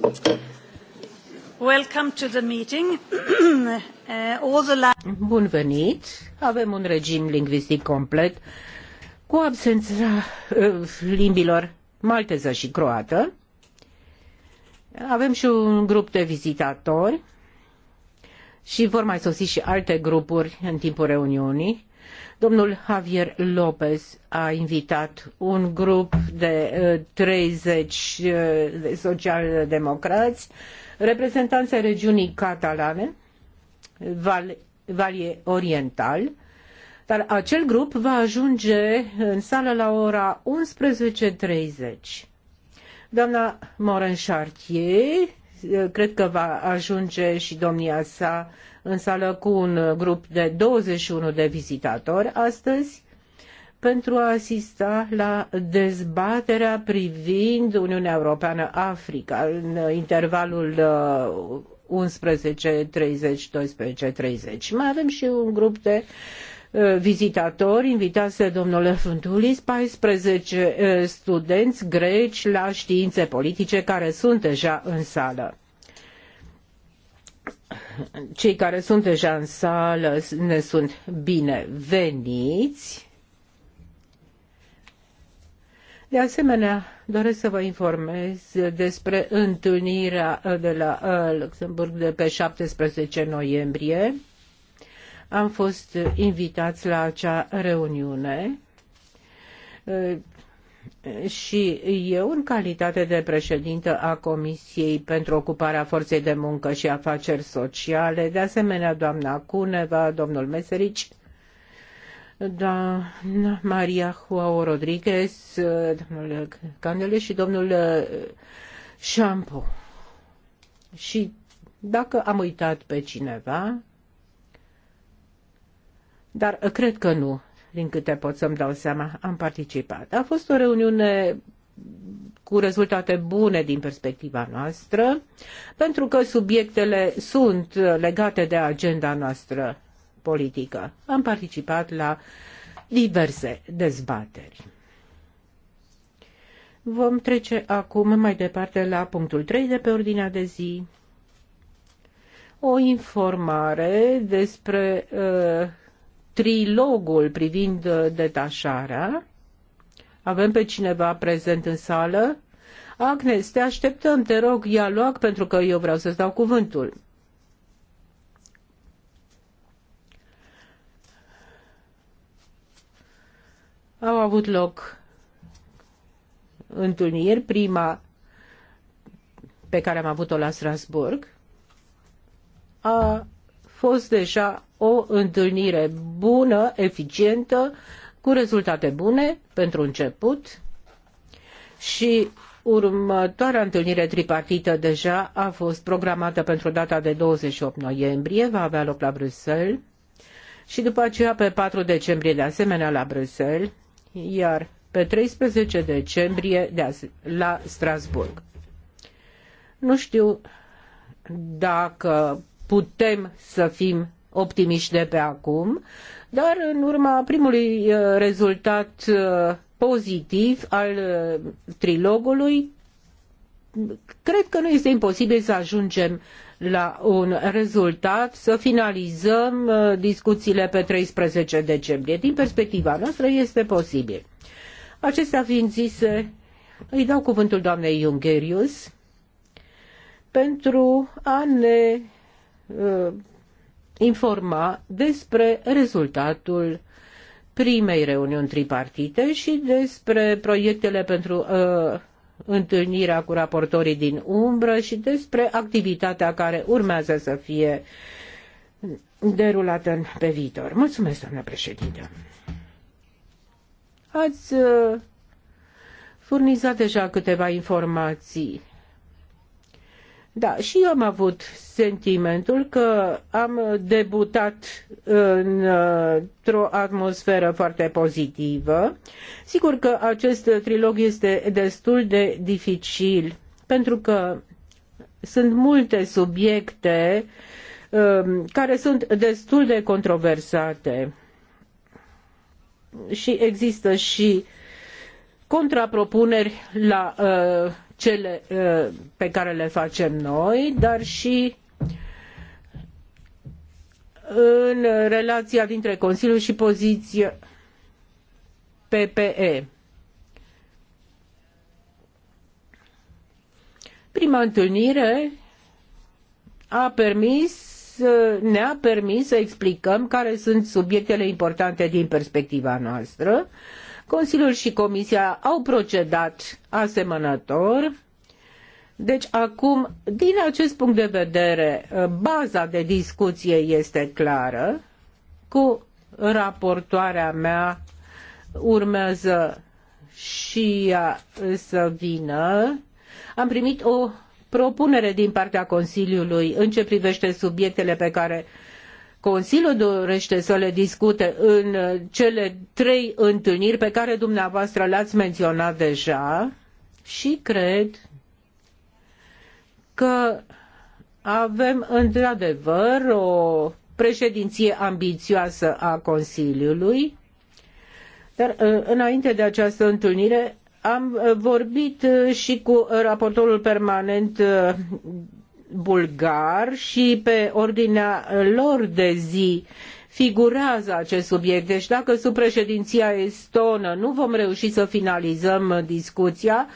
Eh, Bun venit! Avem un regim lingvistic complet cu absența eh, limbilor malteză și croată. Avem și un grup de vizitatori și vor mai sosi și alte grupuri în timpul reuniunii. Domnul Javier Lopez a invitat un grup de 30 uh, uh, de social reprezentani ai regiunii catalane, Val, Valie Oriental, dar acel grup va ajunge în sală la ora 11.30. Doamna Morin Chartier cred că va ajunge și domnia sa în sală cu un grup de 21 de vizitatori astăzi pentru a asista la dezbaterea privind Uniunea Europeană-Africa în intervalul 11.30-12.30. Uh, Mai avem și un grup de Uh, vizitatori invitați de domnul Funtulis, 14 uh, studenți greci la științe politice care sunt deja în sală. Cei care sunt deja în sală ne sunt bineveniți. De asemenea, doresc să vă informez despre întâlnirea de la uh, Luxemburg de pe 17 noiembrie am fost invitați la acea reuniune uh, și eu, în calitate de președintă a Comisiei pentru Ocuparea Forței de Muncă și Afaceri Sociale, de asemenea doamna Cuneva, domnul Meserici, doamna Maria Juau Rodriguez, uh, domnul Canele și domnul uh, Șampo. Și dacă am uitat pe cineva, dar uh, cred că nu, din câte pot să-mi dau seama, am participat. A fost o reuniune cu rezultate bune din perspectiva noastră, pentru că subiectele sunt uh, legate de agenda noastră politică. Am participat la diverse dezbateri. Vom trece acum mai departe la punctul 3 de pe ordinea de zi. O informare despre uh, trilogul privind uh, detașarea. Avem pe cineva prezent în sală? Agnes, te așteptăm, te rog, ia loc pentru că eu vreau să-ți dau cuvântul. Au avut loc întâlniri, prima pe care am avut-o la Strasburg, a fost deja o întâlnire bună, eficientă, cu rezultate bune pentru început și următoarea întâlnire tripartită deja a fost programată pentru data de 28 noiembrie, va avea loc la Bruxelles și după aceea pe 4 decembrie de asemenea la Bruxelles, iar pe 13 decembrie de la Strasburg. Nu știu dacă putem să fim optimiști de pe acum, dar în urma primului uh, rezultat uh, pozitiv al uh, trilogului, cred că nu este imposibil să ajungem la un rezultat, să finalizăm discuțiile pe 13 decembrie. Din perspectiva noastră este posibil. Acestea fiind zise, îi dau cuvântul doamnei Jungerius pentru a ne informa despre rezultatul primei reuniuni tripartite și despre proiectele pentru uh, întâlnirea cu raportorii din umbră și despre activitatea care urmează să fie derulată în, pe viitor. Mulțumesc, doamnă președinte. Ați uh, furnizat deja câteva informații da, și eu am avut sentimentul că am debutat într-o atmosferă foarte pozitivă. Sigur că acest trilog este destul de dificil, pentru că sunt multe subiecte um, care sunt destul de controversate. Și există și contrapropuneri la uh, cele pe care le facem noi, dar și în relația dintre Consiliu și poziție PPE. Prima întâlnire a permis, ne-a permis să explicăm care sunt subiectele importante din perspectiva noastră Consiliul și Comisia au procedat asemănător. Deci acum, din acest punct de vedere, baza de discuție este clară. Cu raportoarea mea urmează și ea să vină. Am primit o propunere din partea Consiliului în ce privește subiectele pe care uh, Consiliul dorește să le discute în uh, cele trei întâlniri pe care dumneavoastră le-ați menționat deja și cred că avem într-adevăr o președinție ambițioasă a Consiliului, dar uh, înainte de această întâlnire am uh, vorbit și cu raportorul permanent bulgar și pe ordinea lor de zi figurează acest subiect. Deci dacă sub președinția estonă nu vom reuși să finalizăm discuția,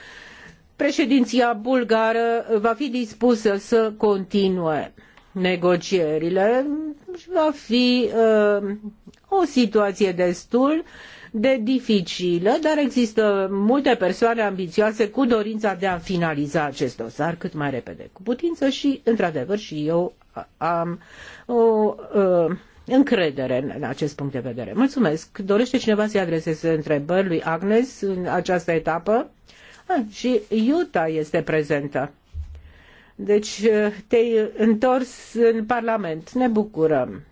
președinția bulgară va fi dispusă să continue negocierile. Va fi uh, o situație destul uh, de dificilă, dar există multe persoane ambițioase cu dorința de a finaliza acest dosar cât mai repede cu putință și, într-adevăr, și eu am o uh, încredere în acest punct de vedere. Mulțumesc. Dorește cineva să-i adreseze întrebări lui Agnes în această etapă? Ah, și Iuta este prezentă. Deci uh, te-ai întors în Parlament. Ne bucurăm.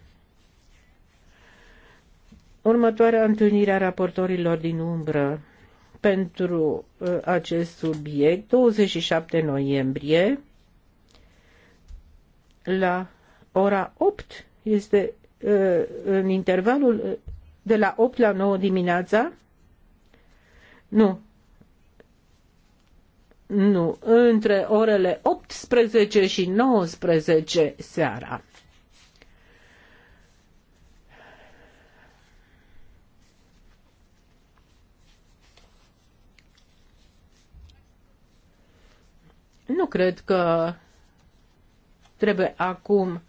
Următoarea întâlnire a raportorilor din umbră pentru uh, acest subiect, 27 noiembrie, la ora 8, este uh, în intervalul uh, de la 8 la 9 dimineața? Nu. Nu, între orele 18 și 19 seara. Nu cred că trebuie acum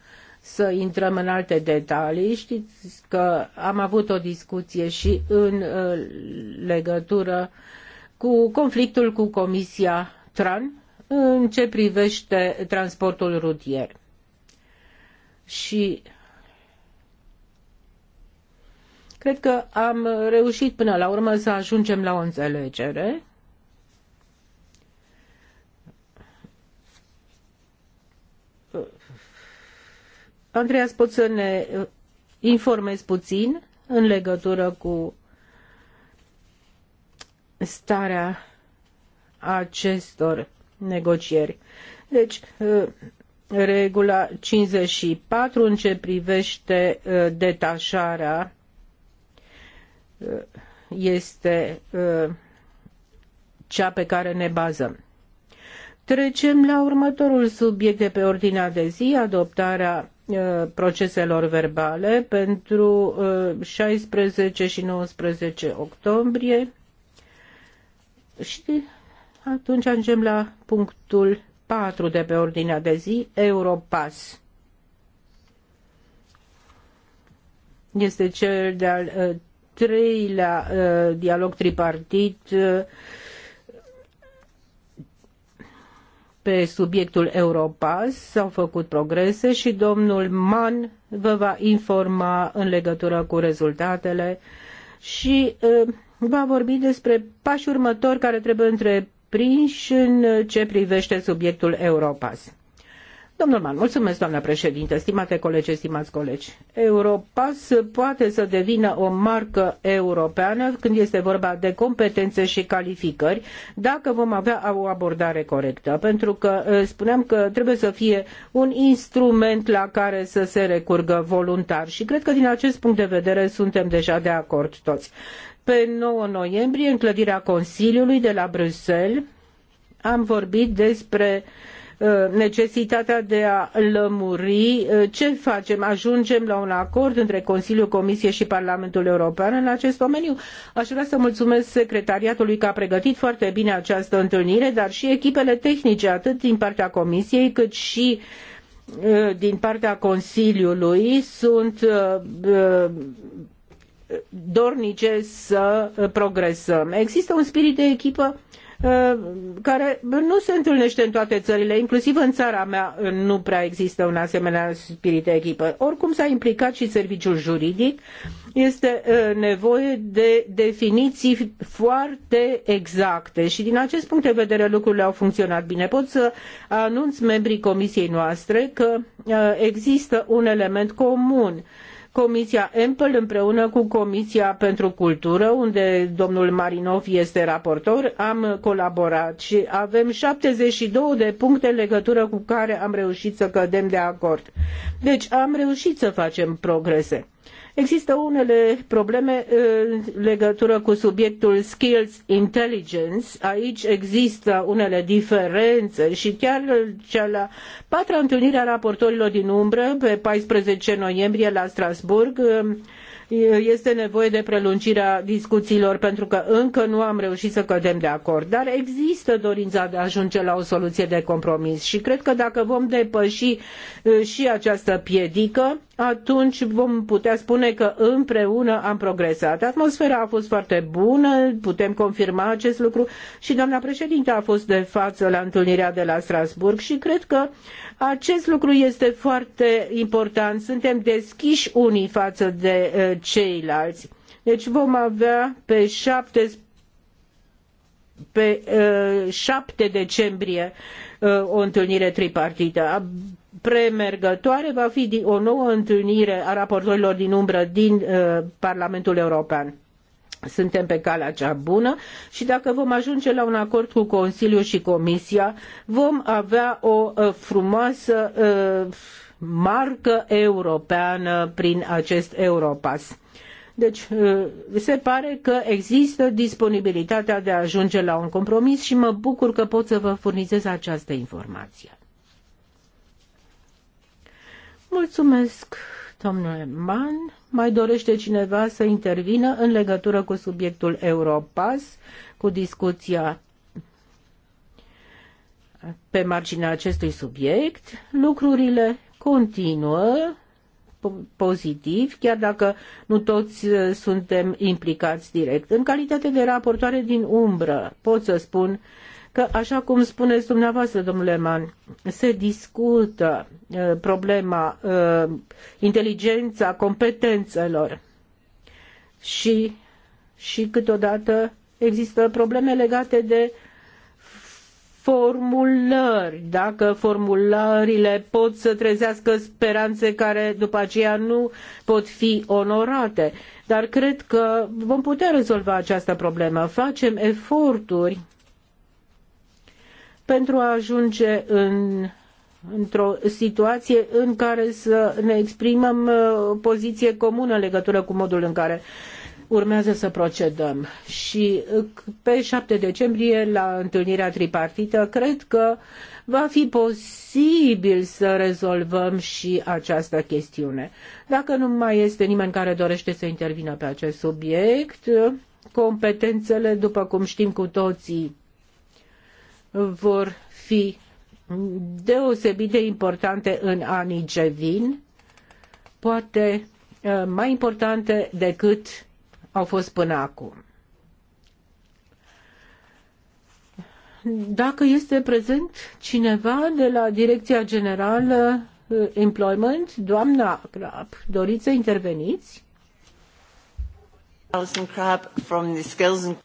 să intrăm în alte detalii. Știți că am avut o discuție și în uh, legătură cu conflictul cu Comisia TRAN în ce privește transportul rutier. Și cred că am reușit până la urmă să ajungem la o înțelegere Andreas, poți să ne uh, informezi puțin în legătură cu starea acestor negocieri. Deci, uh, regula 54 în ce privește uh, detașarea este cea pe care ne bazăm. Trecem la următorul subiect de pe ordinea de zi, adoptarea Uh, proceselor verbale pentru 16 uh, și 19 octombrie. Și atunci ajungem la punctul 4 de pe ordinea de zi, Europass. Este cel de-al uh, treilea dialog tripartit pe subiectul Europass s-au făcut progrese și domnul Mann vă va informa în legătură cu rezultatele și va vorbi despre pașii următori care trebuie întreprinși în ce privește subiectul Europass. Domnul Man, mulțumesc, doamna președinte, stimate colegi, stimați colegi. Europass poate să devină o marcă europeană când este vorba de competențe și calificări, dacă vom avea o abordare corectă. Pentru că eh, spuneam că trebuie să fie un instrument la care să se recurgă voluntar și cred că din acest punct de vedere suntem deja de acord toți. Pe 9 noiembrie, în clădirea Consiliului de la Bruxelles, am vorbit despre uh, Uh, necesitatea de a lămuri uh, ce facem. Ajungem la un acord între Consiliul, Comisie și Parlamentul European în acest domeniu. Aș vrea să mulțumesc secretariatului că a pregătit foarte bine această întâlnire, dar și echipele tehnice, atât din partea Comisiei, cât și uh, din partea Consiliului sunt dornice să progresăm. Există un spirit de echipă Uh, care nu se întâlnește în toate țările, inclusiv în țara mea uh, nu prea există un asemenea spirit de echipă. Oricum s-a implicat și serviciul juridic, este uh, nevoie de definiții foarte exacte și din acest punct de vedere lucrurile au funcționat bine. Pot să anunț membrii comisiei noastre că există un element comun Comisia EMPL împreună cu Comisia pentru Cultură, unde domnul Marinov este raportor, am colaborat și avem 72 de puncte în legătură cu care am reușit să cădem de acord. Deci am reușit să facem progrese. Există unele probleme în legătură cu subiectul skills intelligence. Aici există unele diferențe și chiar cea la patra întâlnire a raportorilor din umbră pe 14 noiembrie la Strasbourg este nevoie de prelungirea discuțiilor pentru că încă nu am reușit să cădem de acord. Dar există dorința de a ajunge la o soluție de compromis și cred că dacă vom depăși uh, și această piedică, atunci vom putea spune că împreună am progresat. Atmosfera a fost foarte bună, putem confirma acest lucru și doamna președinte a fost de față la întâlnirea de la Strasburg și cred că acest lucru este foarte important. Suntem deschiși unii față de uh, ceilalți. Deci vom avea pe 7, pe, uh, 7 decembrie uh, o întâlnire tripartită. Premergătoare va fi o nouă întâlnire a raportorilor din umbră din uh, Parlamentul European suntem pe calea cea bună și dacă vom ajunge la un acord cu Consiliul și Comisia, vom avea o uh, frumoasă uh, marcă europeană prin acest Europass. Deci eh, se pare că există disponibilitatea de a ajunge la un compromis și mă bucur că pot să vă furnizez această informație. Mulțumesc, domnule Mann. Mai dorește cineva să intervină în legătură cu subiectul Europass, cu discuția pe marginea acestui subiect? Lucrurile continuă pozitiv, chiar dacă nu toți uh, suntem implicați direct. În calitate de raportoare din umbră, pot să spun că, așa cum spuneți dumneavoastră, domnule Man, se discută uh, problema uh, inteligența competențelor și, și câteodată există probleme legate de formulări, dacă formulările pot să trezească speranțe care după aceea nu pot fi onorate. Dar cred că vom putea rezolva această problemă. Facem eforturi pentru a ajunge în într-o situație în care să ne exprimăm uh, poziție comună în legătură cu modul în care urmează să procedăm. Și uh, pe 7 decembrie, la întâlnirea tripartită, cred că va fi posibil să rezolvăm și această chestiune. Dacă nu mai este nimeni care dorește să intervină pe acest subiect, competențele, după cum știm cu toții, vor fi deosebit de importante în anii ce vin, poate uh, mai importante decât au fost până acum. Dacă este prezent cineva de la Direcția Generală uh, Employment, doamna Crab, doriți să interveniți? Alison Crab from the Skills and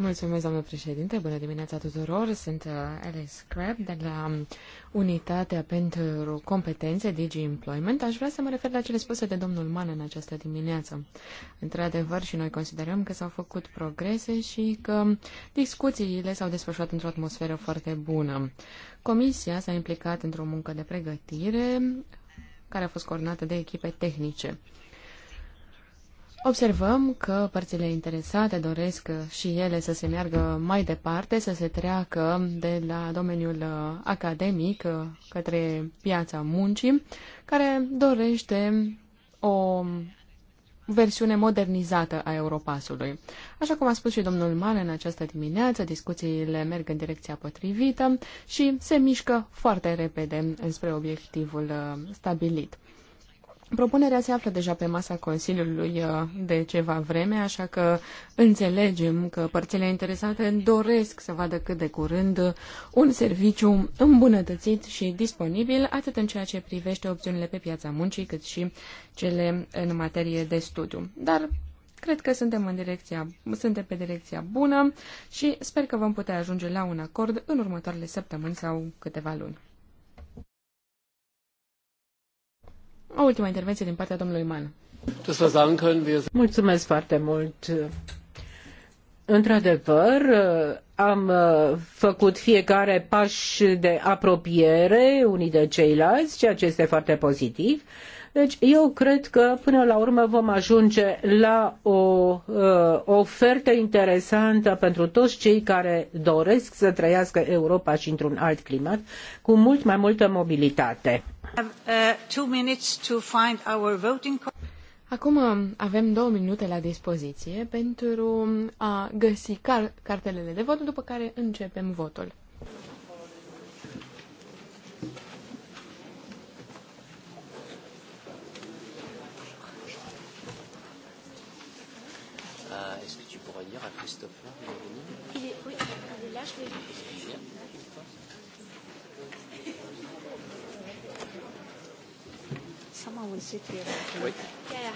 Mulțumesc, doamnă președinte. Bună dimineața tuturor. Sunt uh, Alice Crab de la Unitatea pentru Competențe Digi Employment. Aș vrea să mă refer la cele spuse de domnul Man în această dimineață. Într-adevăr, și noi considerăm că s-au făcut progrese și că discuțiile s-au desfășurat într-o atmosferă foarte bună. Comisia s-a implicat într-o muncă de pregătire care a fost coordonată de echipe tehnice. Observăm că părțile interesate doresc și ele să se meargă mai departe, să se treacă de la domeniul uh, academic uh, către piața muncii, care dorește o versiune modernizată a Europasului. Așa cum a spus și domnul Man în această dimineață, discuțiile merg în direcția potrivită și se mișcă foarte repede înspre obiectivul uh, stabilit. Propunerea se află deja pe masa Consiliului uh, de ceva vreme, așa că înțelegem că părțile interesate doresc să vadă cât de curând un serviciu îmbunătățit și disponibil, atât în ceea ce privește opțiunile pe piața muncii, cât și cele în materie de studiu. Dar cred că suntem, în direcția, suntem pe direcția bună și sper că vom putea ajunge la un acord în următoarele săptămâni sau câteva luni. O ultimă intervenție din partea domnului Man. Mulțumesc foarte mult. Într-adevăr, am uh, făcut fiecare paș de apropiere unii de ceilalți, ceea ce este foarte pozitiv. Deci eu cred că până la urmă vom ajunge la o uh, ofertă interesantă pentru toți cei care doresc să trăiască Europa și într-un alt climat, cu mult mai multă mobilitate. Acum avem două minute la dispoziție pentru a găsi cartelele de vot, după care începem votul. Thomas will sit here. Oui. Yeah,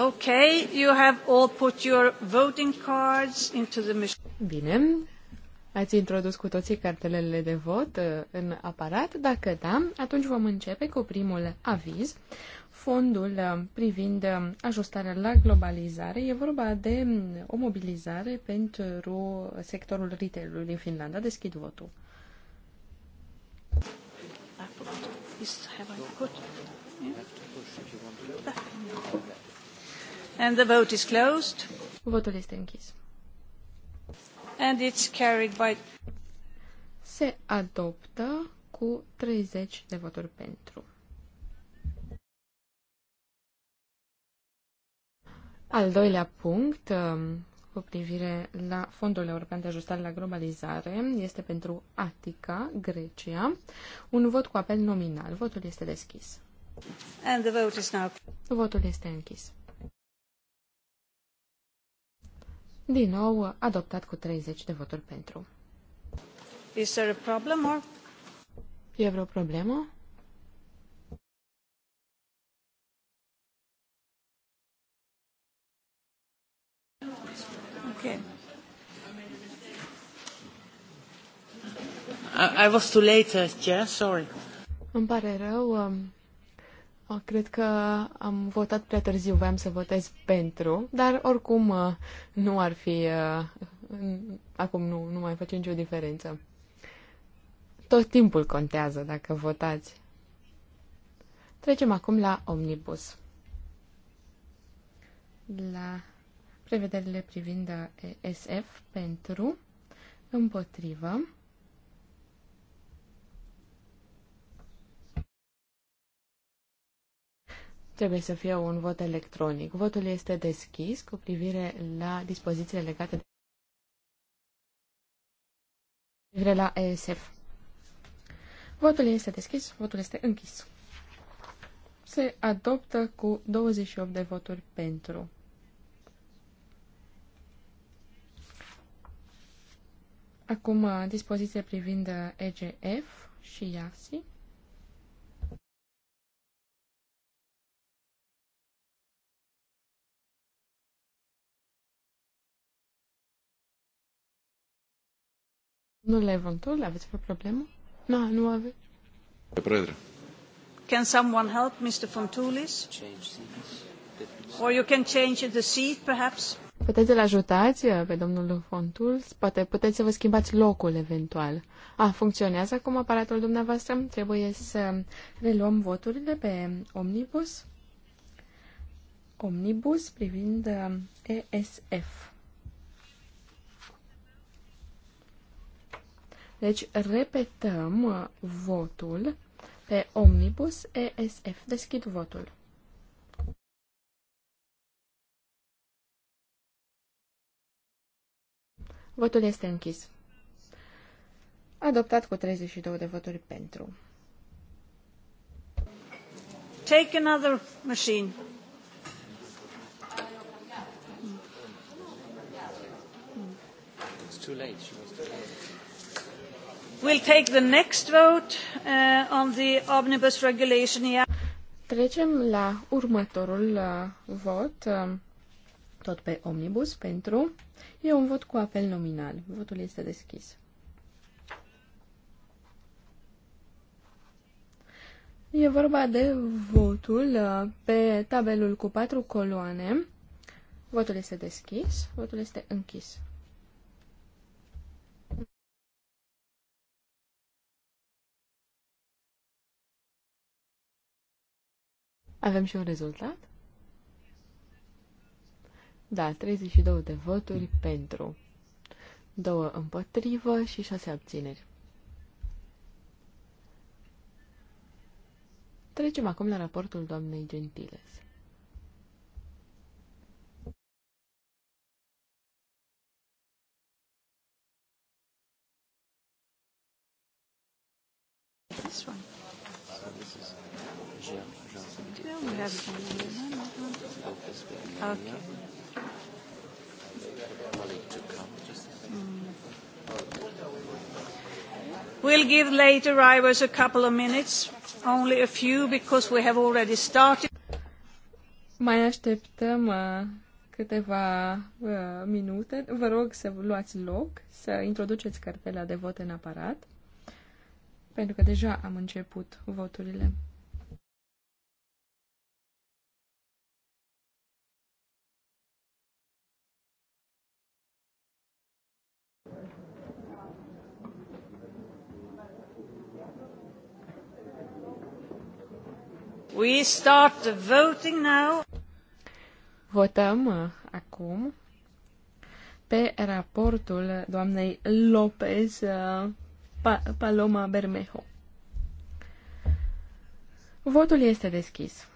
Okay, you have all put your voting cards into the machine. Bine. Ați introdus cu toții cartelele de vot uh, în aparat? Dacă da, atunci vom începe cu primul aviz. Fondul uh, privind uh, ajustarea la globalizare e vorba de mm, o mobilizare pentru sectorul retail-ului din Finlanda. Deschid votul. Have I put? Yeah. Votul este închis. And it's carried by... Se adoptă cu 30 de voturi pentru. Al doilea punct, um, cu privire la Fondul European de Ajustare la Globalizare, este pentru Atica, Grecia. Un vot cu apel nominal. Votul este deschis. And the vote is now... Votul este închis. Din nou, adoptat cu 30 de voturi pentru. Is there a problem or... E vreo problemă? Okay. I, I was too late, uh, yeah, sorry. Îmi pare rău, um, Cred că am votat prea târziu, voiam să votez pentru, dar oricum uh, nu ar fi, uh, acum nu, nu mai face nicio diferență. Tot timpul contează dacă votați. Trecem acum la omnibus. La prevederile privind uh, SF pentru, împotrivă, trebuie să fie un vot electronic. Votul este deschis cu privire la dispozițiile legate de privire la ESF. Votul este deschis, votul este închis. Se adoptă cu 28 de voturi pentru. Acum, dispoziție privind EGF și IASI. Nu Domnule Evontul, aveți vreo problemă? Nu, no, nu aveți. Prevedere. Can someone help Mr. Fontulis? Or you can change the seat, perhaps? Puteți să-l ajutați uh, pe domnul Fontulis? Poate puteți să vă schimbați locul eventual. A, funcționează acum aparatul dumneavoastră? Trebuie să reluăm voturile pe Omnibus. Omnibus privind uh, ESF. Deci, repetăm uh, votul pe Omnibus ESF. Deschid votul. Votul este închis. Adoptat cu 32 de voturi pentru. Take another machine. It's too late. She was too late. Trecem la următorul uh, vot, um, tot pe omnibus, pentru. E un vot cu apel nominal. Votul este deschis. E vorba de votul uh, pe tabelul cu patru coloane. Votul este deschis, votul este închis. Avem și un rezultat? Da, 32 de voturi pentru, 2 împotrivă și 6 abțineri. Trecem acum la raportul doamnei Gentiles. This one we have okay. We'll give late arrivals a couple of minutes, only a few because we have already started. Mai așteptăm uh, câteva uh, minute. Vă rog să luați loc, să introduceți cartela de vot în aparat, pentru că deja am început voturile. We start the voting now. Votăm uh, acum pe raportul doamnei Lopez uh, Paloma Bermejo. Votul este deschis.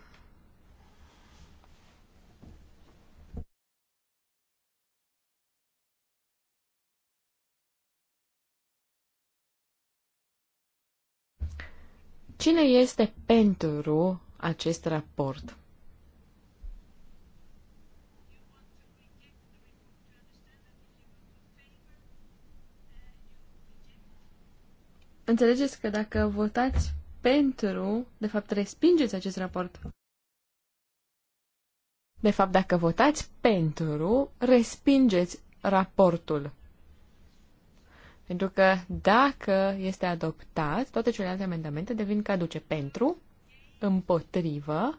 Cine este pentru acest raport. Înțelegeți că dacă votați pentru, de fapt respingeți acest raport. De fapt, dacă votați pentru, respingeți raportul. Pentru că dacă este adoptat, toate celelalte amendamente devin caduce pentru, împotrivă,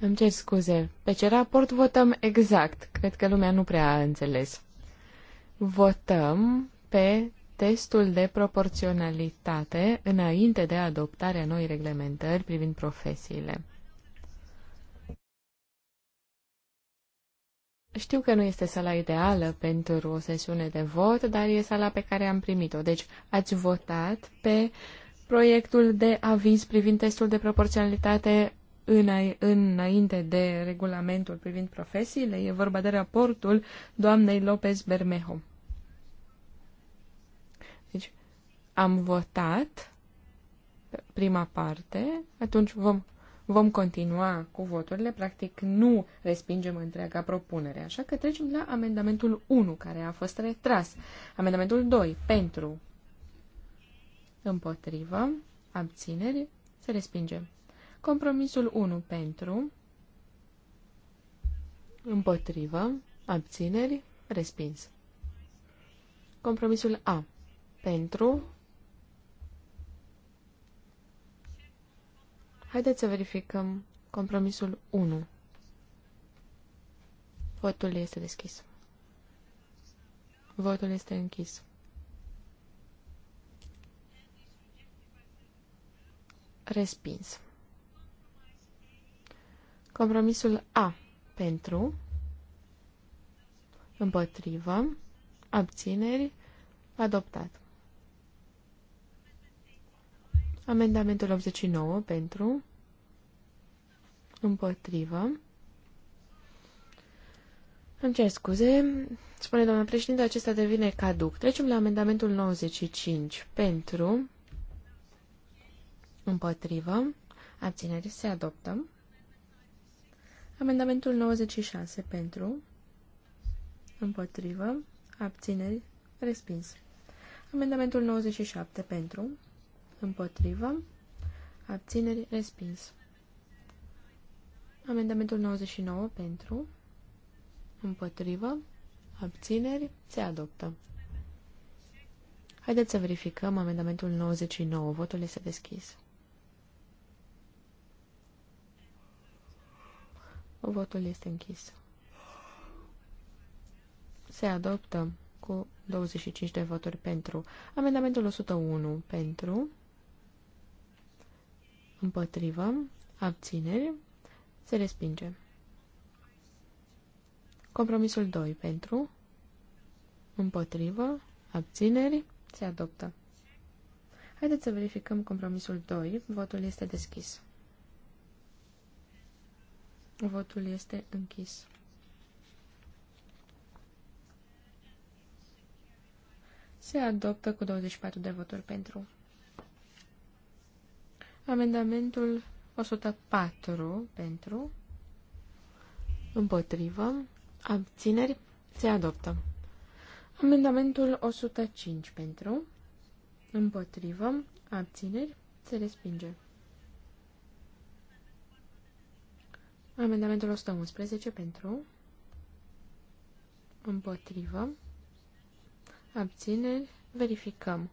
Îmi cer scuze. Pe ce raport votăm exact? Cred că lumea nu prea a înțeles. Votăm pe testul de proporționalitate înainte de adoptarea noi reglementări privind profesiile. Știu că nu este sala ideală pentru o sesiune de vot, dar e sala pe care am primit-o. Deci ați votat pe proiectul de aviz privind testul de proporționalitate înainte de regulamentul privind profesiile. E vorba de raportul doamnei Lopez Bermejo. Am votat prima parte, atunci vom, vom continua cu voturile. Practic nu respingem întreaga propunere, așa că trecem la amendamentul 1, care a fost retras. Amendamentul 2, pentru, împotrivă, abțineri, se respinge. Compromisul 1, pentru, împotrivă, abțineri, respins. Compromisul A, pentru, Haideți să verificăm compromisul 1. Votul este deschis. Votul este închis. Respins. Compromisul A pentru, împotrivă, abțineri, adoptat. Amendamentul 89 pentru, împotrivă. Îmi cer scuze, spune doamna președinte, acesta devine caduc. Trecem la amendamentul 95 pentru, împotrivă, abținere se adoptă. Amendamentul 96 pentru, împotrivă, abțineri, respins. Amendamentul 97 pentru, Împotrivă. Abțineri. Respins. Amendamentul 99 pentru. Împotrivă. Abțineri. Se adoptă. Haideți să verificăm amendamentul 99. Votul este deschis. Votul este închis. Se adoptă cu 25 de voturi pentru. Amendamentul 101 pentru împotrivă, abțineri, se respinge. Compromisul 2 pentru, împotrivă, abțineri, se adoptă. Haideți să verificăm compromisul 2. Votul este deschis. Votul este închis. Se adoptă cu 24 de voturi pentru. Amendamentul 104 pentru, împotrivă, abțineri, se adoptă. Amendamentul 105 pentru, împotrivă, abțineri, se respinge. Amendamentul 111 pentru, împotrivă, abțineri, verificăm.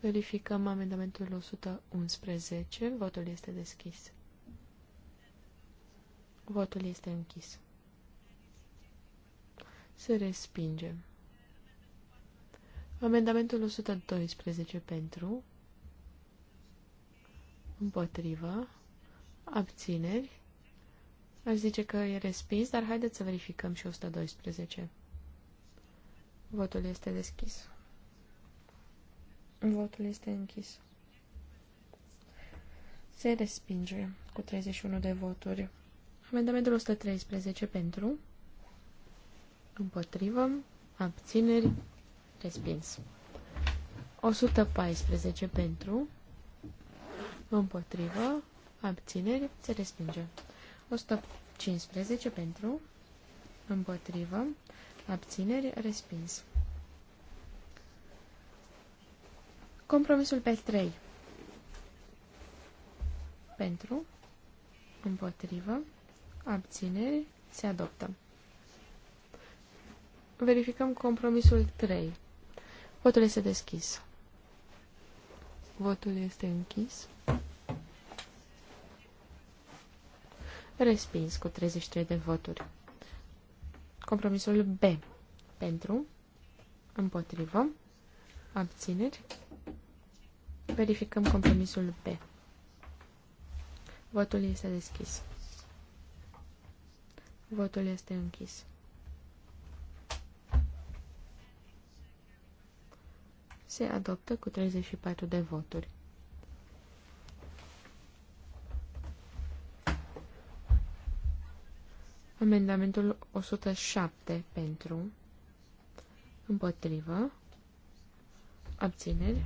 Verificăm amendamentul 111. Votul este deschis. Votul este închis. Se respinge. Amendamentul 112 pentru, împotrivă, abțineri. Aș zice că e respins, dar haideți să verificăm și 112. Votul este deschis. Votul este închis. Se respinge cu 31 de voturi. Amendamentul 113 pentru, împotrivă, abțineri, respins. 114 pentru, împotrivă, abțineri, se respinge. 115 pentru, împotrivă, abțineri, respins. Compromisul pe 3. Pentru, împotrivă, abțineri, se adoptă. Verificăm compromisul 3. Votul este deschis. Votul este închis. Respins cu 33 de voturi. Compromisul B. Pentru, împotrivă, abțineri, verificăm compromisul B. Votul este deschis. Votul este închis. Se adoptă cu 34 de voturi. Amendamentul 107 pentru, împotrivă, abțineri,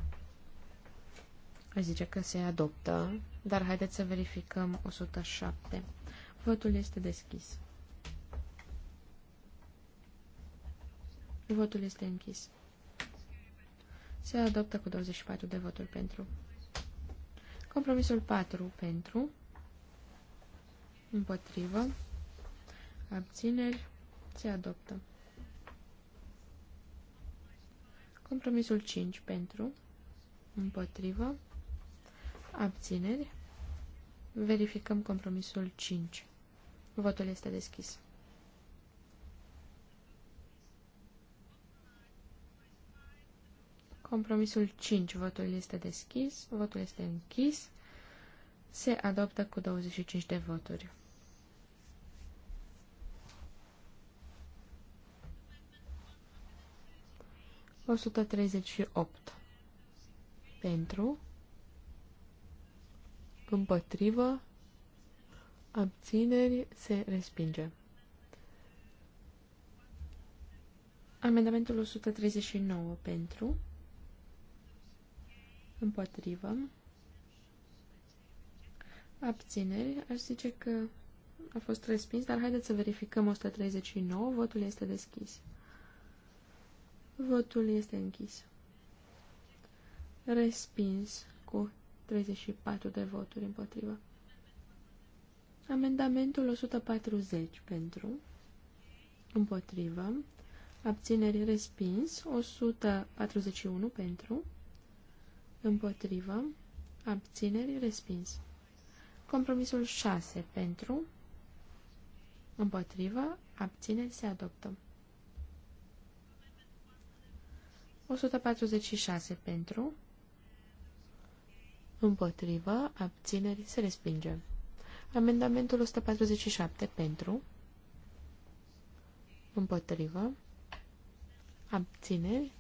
Aș zice că se adoptă, dar haideți să verificăm 107. Votul este deschis. Votul este închis. Se adoptă cu 24 de voturi pentru. Compromisul 4 pentru. Împotrivă. Abțineri. Se adoptă. Compromisul 5 pentru. Împotrivă. Abțineri. Verificăm compromisul 5. Votul este deschis. Compromisul 5. Votul este deschis. Votul este închis. Se adoptă cu 25 de voturi. ...138 pentru, împotrivă, abțineri, se respinge. Amendamentul 139 pentru, împotrivă, abțineri, aș zice că a fost respins, dar haideți să verificăm 139, votul este deschis. Votul este închis. Respins cu 34 de voturi împotrivă. Amendamentul 140 pentru, împotrivă, abțineri respins, 141 pentru, împotrivă, abțineri respins. Compromisul 6 pentru, împotrivă, abțineri se adoptă. 146 pentru, Împotrivă, abțineri, se respinge. Amendamentul 147 pentru. Împotrivă, abțineri,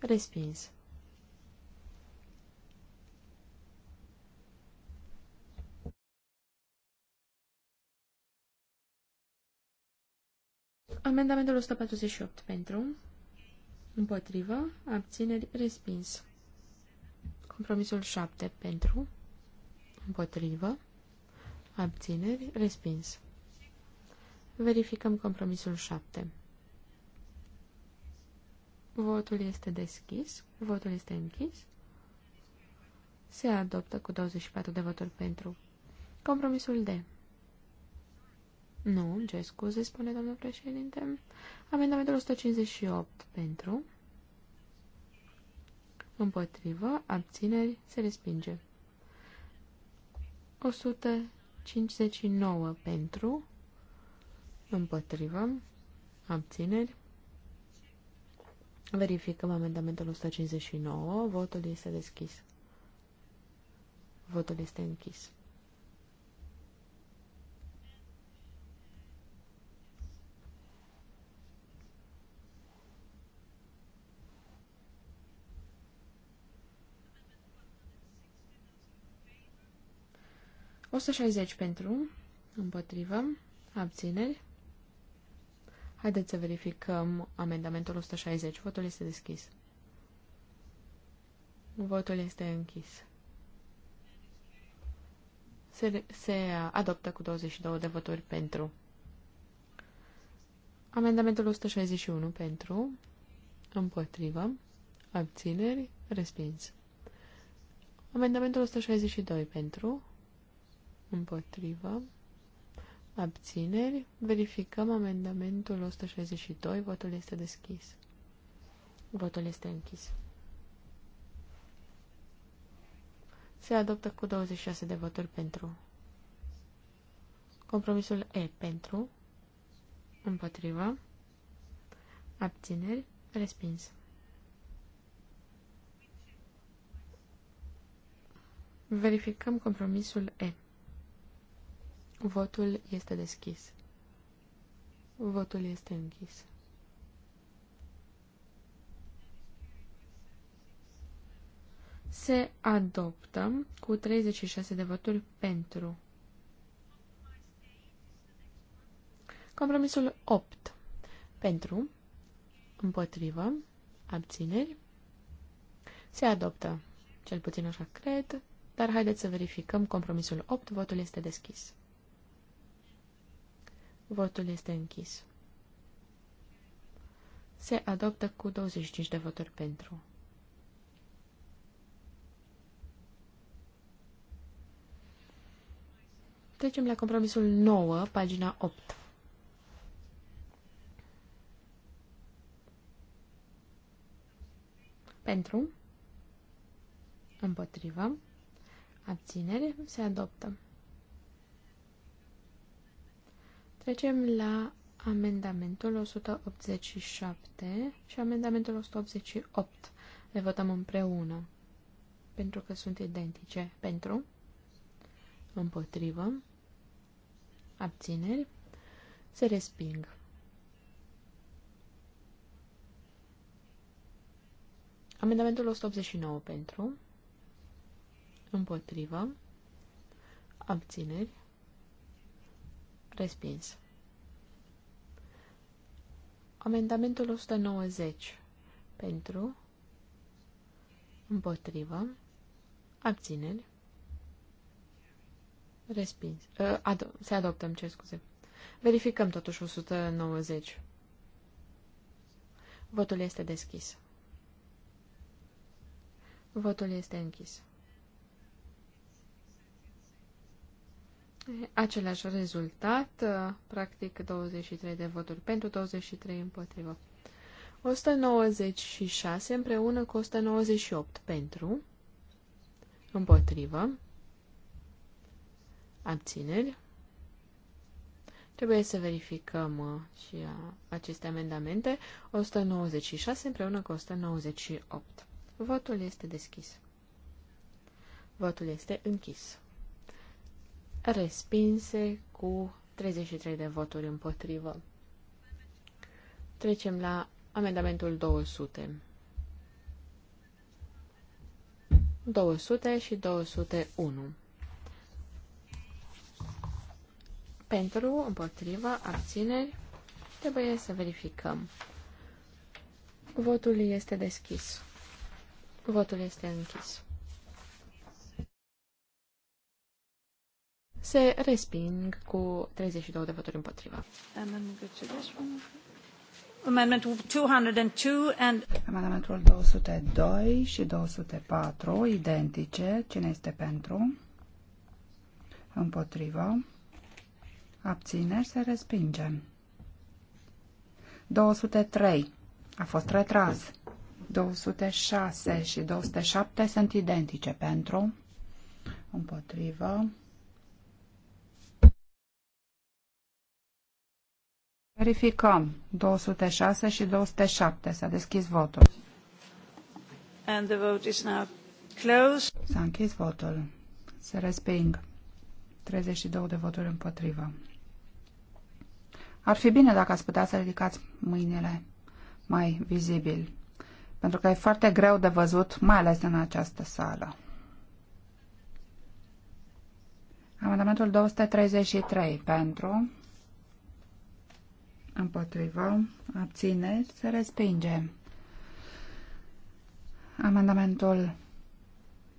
respins. Amendamentul 148 pentru. Împotrivă, abțineri, respins. Compromisul 7 pentru, împotrivă, abțineri, respins. Verificăm compromisul 7. Votul este deschis, votul este închis. Se adoptă cu 24 de voturi pentru. Compromisul D. Nu, ce scuze, spune domnul președinte. Amendamentul 158 pentru, împotrivă, abțineri, se respinge. 159 pentru, împotrivă, abțineri. Verificăm amendamentul 159, votul este deschis. Votul este închis. 160 pentru, împotrivă, abțineri. Haideți să verificăm amendamentul 160. Votul este deschis. Votul este închis. Se, se adoptă cu 22 de voturi pentru. Amendamentul 161 pentru, împotrivă, abțineri, respins. Amendamentul 162 pentru, împotrivă, abțineri. Verificăm amendamentul 162, votul este deschis. Votul este închis. Se adoptă cu 26 de voturi pentru. Compromisul E pentru, împotrivă, abțineri, respins. Verificăm compromisul E. Votul este deschis. Votul este închis. Se adoptă cu 36 de voturi pentru. Compromisul 8. Pentru, împotrivă, abțineri, se adoptă. Cel puțin așa cred, dar haideți să verificăm compromisul 8, votul este deschis. Votul este închis. Se adoptă cu 25 de voturi pentru. Trecem la compromisul 9, pagina 8. Pentru, împotriva, abținere, se adoptă. Trecem la amendamentul 187 și amendamentul 188. Le votăm împreună, pentru că sunt identice. Pentru, împotrivă, abțineri, se resping. Amendamentul 189 pentru, împotrivă, abțineri, Respins. Amendamentul 190. Pentru. Împotrivă. Abțineri. Respins. Uh, Ad se adoptă, îmi cer scuze. Verificăm totuși 190. Votul este deschis. Votul este închis. Același rezultat, uh, practic 23 de voturi pentru, 23 împotrivă. 196 împreună cu 198 pentru, împotrivă, abțineri. Trebuie să verificăm uh, și uh, aceste amendamente. 196 împreună cu 198. Votul este deschis. Votul este închis respinse cu 33 de voturi împotrivă. Trecem la amendamentul 200. 200 și 201. Pentru, împotrivă, abțineri, trebuie să verificăm. Votul este deschis. Votul este închis. se resping cu 32 de voturi împotriva. Amendamentul 202 and... Amendamentul 202 și 204 identice. Cine este pentru? Împotrivă. Abțineri se respinge. 203 a fost retras. 206 și 207 sunt identice pentru. Împotrivă. Verificăm. 206 și 207. S-a deschis votul. And the vote is now closed. S-a închis votul. Se resping. 32 de voturi împotrivă. Ar fi bine dacă ați putea să ridicați mâinile mai vizibil, pentru că e foarte greu de văzut, mai ales în această sală. Amendamentul 233 pentru împotriva, abțineri, se respinge. Amendamentul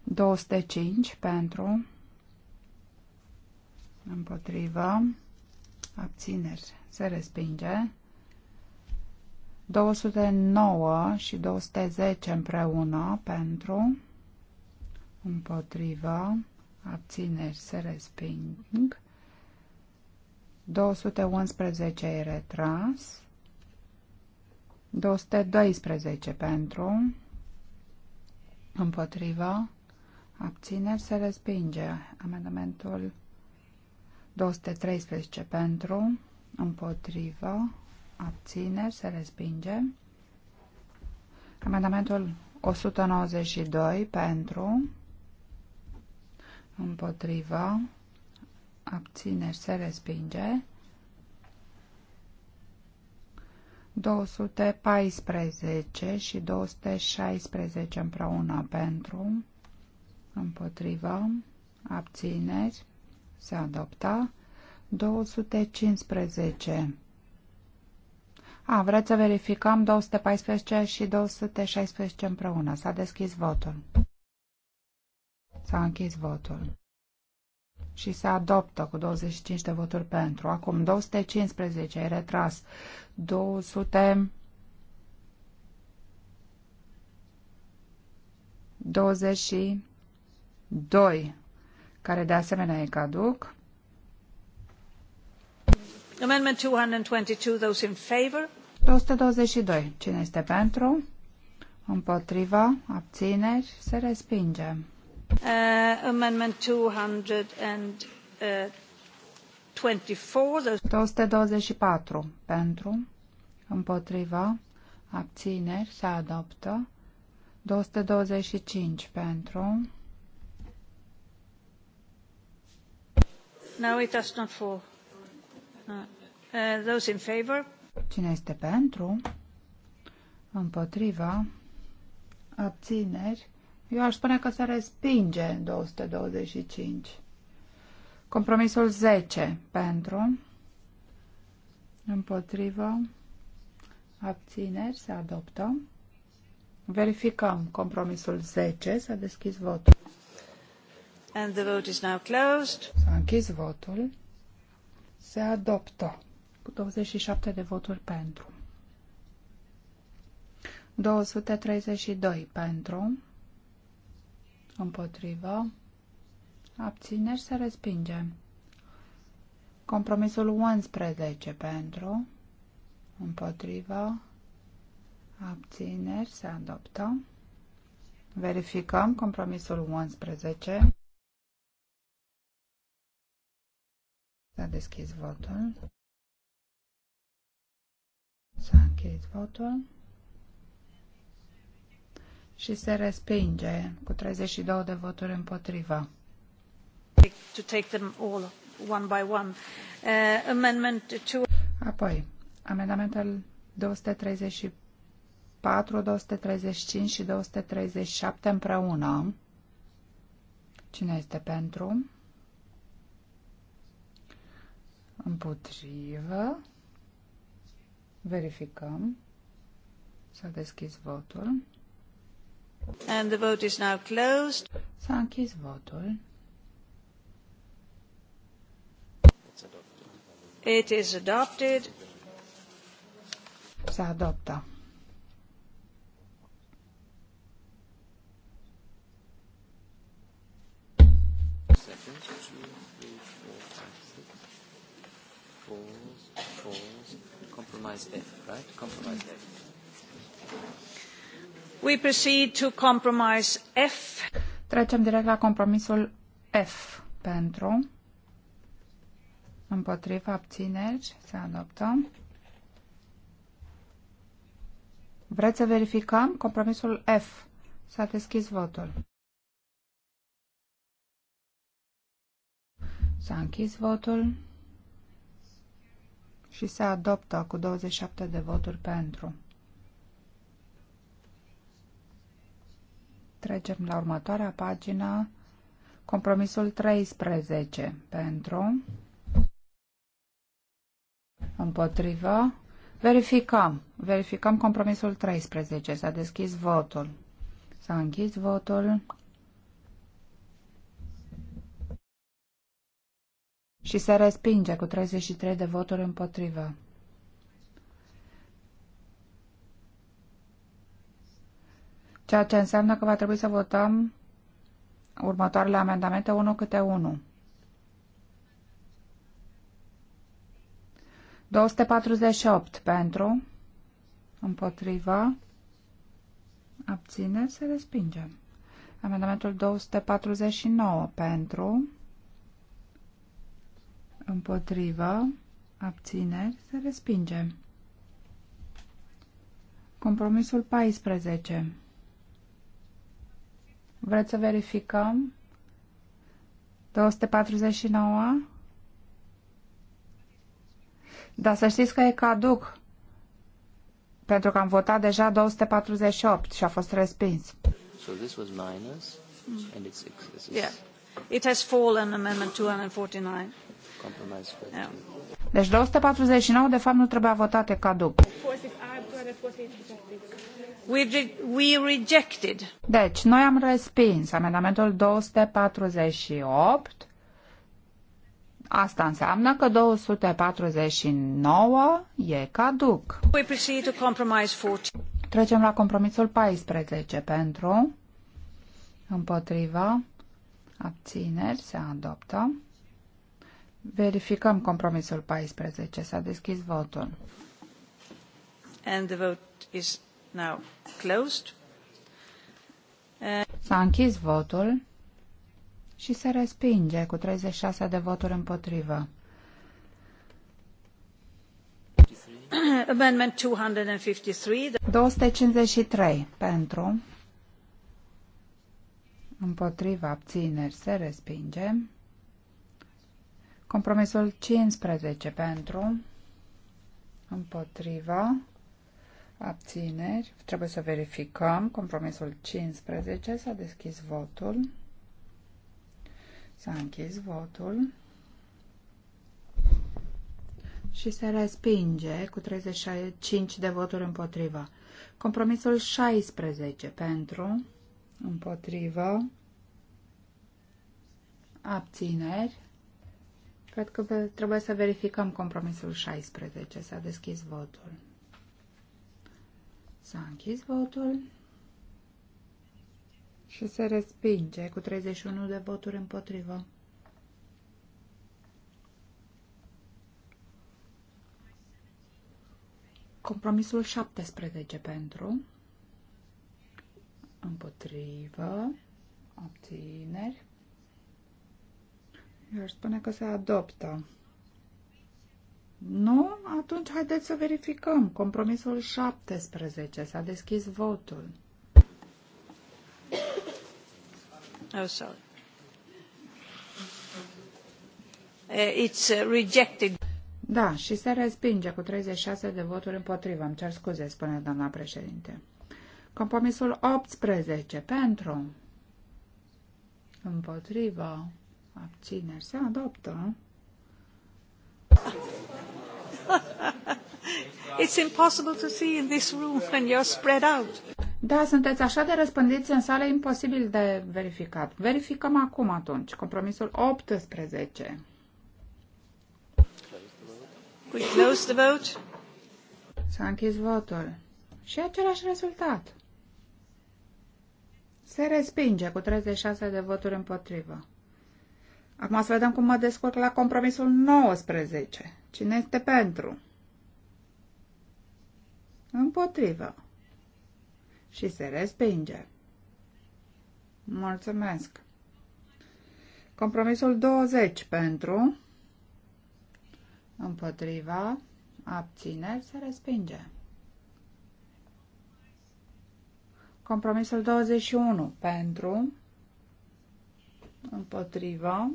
205 pentru, împotriva, abțineri, se respinge. 209 și 210 împreună pentru, împotriva, abțineri, se respinge. 211 e retras. 212 pentru. Împotriva. Abțineri se respinge. Amendamentul 213 pentru. Împotriva. Abțineri se respinge. Amendamentul 192 pentru. Împotriva abțineri se respinge. 214 și 216 împreună pentru, împotrivă, abțineri, se adopta. 215. A, vreți să verificăm 214 și 216 împreună. S-a deschis votul. S-a închis votul și se adoptă cu 25 de voturi pentru. Acum 215 e retras. 200 22 care de asemenea e caduc. Amendment 222, those in favor. 222. Cine este pentru? Împotriva? Abțineri? Se respinge. 224. Uh, 224 uh, pentru, împotriva, abțineri, se adoptă. 225 pentru. Now it does not fall. Uh, those in favor? Cine este pentru? Împotriva? Abțineri? Eu aș spune că se respinge 225. Compromisul 10 pentru, împotrivă, abțineri, se adoptă. Verificăm compromisul 10, s-a deschis votul. And the vote is now closed. S-a închis votul. Se adoptă cu 27 de voturi pentru. 232 pentru împotrivă, abțineri se respinge. Compromisul 11 pentru, împotrivă, abțineri se adoptă. Verificăm compromisul 11. S-a deschis votul. S-a închis votul și se respinge cu 32 de voturi împotriva. To take them all one by one. Uh, amendment to... Apoi, amendamentul 234, 235 și 237 împreună. Cine este pentru? Împotrivă. Verificăm. S-a deschis votul. And the vote is now closed. S-a închis votul. It is adopted. Se adoptă. compromise F, right? Compromise F. Trecem direct la compromisul F pentru împotriva abțineri se adoptă. Vreți să verificăm compromisul F? S-a deschis votul. S-a închis votul și se adoptă cu 27 de voturi pentru. Trecem la următoarea pagină. Compromisul 13 pentru împotrivă. Verificăm. Verificăm compromisul 13. S-a deschis votul. S-a închis votul. Și se respinge cu 33 de voturi împotrivă. ceea ce înseamnă că va trebui să votăm următoarele amendamente 1 câte 1. 248 pentru, împotriva, abține, se respinge. Amendamentul 249 pentru, împotriva, abține, se respinge. Compromisul 14 Vreți să verificăm? 249? Dar să știți că e caduc. Pentru că am votat deja 248 și a fost respins. So this was minus and it's, it's, it's yeah. It has fallen amendment 249. Compromise Yeah. Deci 249 de fapt nu trebuia votate caduc. 40, deci, noi am respins amendamentul 248. Asta înseamnă că 249 e caduc. We proceed to compromise 14. Trecem la compromisul 14 pentru, împotriva, abțineri, se adoptă. Verificăm compromisul 14. S-a deschis votul. And the vote is Uh, S-a închis votul și se respinge cu 36 de voturi împotrivă. Amendment 253. 253 pentru. Împotriva abțineri se respinge. Compromisul 15 pentru. Împotriva Abțineri. Trebuie să verificăm. Compromisul 15. S-a deschis votul. S-a închis votul. Și se respinge cu 35 de voturi împotriva. Compromisul 16 pentru, împotrivă, abțineri. Cred că trebuie să verificăm compromisul 16. S-a deschis votul. S-a închis votul și se respinge cu 31 de voturi împotrivă. Compromisul 17 pentru, împotrivă, obțineri. Eu aș spune că se adoptă. Nu? Atunci haideți să verificăm. Compromisul 17. S-a deschis votul. Oh, sorry. Eh, it's eh, rejected. Da, și se respinge cu 36 de voturi împotriva. Îmi cer scuze, spune doamna președinte. Compromisul 18. Pentru. Împotriva. Abțineri. Se adoptă. Ah. It's impossible to see in this room when you're spread out. Da, sunteți așa de răspândiți în sală, imposibil de verificat. Verificăm acum atunci. Compromisul 18. We close the vote. S-a închis votul. Și același rezultat. Se respinge cu 36 de voturi împotrivă. Acum să vedem cum mă descurc la compromisul 19. Cine este pentru? Împotrivă. Și se respinge. Mulțumesc. Compromisul 20 pentru. Împotriva. Abțineri se respinge. Compromisul 21 pentru. Împotriva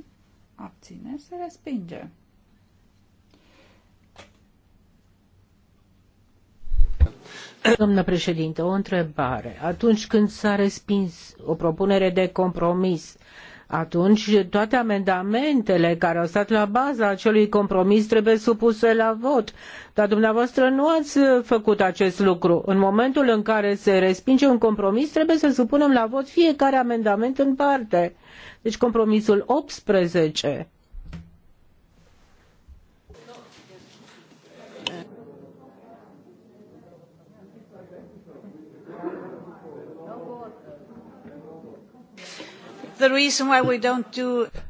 abține, se respinge. Doamnă președinte, o întrebare. Atunci când s-a respins o propunere de compromis, atunci toate amendamentele care au stat la baza acelui compromis trebuie supuse la vot. Dar dumneavoastră nu ați făcut acest lucru. În momentul în care se respinge un compromis, trebuie să supunem la vot fiecare amendament în parte. Deci compromisul 18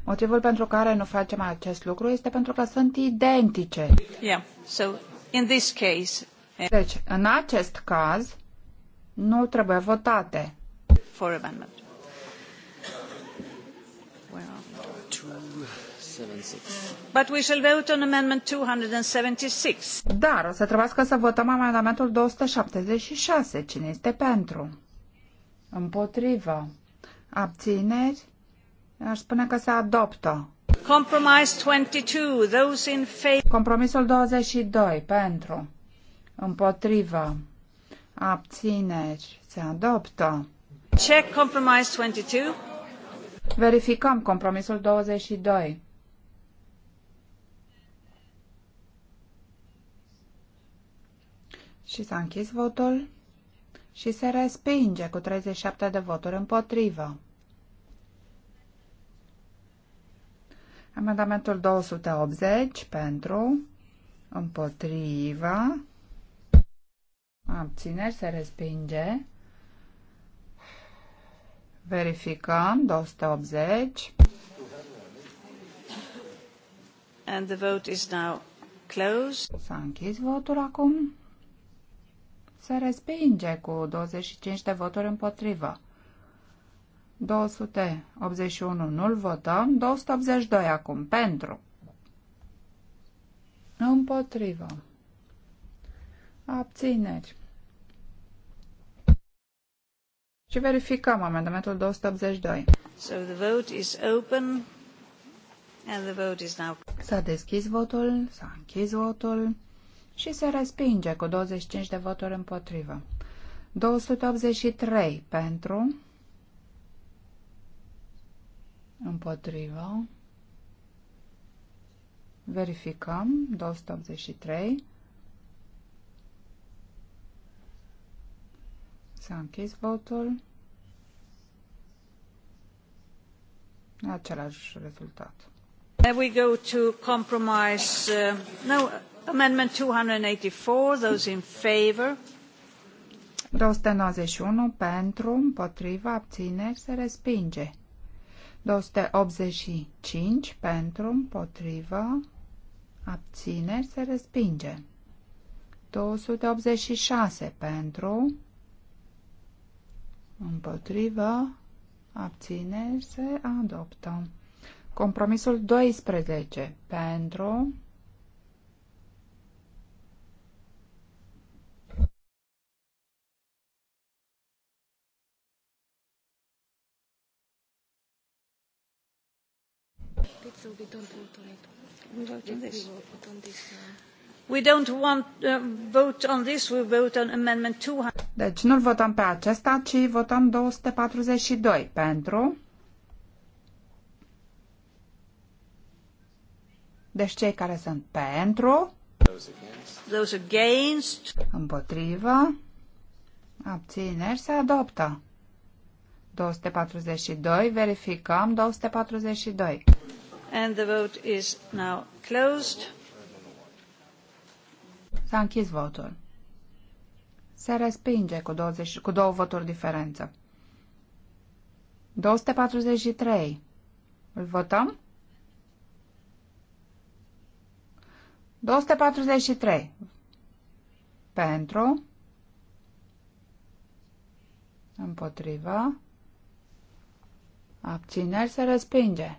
Motivul pentru care nu facem acest lucru este pentru că sunt identice. Yeah. So, in this case... Eh, deci, în acest caz, nu trebuie votate. For amendment. two, seventy-six. But we shall vote on amendment 276. Dar o să trebuiască să votăm amendamentul 276. Cine este pentru? Împotrivă. Abțineri? Aș spune că se adoptă. Compromise 22, those in favor. Compromisul 22, pentru. Împotrivă. Abțineri. Se adoptă. Check compromise 22. Verificăm compromisul 22. Și s-a închis votul și se respinge cu 37 de voturi împotrivă. Amendamentul 280 pentru, împotrivă, abțineri, se respinge. Verificăm, 280. And the vote is now closed. S-a închis votul acum se respinge cu 25 de voturi împotrivă. 281 nu-l votăm, 282 acum pentru. Împotrivă. Abțineri. Și verificăm amendamentul 282. So the vote is open and the vote is now... S-a deschis votul, s-a închis votul și se respinge cu 25 de voturi împotrivă. 283 pentru, împotrivă, verificăm, 283, s-a închis votul, același rezultat. Then we go to compromise, uh, no, Amendment 284, those in favor. 291 pentru, împotriva, abțineri, se respinge. 285 pentru, împotriva, abțineri, se respinge. 286 pentru, împotriva, abțineri, se adoptă. Compromisul 12 pentru, Uh, we don't want uh, vote on this, we vote on amendment 200. Deci nu-l votăm pe acesta, ci votăm 242 pentru. Deci cei care sunt pentru, Those against. împotrivă, abțineri, se adoptă. 242. Verificăm 242. And the vote is now closed. S-a închis votul. Se respinge cu, 20, cu două voturi diferență. 243. Îl votăm? 243. Pentru. Împotriva. Abțineri se respinge.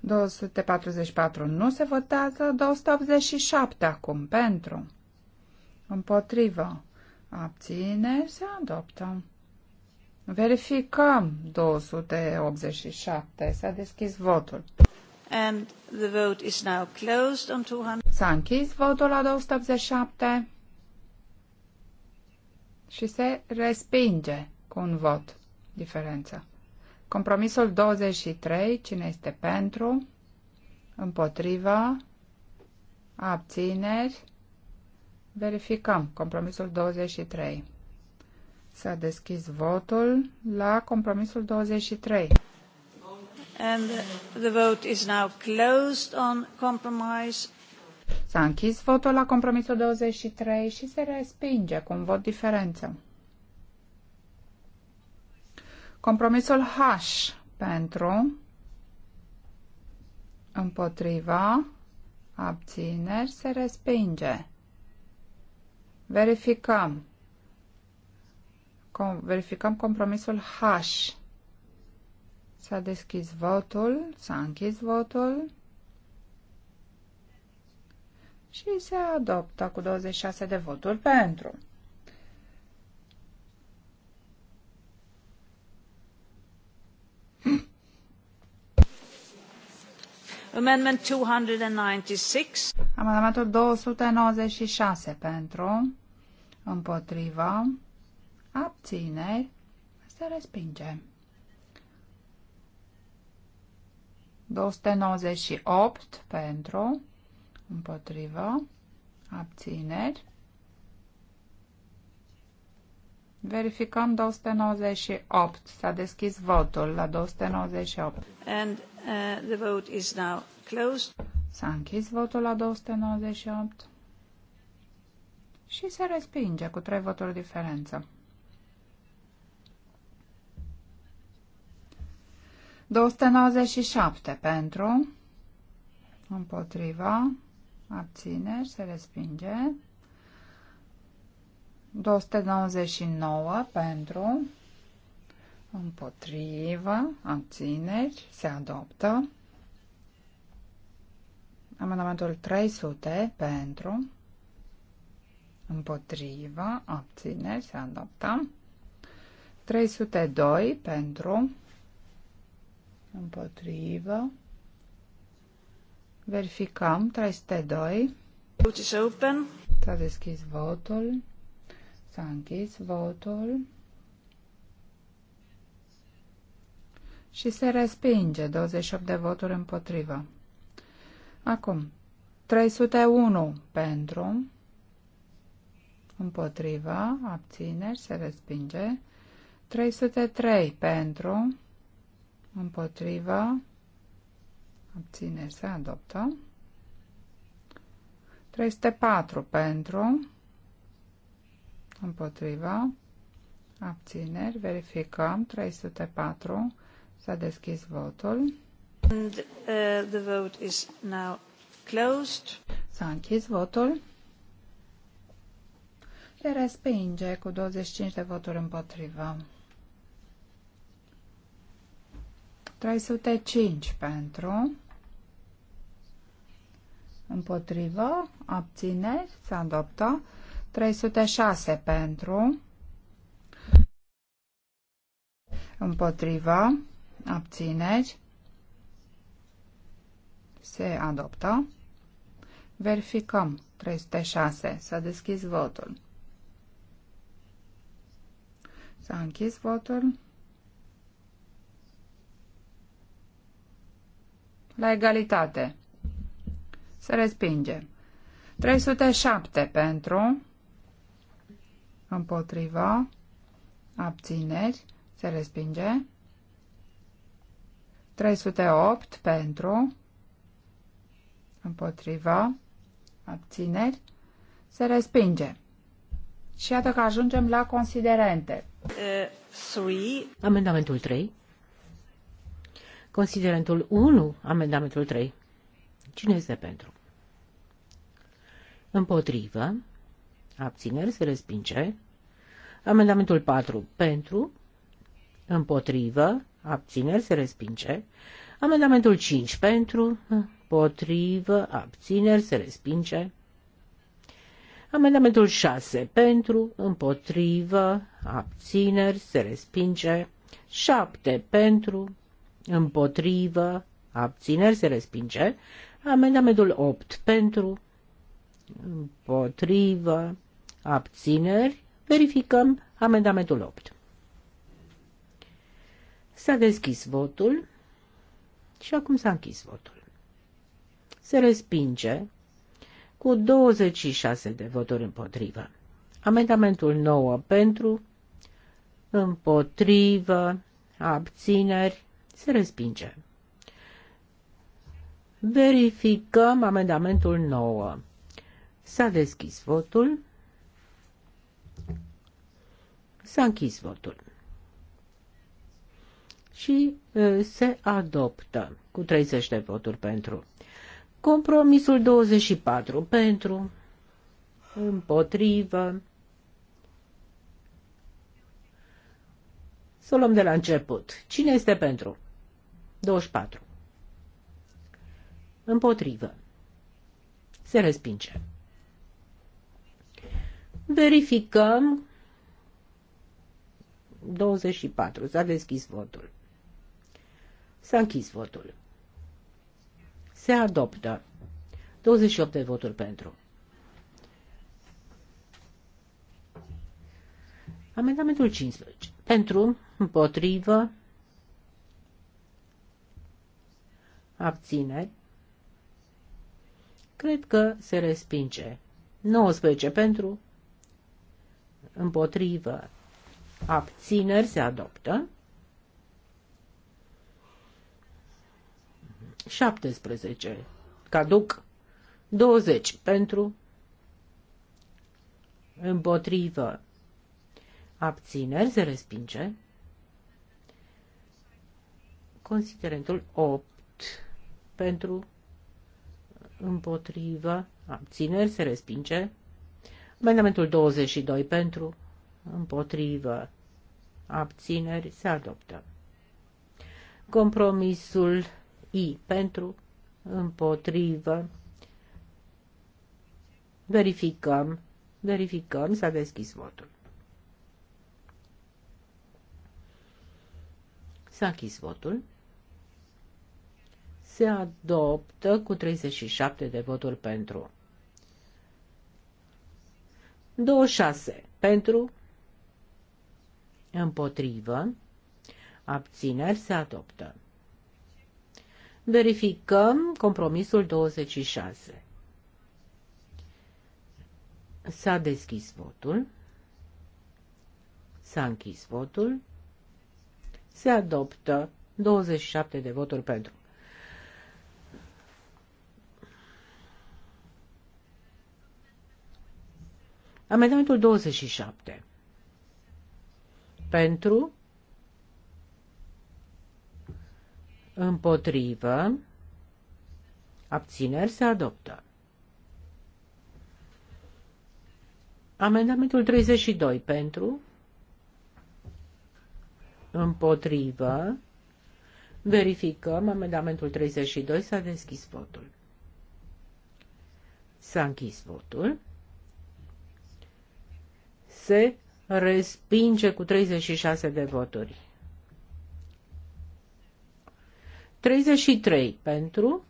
244 nu se votează, 287 acum pentru. Împotrivă. Abțineri se adoptă. Verificăm 287. S-a deschis votul. And the vote is now closed on 200. S-a închis votul la 287 și se respinge cu un vot diferență. Compromisul 23, cine este pentru, împotriva, abțineri, verificăm. Compromisul 23. S-a deschis votul la compromisul 23. And the vote is now closed on compromise. S-a închis votul la compromisul 23 și se respinge cu un vot diferență. Compromisul H pentru, împotriva, abțineri, se respinge. Verificăm. Com verificăm compromisul H. S-a deschis votul, s-a închis votul și se adoptă cu 26 de voturi pentru. Amendment 296. Amendamentul 296 pentru, împotriva, abțineri, se respinge. 298 pentru, împotriva, abțineri. Verificăm 298. S-a deschis votul la 298. And Uh, the vote is now closed. S-a închis votul la 298 și se respinge cu trei voturi diferență. 297 pentru, împotriva, abțineri, se respinge. 299 pentru, Împotrivă. Abțineri. Se adoptă. Amendamentul 300 pentru. Împotrivă. Abțineri. Se adoptă. 302 pentru. Împotrivă. Verificăm. 302. Vote is open. S-a deschis votul. S-a închis votul. și se respinge 28 de voturi împotrivă. Acum, 301 pentru, împotrivă, abțineri, se respinge. 303 pentru, împotrivă, abțineri, se adoptă. 304 pentru, împotrivă, abțineri, verificăm, 304 S-a deschis votul. And, uh, the vote is now closed. S-a închis votul. Se respinge cu 25 de voturi împotrivă. 305 pentru. Împotrivă, abțineri, se adoptă. 306 pentru. Împotrivă, abțineri, se adoptă. Verificăm 306. Să deschis votul. S-a închis votul. La egalitate. Se respinge. 307 pentru, împotriva, abțineri, se respinge. 308 pentru, împotriva, abțineri, se respinge. Și iată că ajungem la considerente. Uh, three. Amendamentul 3. Considerentul 1, amendamentul 3. Cine este pentru? Împotrivă. Abțineri se respinge. Amendamentul 4 pentru. Împotrivă abțineri se respinge. Amendamentul 5 pentru, potrivă, abțineri se respinge. Amendamentul 6 pentru, împotrivă, abțineri se respinge. 7 pentru, împotrivă, abțineri se respinge. Amendamentul 8 pentru, împotrivă, abțineri. Verificăm amendamentul 8. S-a deschis votul și acum s-a închis votul. Se respinge cu 26 de voturi împotrivă. Amendamentul 9 pentru, împotrivă, abțineri, se respinge. Verificăm amendamentul 9. S-a deschis votul. S-a închis votul și se adoptă cu 30 de voturi pentru. Compromisul 24 pentru, împotrivă. Să o luăm de la început. Cine este pentru? 24. Împotrivă. Se respinge. Verificăm. 24. S-a deschis votul. S-a închis votul. Se adoptă. 28 de voturi pentru. Amendamentul 15. Pentru, împotrivă, abțineri. Cred că se respinge. 19 pentru, împotrivă, abțineri se adoptă. 17. Caduc 20 pentru împotrivă abțineri se respinge. Considerentul 8 pentru împotrivă abțineri se respinge. Amendamentul 22 pentru împotrivă abțineri se adoptă. Compromisul I pentru, împotrivă. Verificăm, verificăm, s-a deschis votul. S-a închis votul. Se adoptă cu 37 de voturi pentru. 26 pentru, împotrivă, abțineri se adoptă. Verificăm compromisul 26. S-a deschis votul. S-a închis votul. Se adoptă 27 de voturi pentru. Amendamentul 27. Pentru, împotrivă, abțineri se adoptă. Amendamentul 32 pentru, împotrivă, verificăm, amendamentul 32 s-a deschis votul. S-a închis votul. Se respinge cu 36 de voturi. 33 pentru,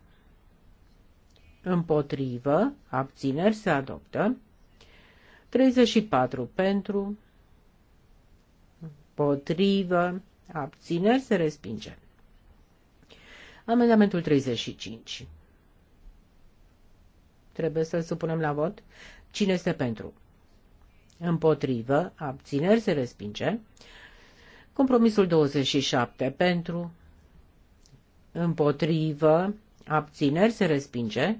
împotrivă, abțineri se adoptă. 34 pentru, împotrivă, abțineri se respinge. Amendamentul 35. Trebuie să-l supunem la vot. Cine este pentru? Împotrivă, abțineri se respinge. Compromisul 27 pentru, împotrivă, abțineri, se respinge.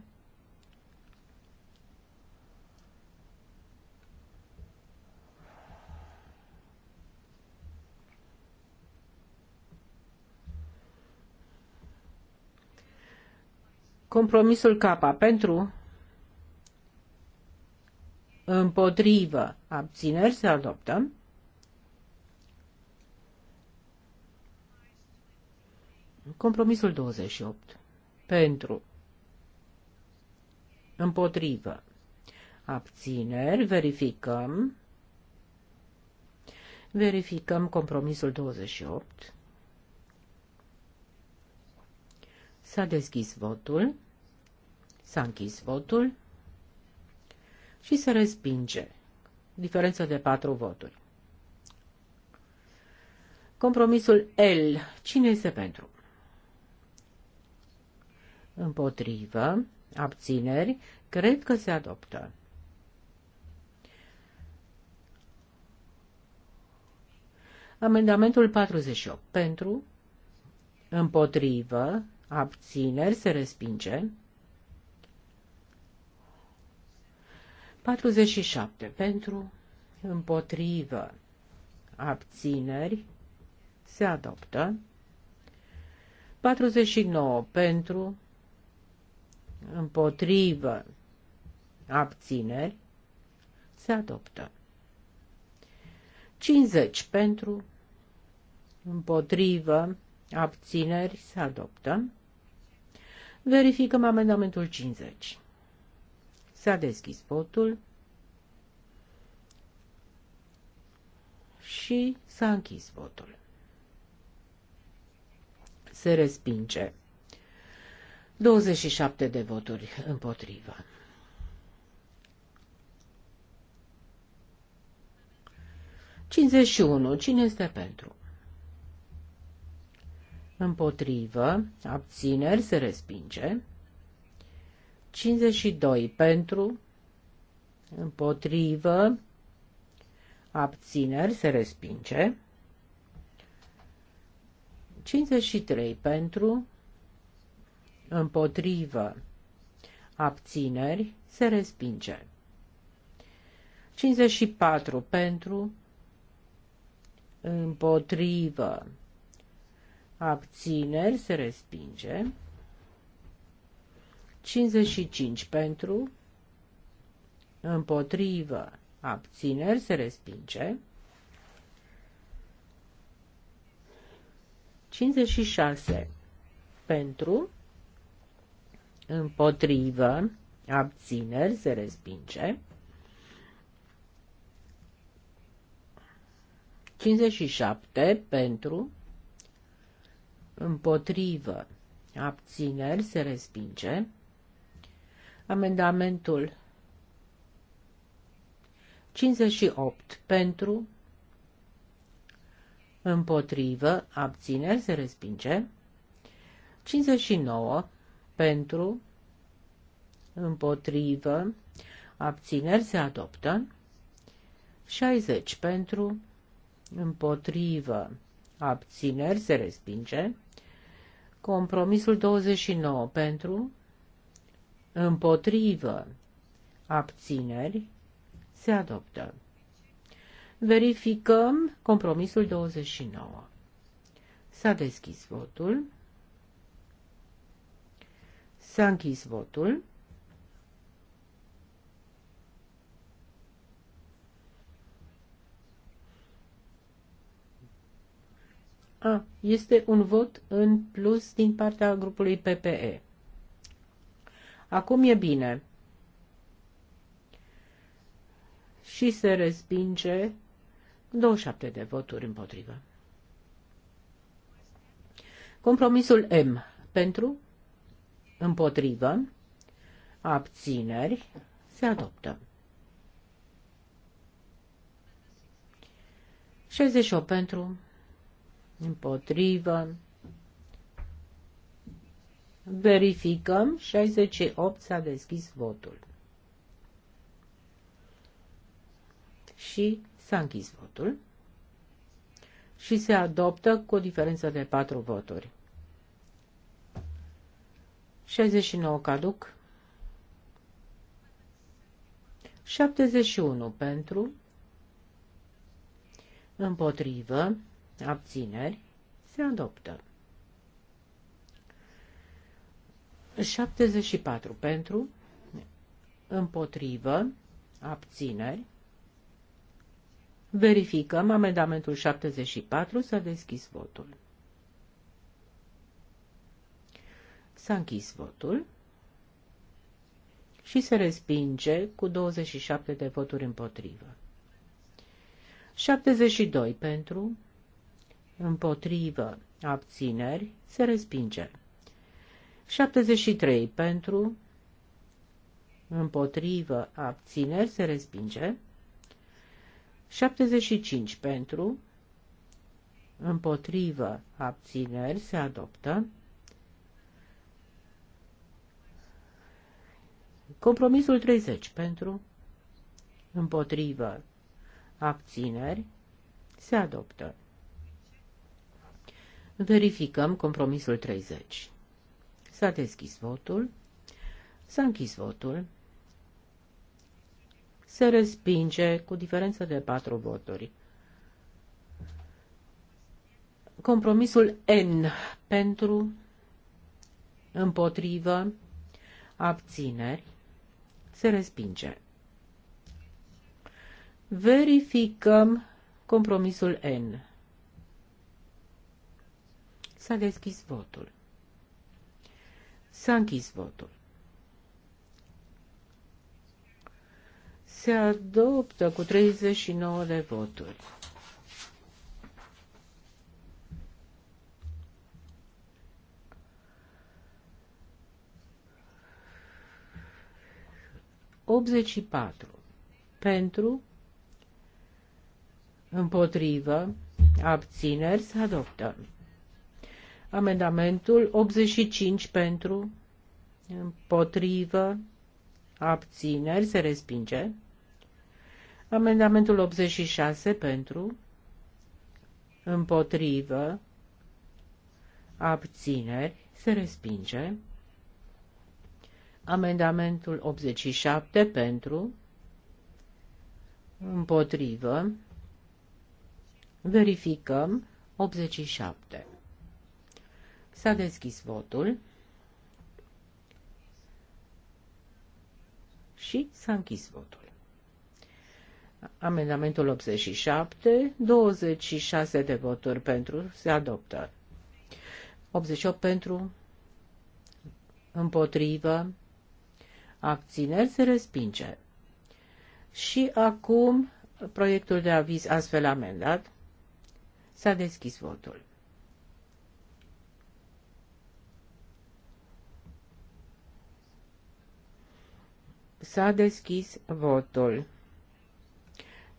Compromisul K pentru împotrivă abțineri se adoptă. Compromisul 28. Pentru. Împotrivă. Abțineri. Verificăm. Verificăm compromisul 28. S-a deschis votul. S-a închis votul. Și se respinge. Diferență de patru voturi. Compromisul L. Cine este pentru? împotrivă, abțineri, cred că se adoptă. Amendamentul 48. Pentru, împotrivă, abțineri, se respinge. 47. Pentru, împotrivă, abțineri, se adoptă. 49. Pentru, împotrivă, abțineri, se adoptă. 50 pentru, împotrivă, abțineri, se adoptă. Verificăm amendamentul 50. S-a deschis votul și s-a închis votul. Se respinge. 27 de voturi împotriva. Cincizeci Cine este pentru? Împotrivă. Abțineri. Se respinge. 52 pentru, împotrivă, abțineri, se respinge. 53 pentru, împotrivă, abțineri, se respinge. 54 pentru, împotrivă, abțineri, se respinge. 55 pentru, împotrivă, abțineri, se respinge. 56 pentru, împotrivă, abțineri, se respinge. 57 pentru, împotrivă, abțineri, se respinge. Amendamentul 58 pentru, împotrivă, abțineri, se respinge. 59 pentru, împotrivă, abțineri se adoptă, 60 pentru, împotrivă, abțineri se respinge, compromisul 29 pentru, împotrivă, abțineri se adoptă. Verificăm compromisul 29. S-a deschis votul. S-a închis votul. A, este un vot în plus din partea grupului PPE. Acum e bine. Și se respinge 27 de voturi împotrivă. Compromisul M pentru Împotrivă. Abțineri. Se adoptă. 68 pentru. Împotrivă. Verificăm. 68 s-a deschis votul. Și s-a închis votul. Și se adoptă cu o diferență de 4 voturi. 69 caduc. 71 pentru. Împotrivă. Abțineri. Se adoptă. 74 pentru. Împotrivă. Abțineri. Verificăm amendamentul 74. să deschis votul. S-a închis votul și se respinge cu 27 de voturi împotrivă. 72 pentru, împotrivă, abțineri, se respinge. 73 pentru, împotrivă, abțineri, se respinge. 75 pentru, împotrivă, abțineri, se adoptă. Compromisul 30 pentru împotrivă abțineri se adoptă. Verificăm compromisul 30. S-a deschis votul. S-a închis votul. Se respinge cu diferență de patru voturi. Compromisul N pentru, împotrivă, abțineri se respinge. Verificăm compromisul N. S-a deschis votul. S-a închis votul. Se adoptă cu 39 de voturi. 84. Pentru, împotrivă, abțineri, se adoptă. Amendamentul 85 pentru, împotrivă, abțineri, se respinge. Amendamentul 86 pentru, împotrivă, abțineri, se respinge. Amendamentul 87 pentru, împotrivă, verificăm 87. S-a deschis votul și s-a închis votul. Amendamentul 87, 26 de voturi pentru, se adoptă. 88 pentru, împotrivă, abțineri, se respinge. Și acum proiectul de aviz astfel amendat. S-a deschis votul. S-a deschis votul.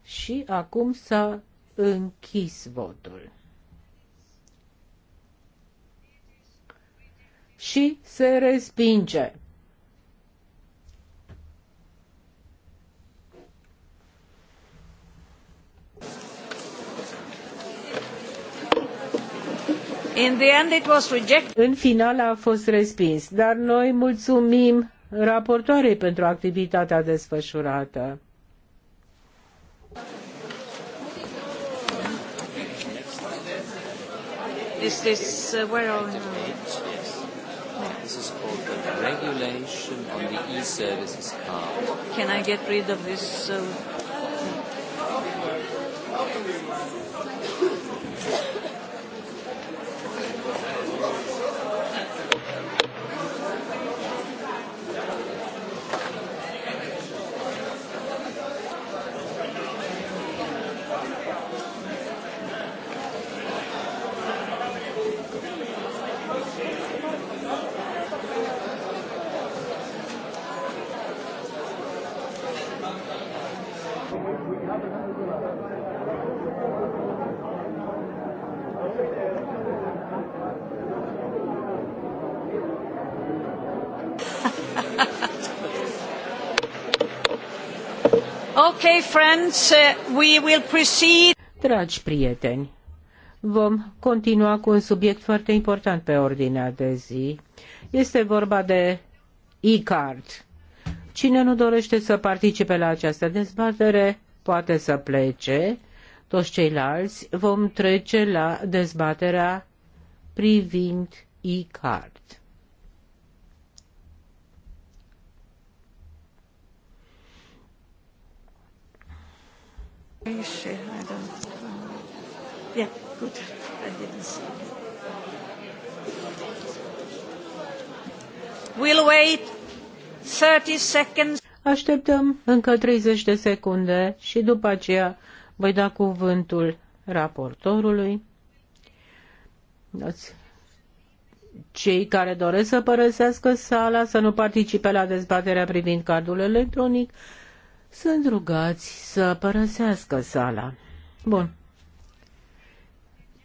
Și acum s-a închis votul. Și se respinge. În final a fost respins, dar noi mulțumim raportoarei pentru activitatea desfășurată. Is this uh, where are we? This is called the regulation on the e-services card. Can I get rid of this? Uh... Okay, friends, uh, we will proceed. Dragi prieteni, vom continua cu un subiect foarte important pe ordinea de zi. Este vorba de e-card. Cine nu dorește să participe la această dezbatere, poate să plece. Toți ceilalți vom trece la dezbaterea privind e-card. Yeah, good. I didn't see. We'll wait 30 seconds. Așteptăm încă 30 de secunde și după aceea voi da cuvântul raportorului. cei care doresc să părăsească sala să nu participe la dezbaterea privind cardul electronic sunt rugați să părăsească sala. Bun.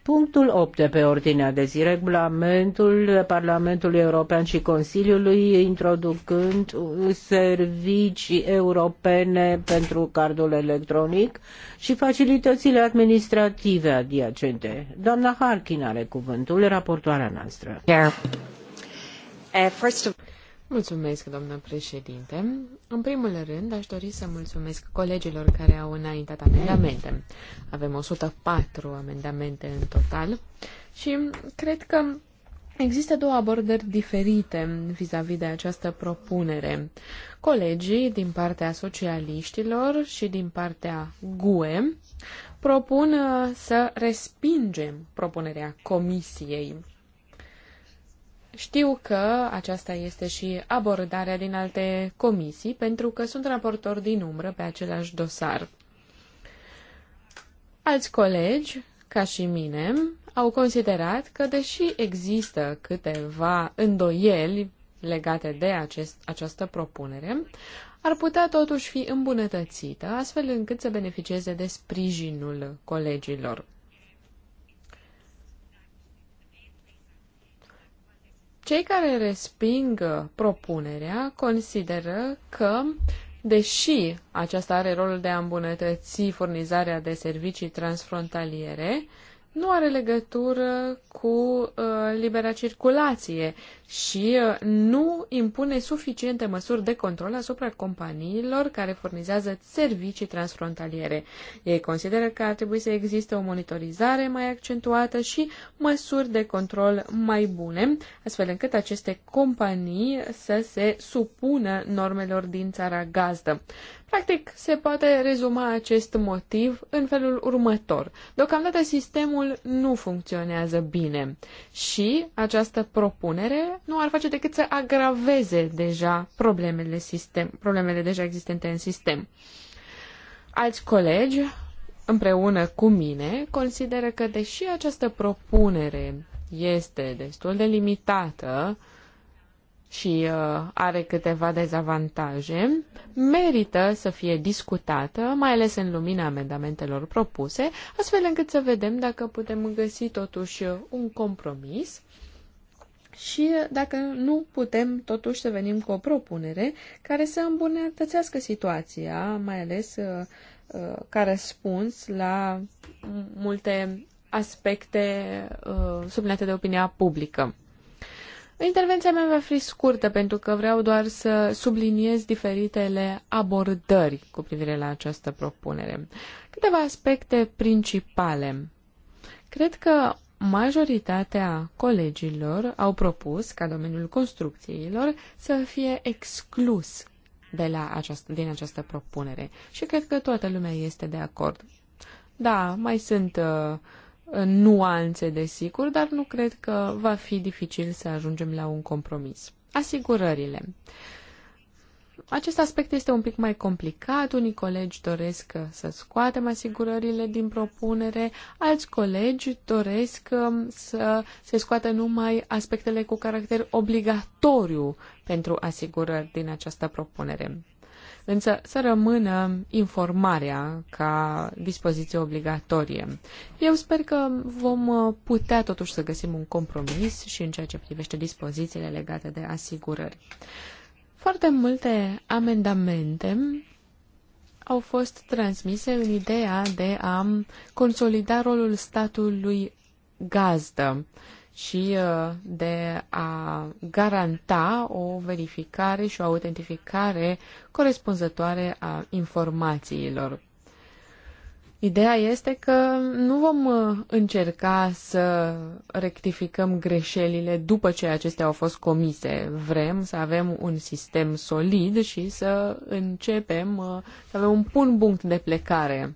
Punctul 8 pe ordinea de zi, regulamentul Parlamentului European și Consiliului introducând servicii europene pentru cardul electronic și facilitățile administrative adiacente. Doamna Harkin are cuvântul, raportoarea noastră. Yeah. Uh, first of Mulțumesc, doamnă președinte. În primul rând, aș dori să mulțumesc colegilor care au înaintat amendamente. Avem 104 amendamente în total și cred că Există două abordări diferite vis-a-vis de această propunere. Colegii din partea socialiștilor și din partea GUE propun uh, să respingem propunerea comisiei știu că aceasta este și abordarea din alte comisii, pentru că sunt raportor din umbră pe același dosar. Alți colegi, ca și mine, au considerat că, deși există câteva îndoieli legate de acest, această propunere, ar putea totuși fi îmbunătățită, astfel încât să beneficieze de sprijinul colegilor. Cei care resping propunerea consideră că, deși aceasta are rolul de a îmbunătăți furnizarea de servicii transfrontaliere, nu are legătură cu uh, libera circulație și uh, nu impune suficiente măsuri de control asupra companiilor care furnizează servicii transfrontaliere. Ei consideră că ar trebui să existe o monitorizare mai accentuată și măsuri de control mai bune, astfel încât aceste companii să se supună normelor din țara gazdă. Practic, se poate rezuma acest motiv în felul următor. Deocamdată sistemul nu funcționează bine și această propunere nu ar face decât să agraveze deja problemele, sistem, problemele deja existente în sistem. Alți colegi, împreună cu mine, consideră că deși această propunere este destul de limitată, și uh, are câteva dezavantaje, merită să fie discutată, mai ales în lumina amendamentelor propuse, astfel încât să vedem dacă putem găsi totuși uh, un compromis și uh, dacă nu putem totuși să venim cu o propunere care să îmbunătățească situația, mai ales ca răspuns la multe aspecte uh, sublinate de opinia publică. Intervenția mea va fi scurtă pentru că vreau doar să subliniez diferitele abordări cu privire la această propunere. Câteva aspecte principale. Cred că majoritatea colegilor au propus ca domeniul construcțiilor să fie exclus de la această, din această propunere și cred că toată lumea este de acord. Da, mai sunt uh, nuanțe, desigur, dar nu cred că va fi dificil să ajungem la un compromis. Asigurările. Acest aspect este un pic mai complicat. Unii colegi doresc să scoatem asigurările din propunere, alți colegi doresc um, să se scoată numai aspectele cu caracter obligatoriu pentru asigurări din această propunere însă să rămână informarea ca dispoziție obligatorie. Eu sper că vom uh, putea totuși să găsim un compromis și în ceea ce privește dispozițiile legate de asigurări. Foarte multe amendamente au fost transmise în ideea de a consolida rolul statului gazdă și uh, de a garanta o verificare și o autentificare corespunzătoare a informațiilor. Ideea este că nu vom uh, încerca să rectificăm greșelile după ce acestea au fost comise. Vrem să avem un sistem solid și să începem uh, să avem un bun punct de plecare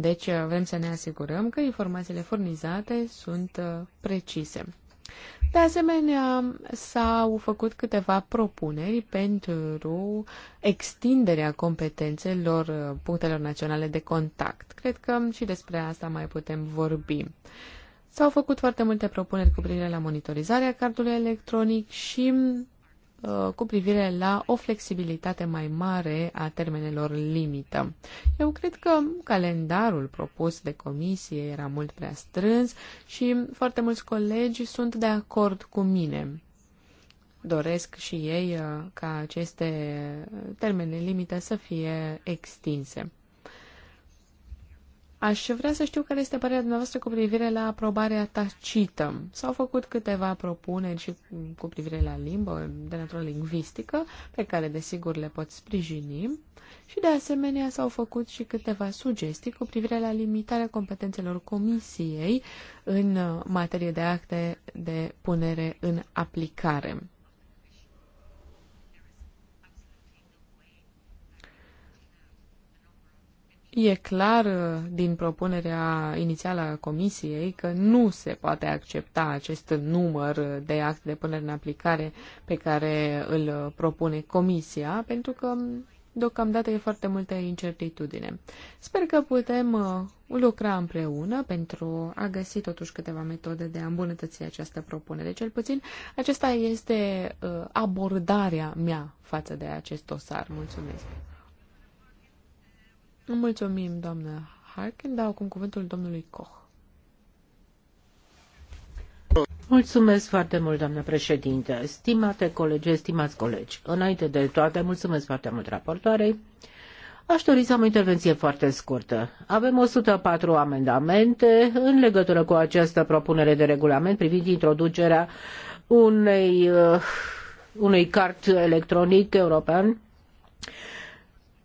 Deci uh, vrem să ne asigurăm că informațiile furnizate sunt uh, precise. De asemenea, s-au făcut câteva propuneri pentru extinderea competențelor uh, punctelor naționale de contact. Cred că și despre asta mai putem vorbi. S-au făcut foarte multe propuneri cu privire la monitorizarea cardului electronic și Uh, cu privire la o flexibilitate mai mare a termenelor limită. Eu cred că calendarul propus de comisie era mult prea strâns și foarte mulți colegi sunt de acord cu mine. Doresc și ei uh, ca aceste termene limită să fie extinse. Aș vrea să știu care este părerea dumneavoastră cu privire la aprobarea tacită. S-au făcut câteva propuneri și cu privire la limbă de natură lingvistică, pe care desigur le pot sprijini, și de asemenea s-au făcut și câteva sugestii cu privire la limitarea competențelor comisiei în materie de acte de punere în aplicare. E clar uh, din propunerea inițială a Comisiei că nu se poate accepta acest număr de acte de punere în aplicare pe care îl uh, propune Comisia, pentru că um, deocamdată e foarte multă incertitudine. Sper că putem uh, lucra împreună pentru a găsi totuși câteva metode de a îmbunătăți această propunere. Cel puțin acesta este abordarea mea față de acest dosar. Mulțumesc! Mulțumim, doamnă Harkin. Dau acum cuvântul domnului Koch. Mulțumesc foarte mult, doamnă președinte. Stimate colegi, stimați colegi, înainte de toate, mulțumesc foarte mult raportoarei. Aș dori să am o intervenție foarte scurtă. Avem 104 amendamente în legătură cu această propunere de regulament privind introducerea unei, uh, unei cart electronic european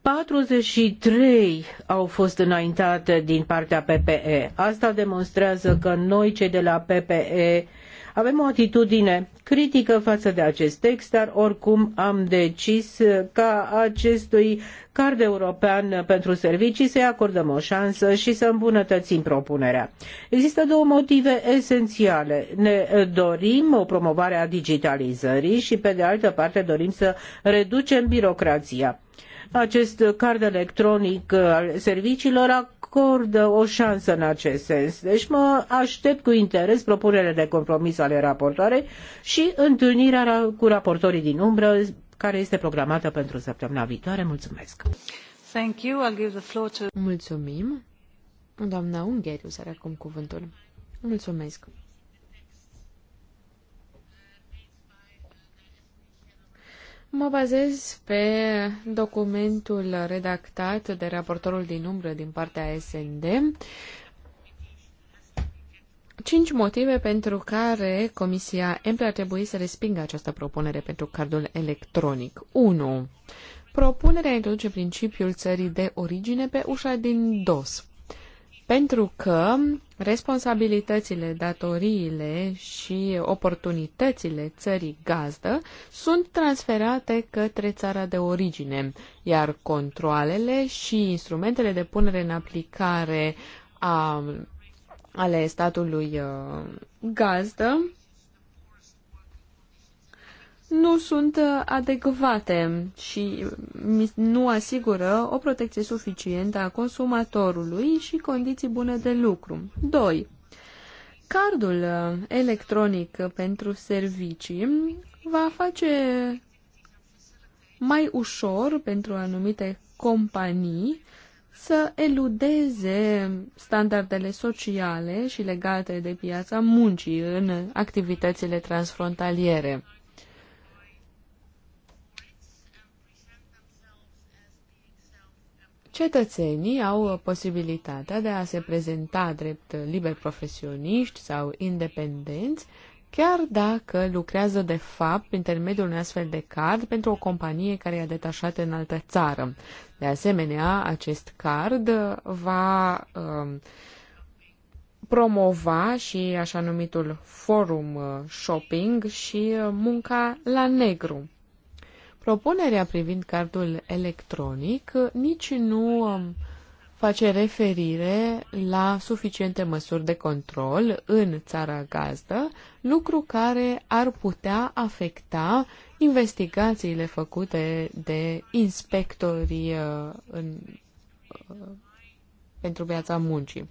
43 au fost înaintate din partea PPE. Asta demonstrează că noi, cei de la PPE, avem o atitudine critică față de acest text, dar oricum am decis ca acestui card european pentru servicii să-i acordăm o șansă și să îmbunătățim propunerea. Există două motive esențiale. Ne dorim o promovare a digitalizării și, pe de altă parte, dorim să reducem birocrația. Acest card electronic al serviciilor acordă o șansă în acest sens. Deci mă aștept cu interes propunerile de compromis ale raportoarei și întâlnirea cu raportorii din umbră care este programată pentru săptămâna viitoare. Mulțumesc! Thank you. I'll give the floor to... Mulțumim! Doamna Ungheriu are acum cuvântul. Mulțumesc! Mă bazez pe documentul redactat de raportorul din umbră din partea SND. Cinci motive pentru care Comisia EMPLE ar trebui să respingă această propunere pentru cardul electronic. 1. Propunerea introduce principiul țării de origine pe ușa din dos pentru că responsabilitățile, datoriile și oportunitățile țării gazdă sunt transferate către țara de origine, iar controlele și instrumentele de punere în aplicare a, ale statului uh, gazdă nu sunt uh, adecvate și nu asigură o protecție suficientă a consumatorului și condiții bune de lucru. 2. Cardul uh, electronic pentru servicii va face mai ușor pentru anumite companii să eludeze standardele sociale și legate de piața muncii în activitățile transfrontaliere. cetățenii au uh, posibilitatea de a se prezenta drept uh, liberi profesioniști sau independenți, chiar dacă lucrează de fapt prin intermediul unui astfel de card pentru o companie care e detașată în altă țară. De asemenea, acest card uh, va um, promova și așa numitul forum shopping și munca la negru. Propunerea privind cardul electronic nici nu um, face referire la suficiente măsuri de control în țara gazdă, lucru care ar putea afecta investigațiile făcute de inspectorii uh, în, uh, pentru viața muncii.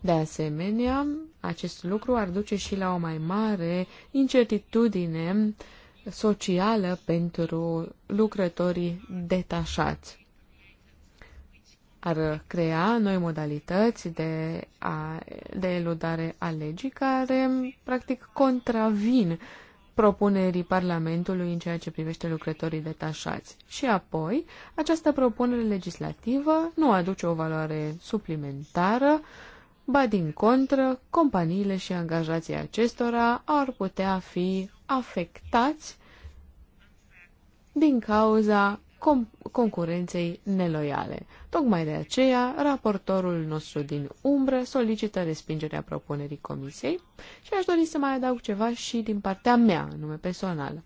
De asemenea, acest lucru ar duce și la o mai mare incertitudine uh, socială pentru lucrătorii detașați. Ar crea noi modalități de, a, de eludare a legii care, practic, contravin propunerii Parlamentului în ceea ce privește lucrătorii detașați. Și apoi, această propunere legislativă nu aduce o valoare suplimentară, ba din contră, companiile și angajații acestora ar putea fi afectați din cauza concurenței neloiale. Tocmai de aceea, raportorul nostru din umbră solicită respingerea propunerii comisiei și aș dori să mai adaug ceva și din partea mea, în nume personal.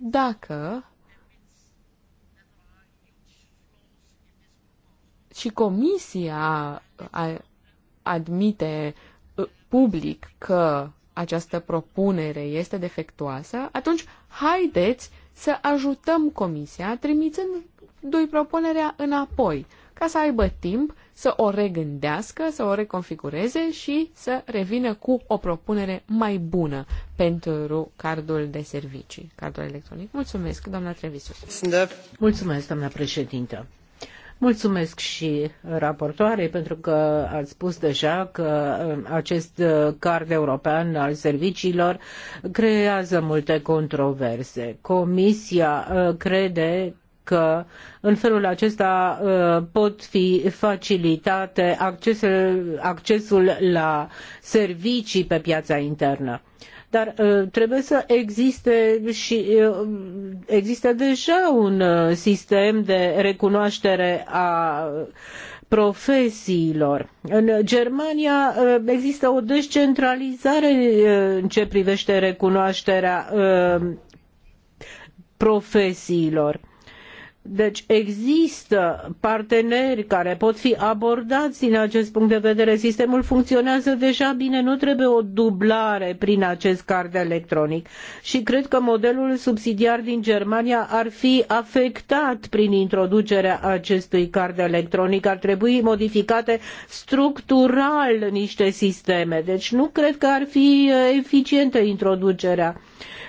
Dacă și comisia admite uh, public că această propunere este defectuoasă, atunci haideți să ajutăm Comisia trimițând doi propunerea înapoi, ca să aibă timp să o regândească, să o reconfigureze și să revină cu o propunere mai bună pentru cardul de servicii, cardul electronic. Mulțumesc, doamna Trevisus. Mulțumesc, doamna președintă. Mulțumesc și raportoarei pentru că ați spus deja că uh, acest uh, card european al serviciilor creează multe controverse. Comisia uh, crede că în felul acesta pot fi facilitate accesul, accesul la servicii pe piața internă dar uh, trebuie să existe și uh, există deja un uh, sistem de recunoaștere a profesiilor. În Germania există o descentralizare în ce privește recunoașterea profesiilor. Deci există parteneri care pot fi abordați din acest punct de vedere. Sistemul funcționează deja bine, nu trebuie o dublare prin acest card electronic. Și cred că modelul subsidiar din Germania ar fi afectat prin introducerea acestui card electronic. Ar trebui modificate structural niște sisteme. Deci nu cred că ar fi eficientă introducerea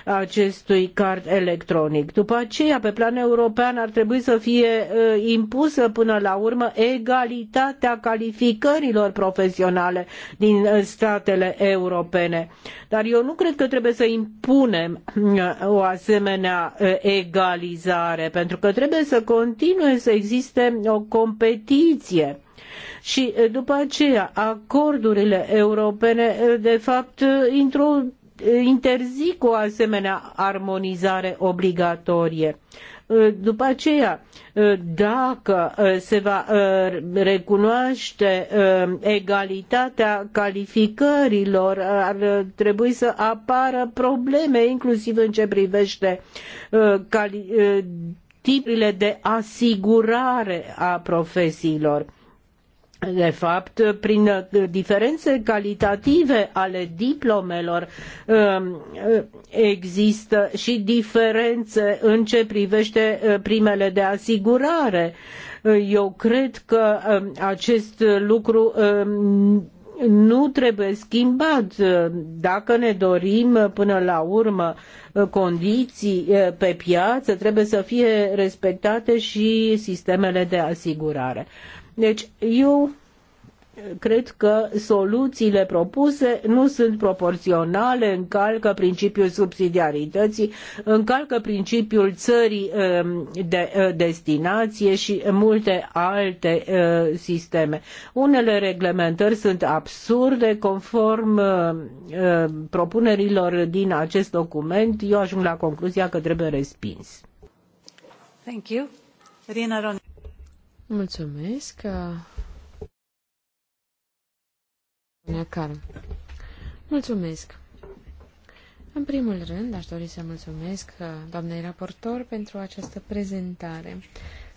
acestui card electronic. După aceea, pe plan european, ar trebui să fie uh, impusă până la urmă egalitatea calificărilor profesionale din uh, statele europene. Dar eu nu cred că trebuie să impunem uh, o asemenea egalizare, pentru că trebuie să continue să existe o competiție. Și după aceea, acordurile europene, de fapt, introduc interzic o asemenea armonizare obligatorie. Ă, după aceea, ă, dacă ă, se va recunoaște egalitatea calificărilor, ar trebui să apară probleme, inclusiv în ce privește tipurile de asigurare a profesiilor de fapt, prin uh, diferențe calitative ale diplomelor um, uh, există și diferențe în ce privește uh, primele de asigurare. Eu cred că um, acest lucru um, nu trebuie schimbat dacă ne dorim până la urmă condiții pe piață, trebuie să fie respectate și sistemele de asigurare. Deci eu eh, cred că soluțiile propuse nu sunt proporționale, încalcă principiul subsidiarității, încalcă principiul țării ehm, de eh, destinație și multe alte eh, sisteme. Unele reglementări sunt absurde conform propunerilor din acest document. Eu ajung la concluzia că trebuie respins. Thank you. Rina Ron. Mulțumesc. Mulțumesc. În primul rând, aș dori să mulțumesc uh, doamnei raportor pentru această prezentare.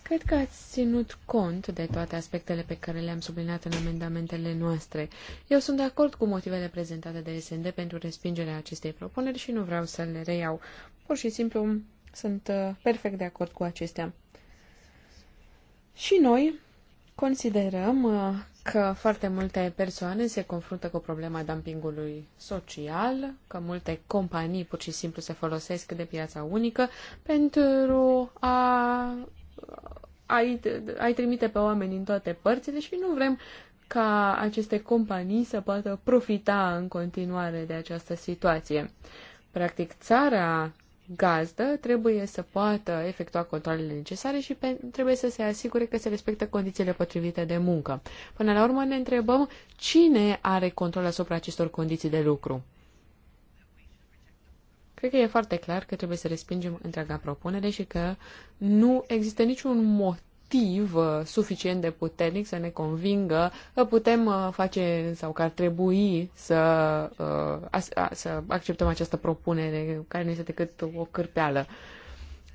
Cred că ați ținut cont de toate aspectele pe care le-am subliniat în amendamentele noastre. Eu sunt de acord cu motivele prezentate de SND pentru respingerea acestei propuneri și nu vreau să le reiau. Pur și simplu sunt uh, perfect de acord cu acestea. Și noi considerăm uh, că foarte multe persoane se confruntă cu problema dumpingului social, că multe companii pur și simplu se folosesc de piața unică pentru a ai, trimite pe oameni în toate părțile și nu vrem ca aceste companii să poată profita în continuare de această situație. Practic, țara gazdă trebuie să poată efectua controlele necesare și pe, trebuie să se asigure că se respectă condițiile potrivite de muncă. Până la urmă ne întrebăm cine are control asupra acestor condiții de lucru. Cred că e foarte clar că trebuie să respingem întreaga propunere și că nu există niciun motiv motiv uh, suficient de puternic să ne convingă că putem uh, face sau că ar trebui să, uh, să acceptăm această propunere care nu este decât o cârpeală.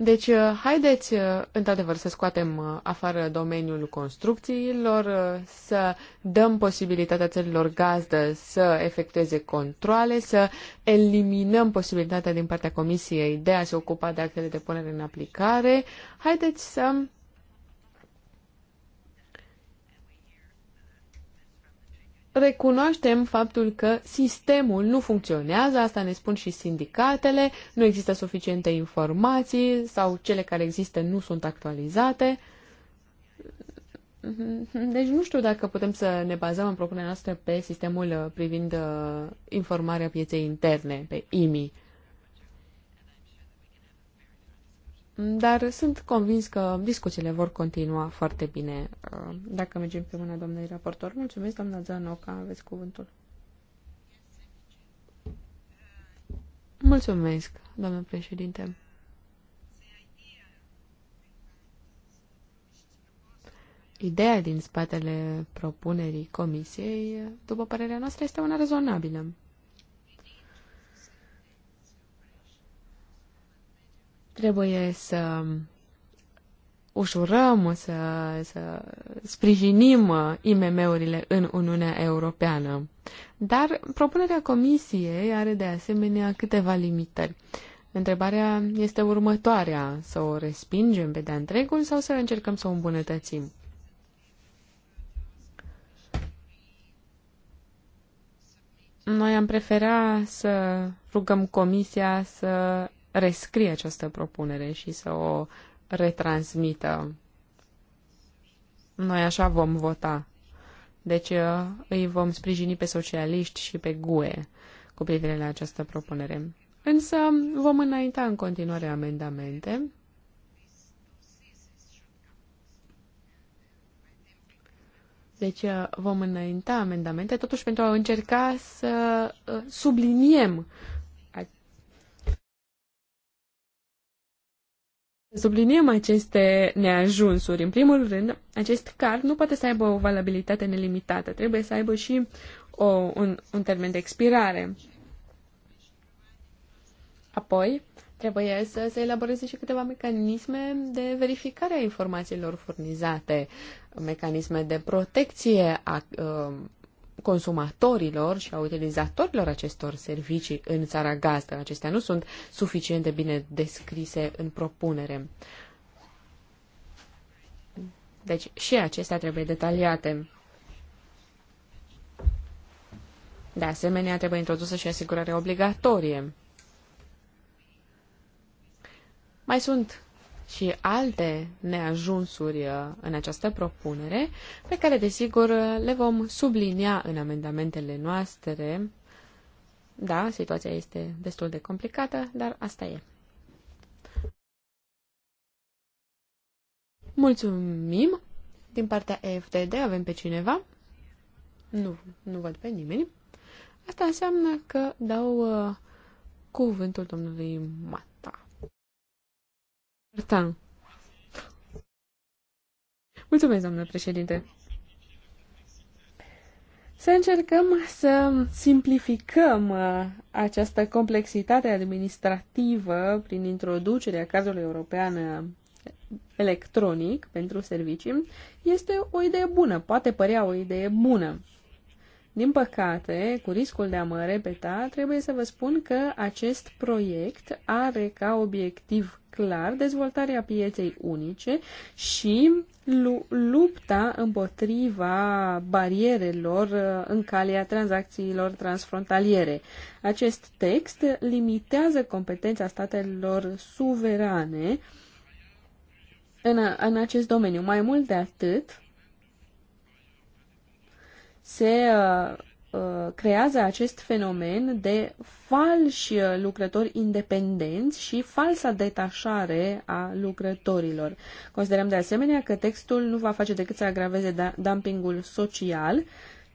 Deci, haideți, într-adevăr, să scoatem afară domeniul construcțiilor, să dăm posibilitatea țărilor gazdă să efectueze controle, să eliminăm posibilitatea din partea Comisiei de a se ocupa de actele de punere în aplicare. Haideți să recunoaștem faptul că sistemul nu funcționează, asta ne spun și sindicatele, nu există suficiente informații sau cele care există nu sunt actualizate. Deci nu știu dacă putem să ne bazăm în propunerea noastră pe sistemul uh, privind uh, informarea pieței interne, pe IMI. Dar sunt convins că discuțiile vor continua foarte bine uh, dacă mergem pe mâna doamnei raportor. Mulțumesc, doamna Zanoca, aveți cuvântul. Mulțumesc, doamnă președinte. Ideea din spatele propunerii comisiei, după părerea noastră, este una rezonabilă. Trebuie să ușurăm, să, să sprijinim uh, IMM-urile în Uniunea Europeană. Dar propunerea Comisiei are de asemenea câteva limitări. Întrebarea este următoarea, să o respingem pe de-a întregul sau să încercăm să o îmbunătățim? Noi am prefera să rugăm Comisia să rescrie această propunere și să o retransmită. Noi așa vom vota. Deci uh, îi vom sprijini pe socialiști și pe GUE cu privire la această propunere. Însă vom înainta în continuare amendamente. Deci uh, vom înainta amendamente, totuși pentru a încerca să uh, subliniem Subliniem aceste neajunsuri. În primul rând, acest card nu poate să aibă o valabilitate nelimitată. Trebuie să aibă și o, un, un termen de expirare. Apoi, trebuie să se elaboreze și câteva mecanisme de verificare a informațiilor furnizate, mecanisme de protecție a uh, consumatorilor și a utilizatorilor acestor servicii în țara gazdă. Acestea nu sunt suficient de bine descrise în propunere. Deci și acestea trebuie detaliate. De asemenea, trebuie introdusă și asigurare obligatorie. Mai sunt și alte neajunsuri uh, în această propunere, pe care, desigur, uh, le vom sublinia în amendamentele noastre. Da, situația este destul de complicată, dar asta e. Mulțumim! Din partea EFTD avem pe cineva? Nu, nu văd pe nimeni. Asta înseamnă că dau uh, cuvântul domnului Mat. Martin. Mulțumesc, doamnă președinte. Să încercăm să simplificăm uh, această complexitate administrativă prin introducerea cazului european uh, electronic pentru servicii este o idee bună, poate părea o idee bună. Din păcate, cu riscul de a mă repeta, trebuie să vă spun că acest proiect are ca obiectiv clar dezvoltarea pieței unice și lupta împotriva barierelor uh, în calea tranzacțiilor transfrontaliere. Acest text limitează competența statelor suverane în, în acest domeniu. Mai mult de atât, se uh, Uh, creează acest fenomen de falși uh, lucrători independenți și falsa detașare a lucrătorilor. Considerăm de asemenea că textul nu va face decât să agraveze da- dumpingul social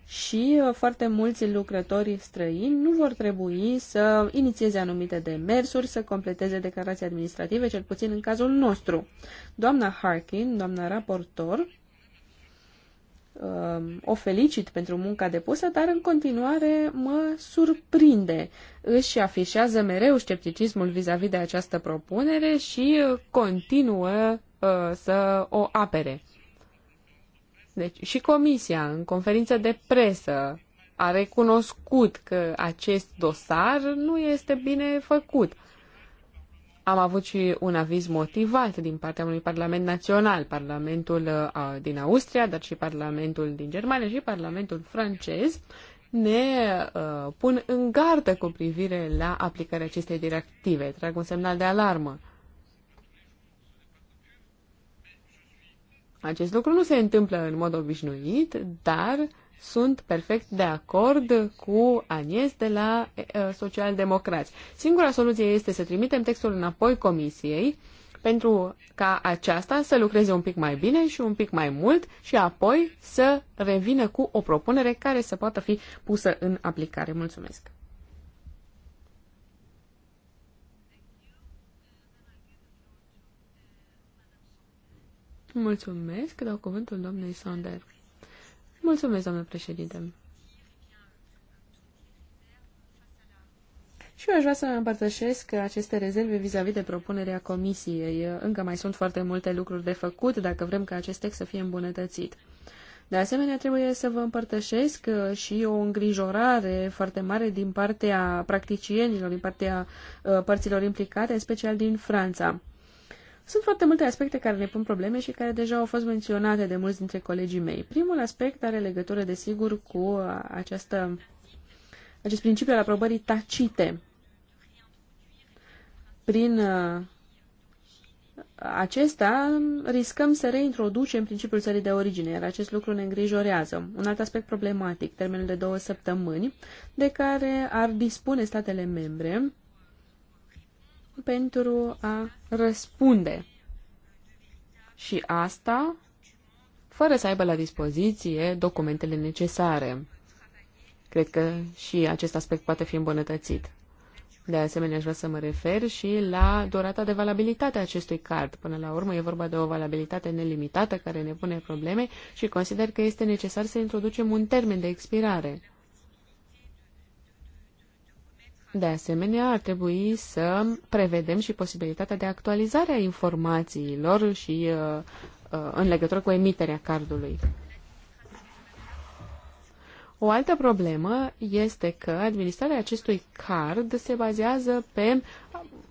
și uh, foarte mulți lucrători străini nu vor trebui să inițieze anumite demersuri, să completeze declarații administrative, cel puțin în cazul nostru. Doamna Harkin, doamna raportor, Um, o felicit pentru munca depusă, dar în continuare mă surprinde. Își afișează mereu scepticismul vis-a-vis -vis de această propunere și uh, continuă uh, să o apere. Deci și comisia în conferință de presă a recunoscut că acest dosar nu este bine făcut. Am avut și un aviz motivat din partea unui Parlament Național, Parlamentul uh, din Austria, dar și Parlamentul din Germania și Parlamentul francez, ne uh, pun în gardă cu privire la aplicarea acestei directive, trag un semnal de alarmă. Acest lucru nu se întâmplă în mod obișnuit, dar uh, sunt perfect de acord cu Anies de la uh, Socialdemocrați. Singura soluție este să trimitem textul înapoi Comisiei pentru ca aceasta să lucreze un pic mai bine și un pic mai mult și apoi să revină cu o propunere care să poată fi pusă în aplicare. Mulțumesc! Mulțumesc, dau cuvântul domnului Sander. Mulțumesc, doamnă președinte. Și eu aș vrea să împărtășesc aceste rezerve vis-a-vis -vis de propunerea comisiei. Încă mai sunt foarte multe lucruri de făcut dacă vrem ca acest text să fie îmbunătățit. De asemenea, trebuie să vă împărtășesc uh, și o îngrijorare foarte mare din partea practicienilor, din partea uh, părților implicate, în special din Franța. Sunt foarte multe aspecte care ne pun probleme și care deja au fost menționate de mulți dintre colegii mei. Primul aspect are legătură, desigur, cu uh, această, acest principiu al aprobării tacite. Prin uh, acesta riscăm să reintroducem principiul țării de origine, iar acest lucru ne îngrijorează. Un alt aspect problematic, termenul de două săptămâni, de care ar dispune statele membre pentru a răspunde. Și asta fără să aibă la dispoziție documentele necesare. Cred că și acest aspect poate fi îmbunătățit. De asemenea, aș vrea să mă refer și la durata de valabilitate a acestui card. Până la urmă, e vorba de o valabilitate nelimitată care ne pune probleme și consider că este necesar să introducem un termen de expirare. De asemenea, ar trebui să prevedem și posibilitatea de actualizare a informațiilor și uh, uh, în legătură cu emiterea cardului. O altă problemă este că administrarea acestui card se bazează pe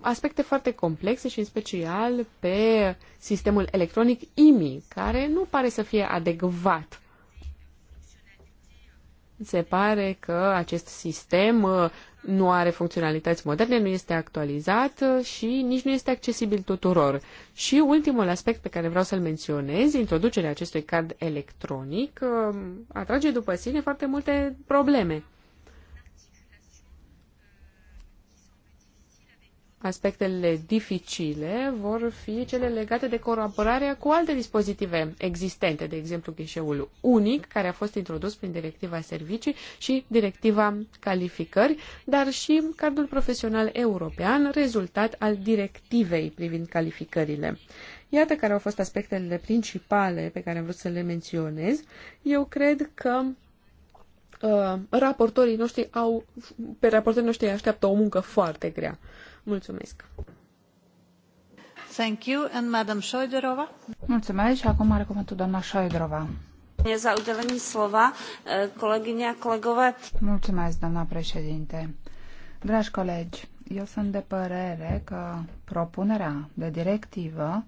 aspecte foarte complexe și în special pe sistemul electronic IMI, care nu pare să fie adecvat. Se pare că acest sistem uh, nu are funcționalități moderne, nu este actualizat și nici nu este accesibil tuturor. Și ultimul aspect pe care vreau să-l menționez, introducerea acestui card electronic, um, atrage după sine foarte multe probleme. aspectele dificile vor fi cele legate de colaborarea cu alte dispozitive existente, de exemplu ghișeul unic, care a fost introdus prin directiva servicii și directiva calificări, dar și cardul profesional european, rezultat al directivei privind calificările. Iată care au fost aspectele principale pe care am vrut să le menționez. Eu cred că uh, raportorii noștri au, pe raportorii noștri așteaptă o muncă foarte grea. Uh, Mulțumesc! Thank you and Madam Šojderova. Mulțumesc și acum are cuvântul doamna Šojderova. Za udělení slova, eh, kolegyně a kolegové. Mulțumesc, doamna președinte. Dragi colegi, eu sunt de părere că propunerea de directivă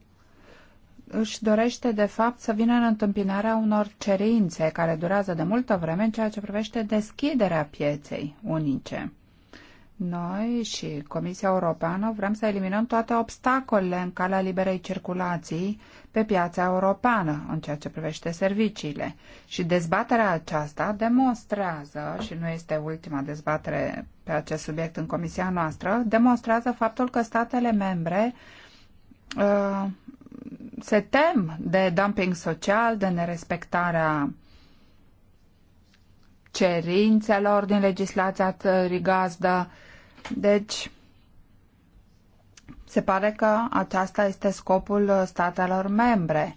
își dorește de fapt să vină în întâmpinarea unor cerințe care durează de multă vreme în ceea ce privește deschiderea pieței unice. Noi și Comisia Europeană vrem să eliminăm toate obstacolele în calea liberei circulații pe piața europeană în ceea ce privește serviciile. Și dezbaterea aceasta demonstrează, și nu este ultima dezbatere pe acest subiect în Comisia noastră, demonstrează faptul că statele membre uh, se tem de dumping social, de nerespectarea cerințelor din legislația țării gazdă, deci, se pare că aceasta este scopul statelor membre.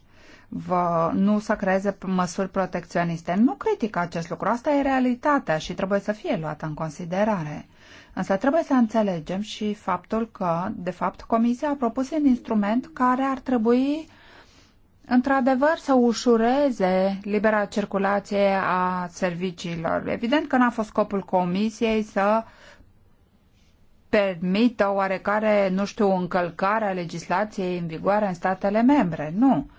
Vă, nu să creeze măsuri protecționiste. Nu critic acest lucru, asta e realitatea și trebuie să fie luată în considerare. Însă trebuie să înțelegem și faptul că, de fapt, Comisia a propus un instrument care ar trebui într-adevăr să ușureze libera circulație a serviciilor. Evident că n-a fost scopul Comisiei să permită oarecare, nu știu, încălcare a legislației în vigoare în statele membre. Nu.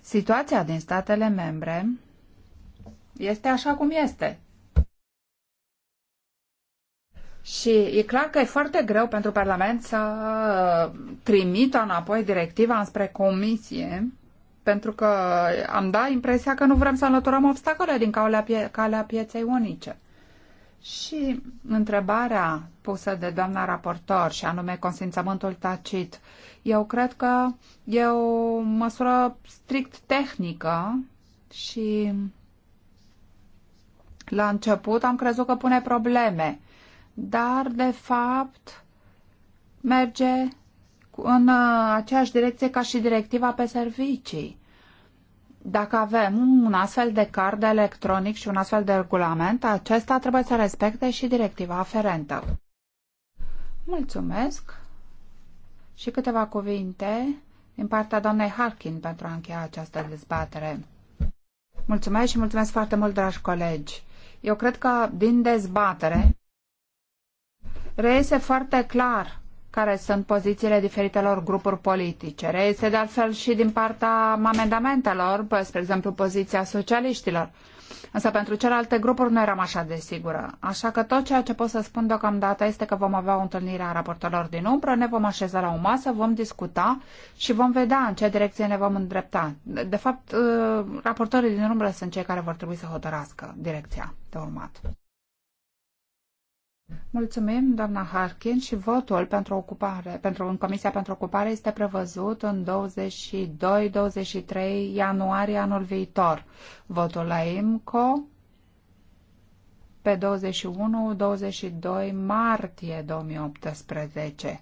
Situația din statele membre este așa cum este. Și e clar că e foarte greu pentru Parlament să trimită înapoi directiva înspre Comisie, pentru că am dat impresia că nu vrem să înlăturăm obstacole din calea, pie- calea pieței unice. Și întrebarea pusă de doamna raportor, și anume consimțământul tacit, eu cred că e o măsură strict tehnică și la început am crezut că pune probleme, dar de fapt merge în aceeași direcție ca și directiva pe servicii dacă avem un astfel de card electronic și un astfel de regulament, acesta trebuie să respecte și directiva aferentă. Mulțumesc și câteva cuvinte din partea doamnei Harkin pentru a încheia această dezbatere. Mulțumesc și mulțumesc foarte mult, dragi colegi. Eu cred că din dezbatere reiese foarte clar care sunt pozițiile diferitelor grupuri politice. Reiese de altfel și din partea amendamentelor, spre exemplu poziția socialiștilor. Însă pentru celelalte grupuri nu eram așa de sigură. Așa că tot ceea ce pot să spun deocamdată este că vom avea o întâlnire a raportorilor din umbră, ne vom așeza la o masă, vom discuta și vom vedea în ce direcție ne vom îndrepta. De fapt, uh, raportorii din umbră sunt cei care vor trebui să hotărască direcția de urmat. Mulțumim, doamna Harkin, și votul pentru ocupare, pentru, în Comisia pentru Ocupare este prevăzut în 22-23 ianuarie anul viitor. Votul la IMCO pe 21-22 martie 2018.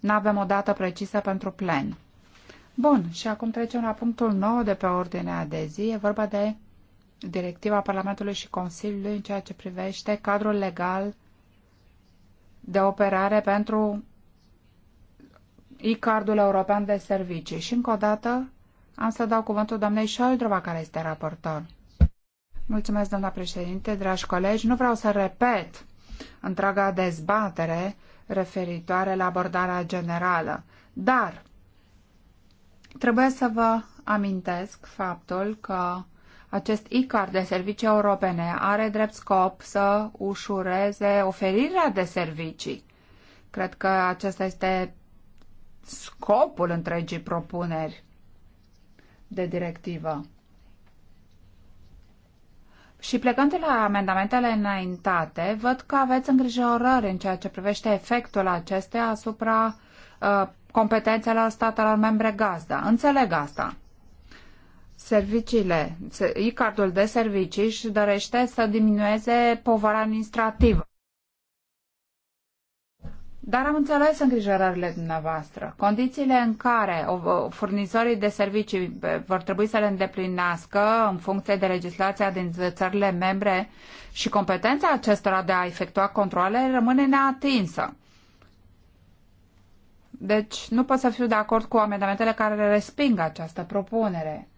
Nu avem o dată precisă pentru plen. Bun, și acum trecem la punctul 9 de pe ordinea de zi. E vorba de directiva Parlamentului și Consiliului în ceea ce privește cadrul legal de operare pentru e-cardul european de servicii. Și încă o dată am să dau cuvântul doamnei Șoldrova, care este raportor. Mulțumesc, doamna președinte, dragi colegi. Nu vreau să repet întreaga dezbatere referitoare la abordarea generală, dar trebuie să vă amintesc faptul că acest ICAR de servicii europene are drept scop să ușureze oferirea de servicii. Cred că acesta este scopul întregii propuneri de directivă. Și plecând de la amendamentele înaintate, văd că aveți îngrijorări în ceea ce privește efectul acestea asupra uh, competențelor statelor membre gazda. Înțeleg asta serviciile, e-cardul de servicii și dorește să diminueze povara administrativă. Dar am înțeles îngrijorările dumneavoastră. Condițiile în care furnizorii de servicii eh, vor trebui să le îndeplinească în funcție de legislația din țările membre și competența acestora de a efectua controle rămâne neatinsă. Deci nu pot să fiu de acord cu amendamentele care resping această propunere.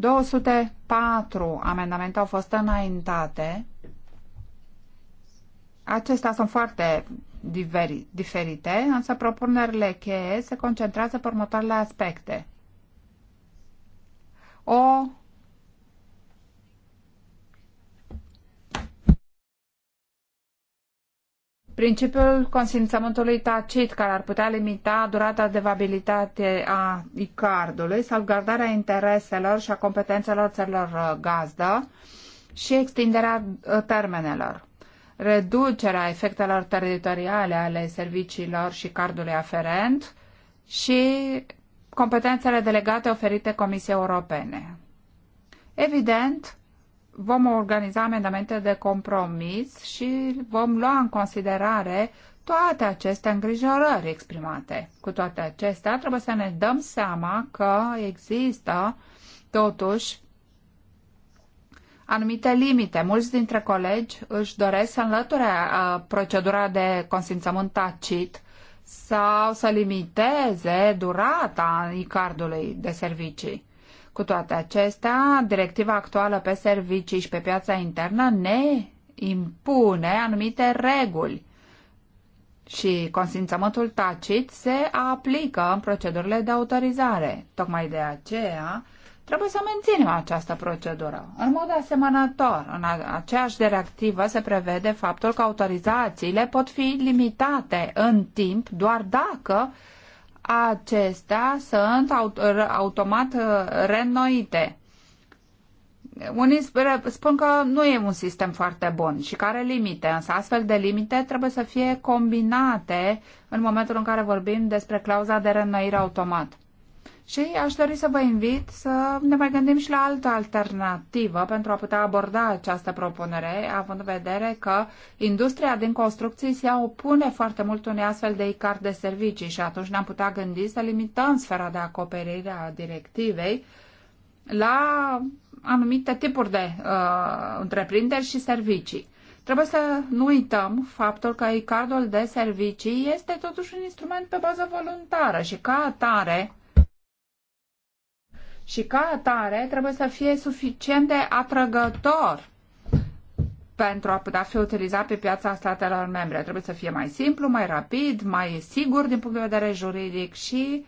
204 amendamente au fost înaintate. Acestea sunt foarte diveri, diferite, însă propunerile cheie se concentrează pe următoarele aspecte. O Principiul consimțământului tacit care ar putea limita durata de vabilitate a cardului, salvgardarea intereselor și a competențelor țărilor uh, gazdă și extinderea uh, termenelor, reducerea efectelor teritoriale ale serviciilor și cardului aferent și competențele delegate oferite Comisiei Europene. Evident, vom organiza amendamente de compromis și vom lua în considerare toate aceste îngrijorări exprimate. Cu toate acestea, trebuie să ne dăm seama că există, totuși, anumite limite. Mulți dintre colegi își doresc să înlăture uh, procedura de consimțământ tacit sau să limiteze durata icardului de servicii. Cu toate acestea, directiva actuală pe servicii și pe piața internă ne impune anumite reguli și consimțământul tacit se aplică în procedurile de autorizare. Tocmai de aceea trebuie să menținem această procedură. În mod asemănător, în aceeași directivă se prevede faptul că autorizațiile pot fi limitate în timp doar dacă acestea sunt automat uh, reînnoite. Unii spun că nu e un sistem foarte bun și care limite, însă astfel de limite trebuie să fie combinate în momentul în care vorbim despre clauza de reînnoire automat. Și aș dori să vă invit să ne mai gândim și la altă alternativă pentru a putea aborda această propunere, având în vedere că industria din construcții se opune foarte mult unei astfel de ICAR de servicii și atunci ne-am putea gândi să limităm sfera de acoperire a directivei la anumite tipuri de uh, întreprinderi și servicii. Trebuie să nu uităm faptul că ICAR-ul de servicii este totuși un instrument pe bază voluntară și ca atare și ca atare trebuie să fie suficient de atrăgător pentru a putea fi utilizat pe piața statelor membre. Trebuie să fie mai simplu, mai rapid, mai sigur din punct de vedere juridic și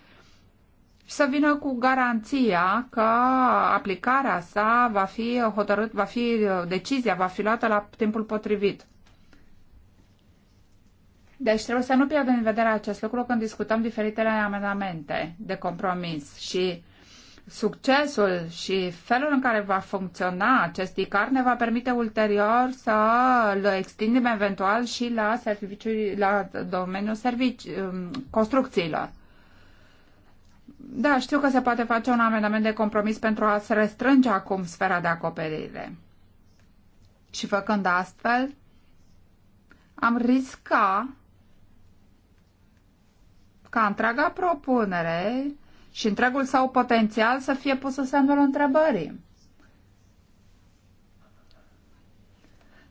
să vină cu garanția că aplicarea sa va fi hotărât, va fi decizia, va fi luată la timpul potrivit. Deci trebuie să nu pierdem în vedere acest lucru când discutăm diferitele amendamente de compromis și succesul și felul în care va funcționa acest ICAR ne va permite ulterior să îl extindem eventual și la, serviciul, la domeniul servici, um, construcțiilor. Da, știu că se poate face un amendament de compromis pentru a se restrânge acum sfera de acoperire. Și făcând astfel, am risca ca întreaga propunere și întregul sau potențial să fie pus semnul întrebării.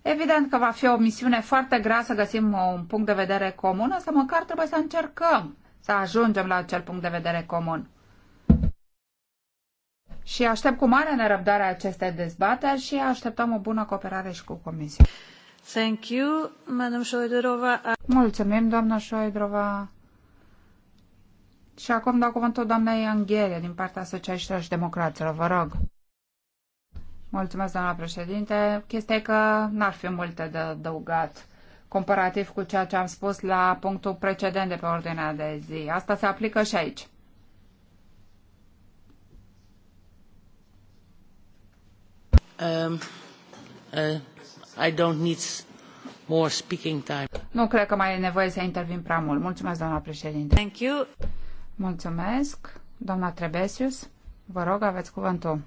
Evident că va fi o misiune foarte grea să găsim un punct de vedere comun, însă măcar trebuie să încercăm să ajungem la acel punct de vedere comun. Și aștept cu mare nerăbdare aceste dezbateri și așteptăm o bună cooperare și cu Comisia. Thank you, Madam Mulțumim, doamna Șoidrova. Și acum dau cuvântul doamnei Anghelie din partea Socialiștilor și Democraților. Vă rog. Mulțumesc, doamna președinte. Chestia e că n-ar fi multe de adăugat comparativ cu ceea ce am spus la punctul precedent de pe ordinea de zi. Asta se aplică și aici. Um, uh, I don't need more speaking time. Nu cred că mai e nevoie să intervin prea mult. Mulțumesc, doamna președinte. Thank you. Mulțumesc. Doamna Trebesius, vă rog, aveți cuvântul.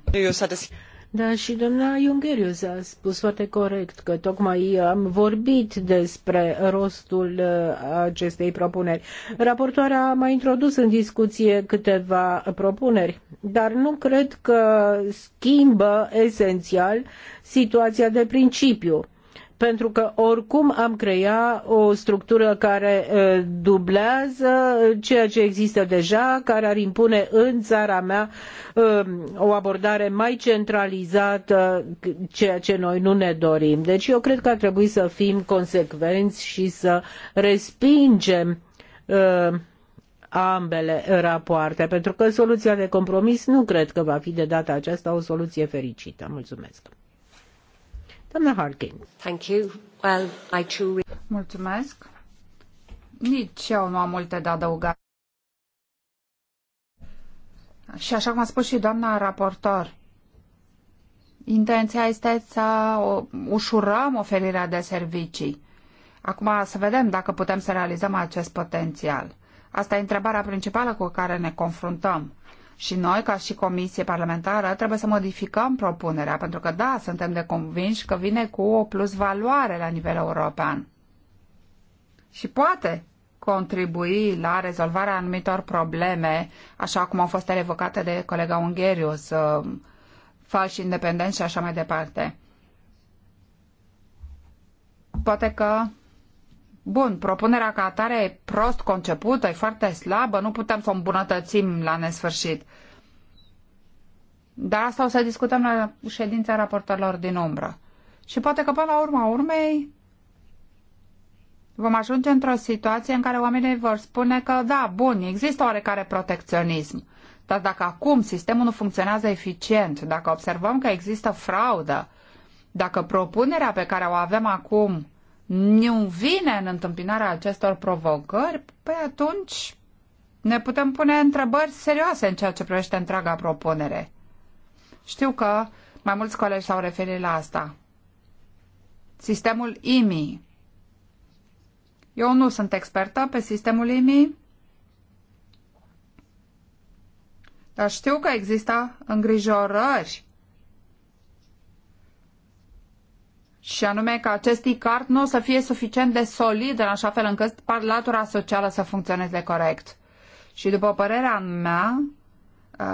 Da, și doamna Iungherius a spus foarte corect că tocmai am vorbit despre rostul uh, acestei propuneri. Raportoarea a mai introdus în discuție câteva propuneri, dar nu cred că schimbă esențial situația de principiu pentru că oricum am crea o structură care dublează ceea ce există deja, care ar impune în țara mea o abordare mai centralizată, ceea ce noi nu ne dorim. Deci eu cred că ar trebui să fim consecvenți și să respingem ambele rapoarte, pentru că soluția de compromis nu cred că va fi de data aceasta o soluție fericită. Mulțumesc! Doamna Harkin. Thank you. Well, I too... Mulțumesc. Nici eu nu am multe de adăugat. Și așa cum a spus și doamna raportor, intenția este să ușurăm oferirea de servicii. Acum să vedem dacă putem să realizăm acest potențial. Asta e întrebarea principală cu care ne confruntăm. Și noi, ca și comisie parlamentară, trebuie să modificăm propunerea, pentru că, da, suntem de convinși că vine cu o plus valoare la nivel european. Și poate contribui la rezolvarea anumitor probleme, așa cum au fost evocate de colega Ungherius, uh, falși independenți și așa mai departe. Poate că Bun, propunerea ca atare e prost concepută, e foarte slabă, nu putem să o îmbunătățim la nesfârșit. Dar asta o să discutăm la ședința raportorilor din umbră. Și poate că până la urma urmei vom ajunge într-o situație în care oamenii vor spune că da, bun, există oarecare protecționism. Dar dacă acum sistemul nu funcționează eficient, dacă observăm că există fraudă, dacă propunerea pe care o avem acum nu vine în întâmpinarea acestor provocări, păi atunci ne putem pune întrebări serioase în ceea ce privește întreaga propunere. Știu că mai mulți colegi s-au referit la asta. Sistemul IMI. Eu nu sunt expertă pe sistemul IMI, dar știu că există îngrijorări și anume că acest ICART nu o să fie suficient de solid în așa fel încât latura socială să funcționeze corect. Și după părerea mea, ă,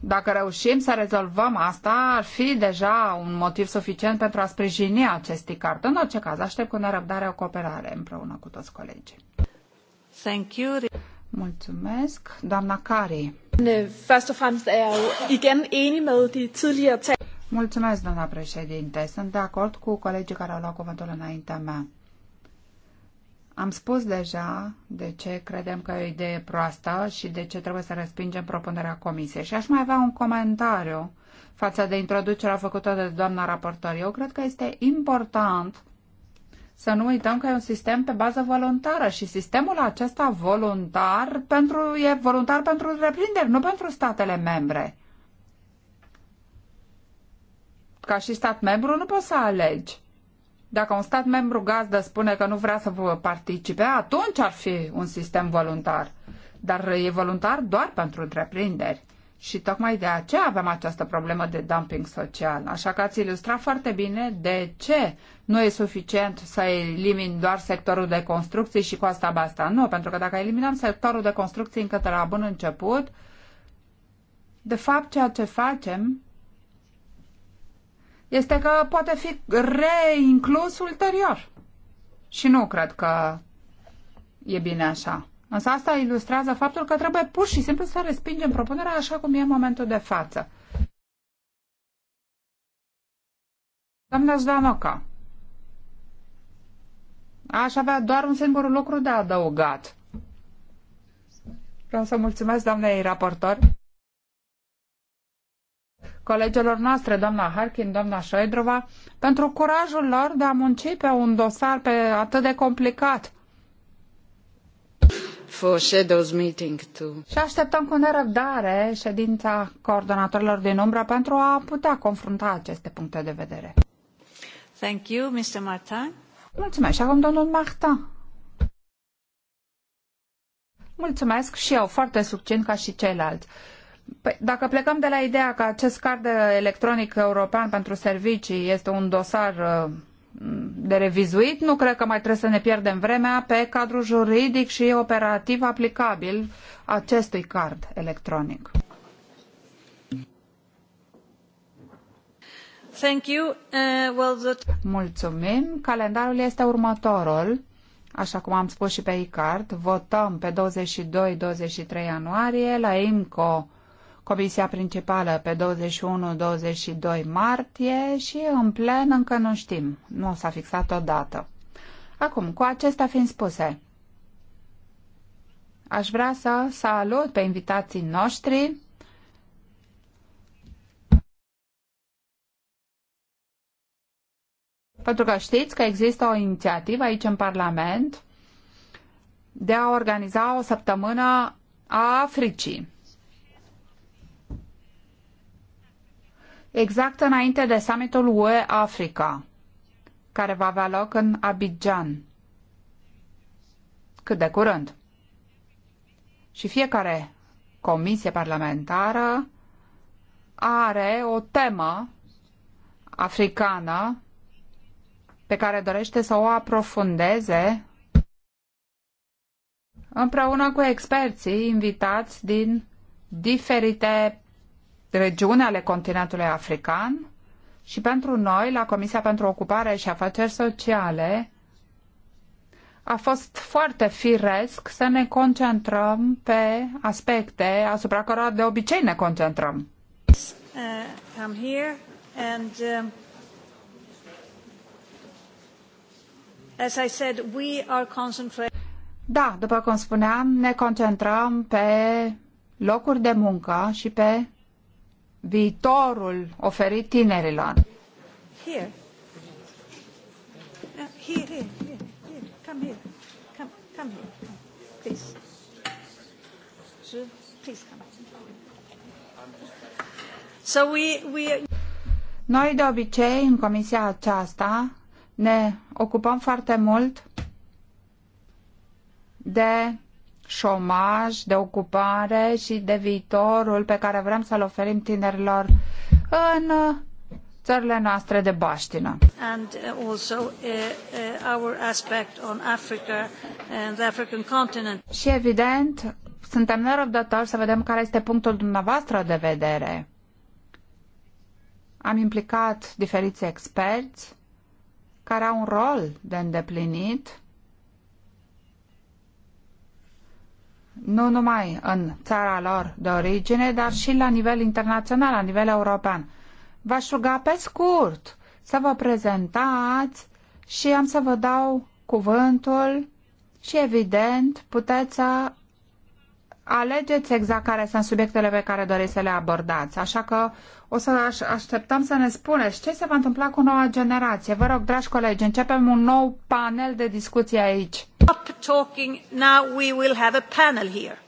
dacă reușim să rezolvăm asta, ar fi deja un motiv suficient pentru a sprijini acest ICART. În orice caz, aștept cu nerăbdare o cooperare împreună cu toți colegii. Thank you. Mulțumesc. Doamna Cari. Først og fremmest er jeg jo enig med de tidligere tal. Mulțumesc, doamna președinte. Sunt de acord cu colegii care au luat cuvântul înaintea mea. Am spus deja de ce credem că e o idee proastă și de ce trebuie să respingem propunerea comisiei. Și aș mai avea un comentariu față de introducerea făcută de doamna raportor. Eu cred că este important să nu uităm că e un sistem pe bază voluntară și sistemul acesta voluntar pentru, e voluntar pentru întreprinderi, nu pentru statele membre. ca și stat membru nu poți să alegi. Dacă un stat membru gazdă spune că nu vrea să vă participe, atunci ar fi un sistem voluntar. Dar e voluntar doar pentru întreprinderi. Și tocmai de aceea avem această problemă de dumping social. Așa că ați ilustrat foarte bine de ce nu e suficient să elimini doar sectorul de construcții și cu asta basta. Nu, pentru că dacă eliminăm sectorul de construcții încă de la bun început, de fapt ceea ce facem este că poate fi reinclus ulterior. Și nu cred că e bine așa. Însă asta ilustrează faptul că trebuie pur și simplu să respingem propunerea așa cum e în momentul de față. Doamna Zdanoca, aș avea doar un singur lucru de adăugat. Vreau să mulțumesc doamnei raportor colegilor noastre, doamna Harkin, doamna Șoedrova, pentru curajul lor de a munci pe un dosar pe atât de complicat. For shadows meeting to... Și așteptăm cu nerăbdare ședința coordonatorilor din umbră pentru a putea confrunta aceste puncte de vedere. Thank you, Mr. Martin. Mulțumesc. Și acum domnul Martin. Mulțumesc și eu, foarte succint ca și ceilalți. Păi, dacă plecăm de la ideea că acest card electronic european pentru servicii este un dosar uh, de revizuit, nu cred că mai trebuie să ne pierdem vremea pe cadrul juridic și operativ aplicabil acestui card electronic. Thank you. Uh, well, the... Mulțumim. Calendarul este următorul. Așa cum am spus și pe e-card, votăm pe 22-23 ianuarie la IMCO comisia principală pe 21-22 martie și în plen încă nu știm. Nu s-a fixat o dată. Acum, cu acestea fiind spuse, aș vrea să salut pe invitații noștri Pentru că știți că există o inițiativă aici în Parlament de a organiza o săptămână a Africii. exact înainte de summitul UE-Africa, care va avea loc în Abidjan. Cât de curând. Și fiecare comisie parlamentară are o temă africană pe care dorește să o aprofundeze împreună cu experții invitați din diferite regiuni ale continentului african și pentru noi, la Comisia pentru Ocupare și Afaceri Sociale, a fost foarte firesc să ne concentrăm pe aspecte asupra cărora de obicei ne concentrăm. Uh, uh as I said, we are concentrating... Da, după cum spuneam, ne concentrăm pe locuri de muncă și pe viitorul oferit tinerilor. Uh, here, here, here, here. Come here. Come, come here. Please. please come. Noi de obicei în comisia aceasta ne ocupăm foarte mult de șomaj, de ocupare și de viitorul pe care vrem să-l oferim tinerilor în uh, țările noastre de baștină. And uh, also uh, uh, our aspect on Africa and the African continent. Și evident, suntem nerăbdători să vedem care este punctul dumneavoastră de vedere. Am implicat diferiți experți care au un rol de îndeplinit nu numai în țara lor de origine, dar și la nivel internațional, la nivel european. V-aș ruga pe scurt să vă prezentați și am să vă dau cuvântul și evident puteți să alegeți exact care sunt subiectele pe care doriți să le abordați. Așa că o să așteptăm să ne spuneți ce se va întâmpla cu noua generație. Vă rog, dragi colegi, începem un nou panel de discuție aici. Stop talking. Now we will have a panel here.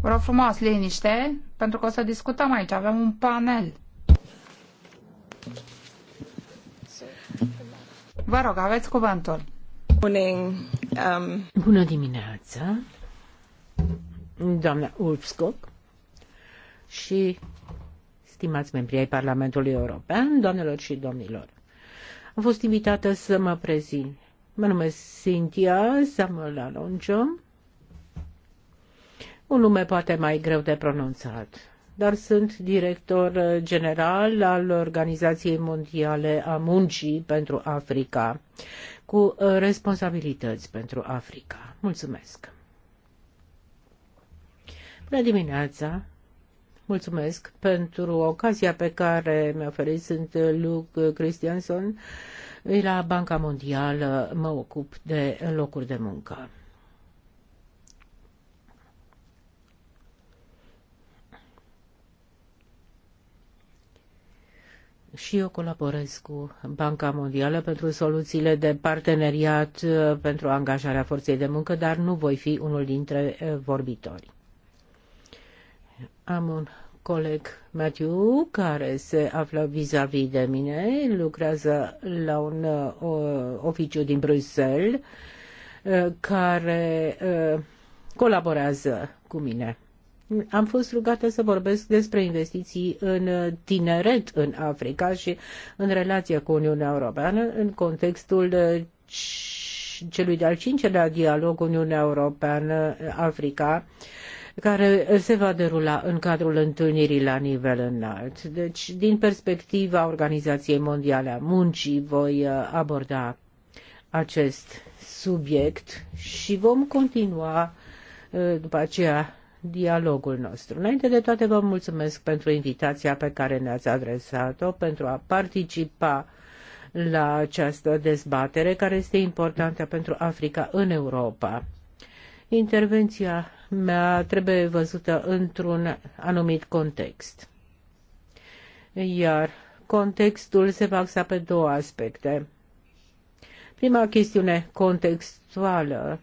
Vă rog frumos, liniște, pentru că o să discutăm aici. Avem un panel. Vă rog, aveți cuvântul. Um, Bună dimineața, doamna Ulfscock și stimați membri ai Parlamentului European, doamnelor și domnilor. Am fost invitată să mă prezint Mă numesc Cynthia Samuel Alonso. Un nume poate mai greu de pronunțat, dar sunt director general al Organizației Mondiale a Muncii pentru Africa, cu responsabilități pentru Africa. Mulțumesc! Bună dimineața! Mulțumesc pentru ocazia pe care mi-a oferit. Sunt Luc Christianson, la Banca Mondială mă ocup de locuri de muncă. și eu colaborez cu Banca Mondială pentru soluțiile de parteneriat uh, pentru angajarea forței de muncă, dar nu voi fi unul dintre uh, vorbitori. Am un coleg Matthew, care se află vis-a-vis -vis de mine, lucrează la un uh, oficiu din Bruxelles, uh, care uh, colaborează cu mine. Am fost rugată să vorbesc despre investiții în tineret în Africa și în relația cu Uniunea Europeană în contextul uh, celui de-al cincelea dialog Uniunea Europeană-Africa care se va derula în cadrul întâlnirii la nivel înalt. Deci, din perspectiva Organizației Mondiale a Muncii, voi uh, aborda acest subiect și vom continua uh, după aceea dialogul nostru. Înainte de toate, vă mulțumesc pentru invitația pe care ne-ați adresat-o, pentru a participa la această dezbatere care este importantă pentru Africa în Europa intervenția mea trebuie văzută într-un anumit context. Iar contextul se va axa pe două aspecte. Prima chestiune contextuală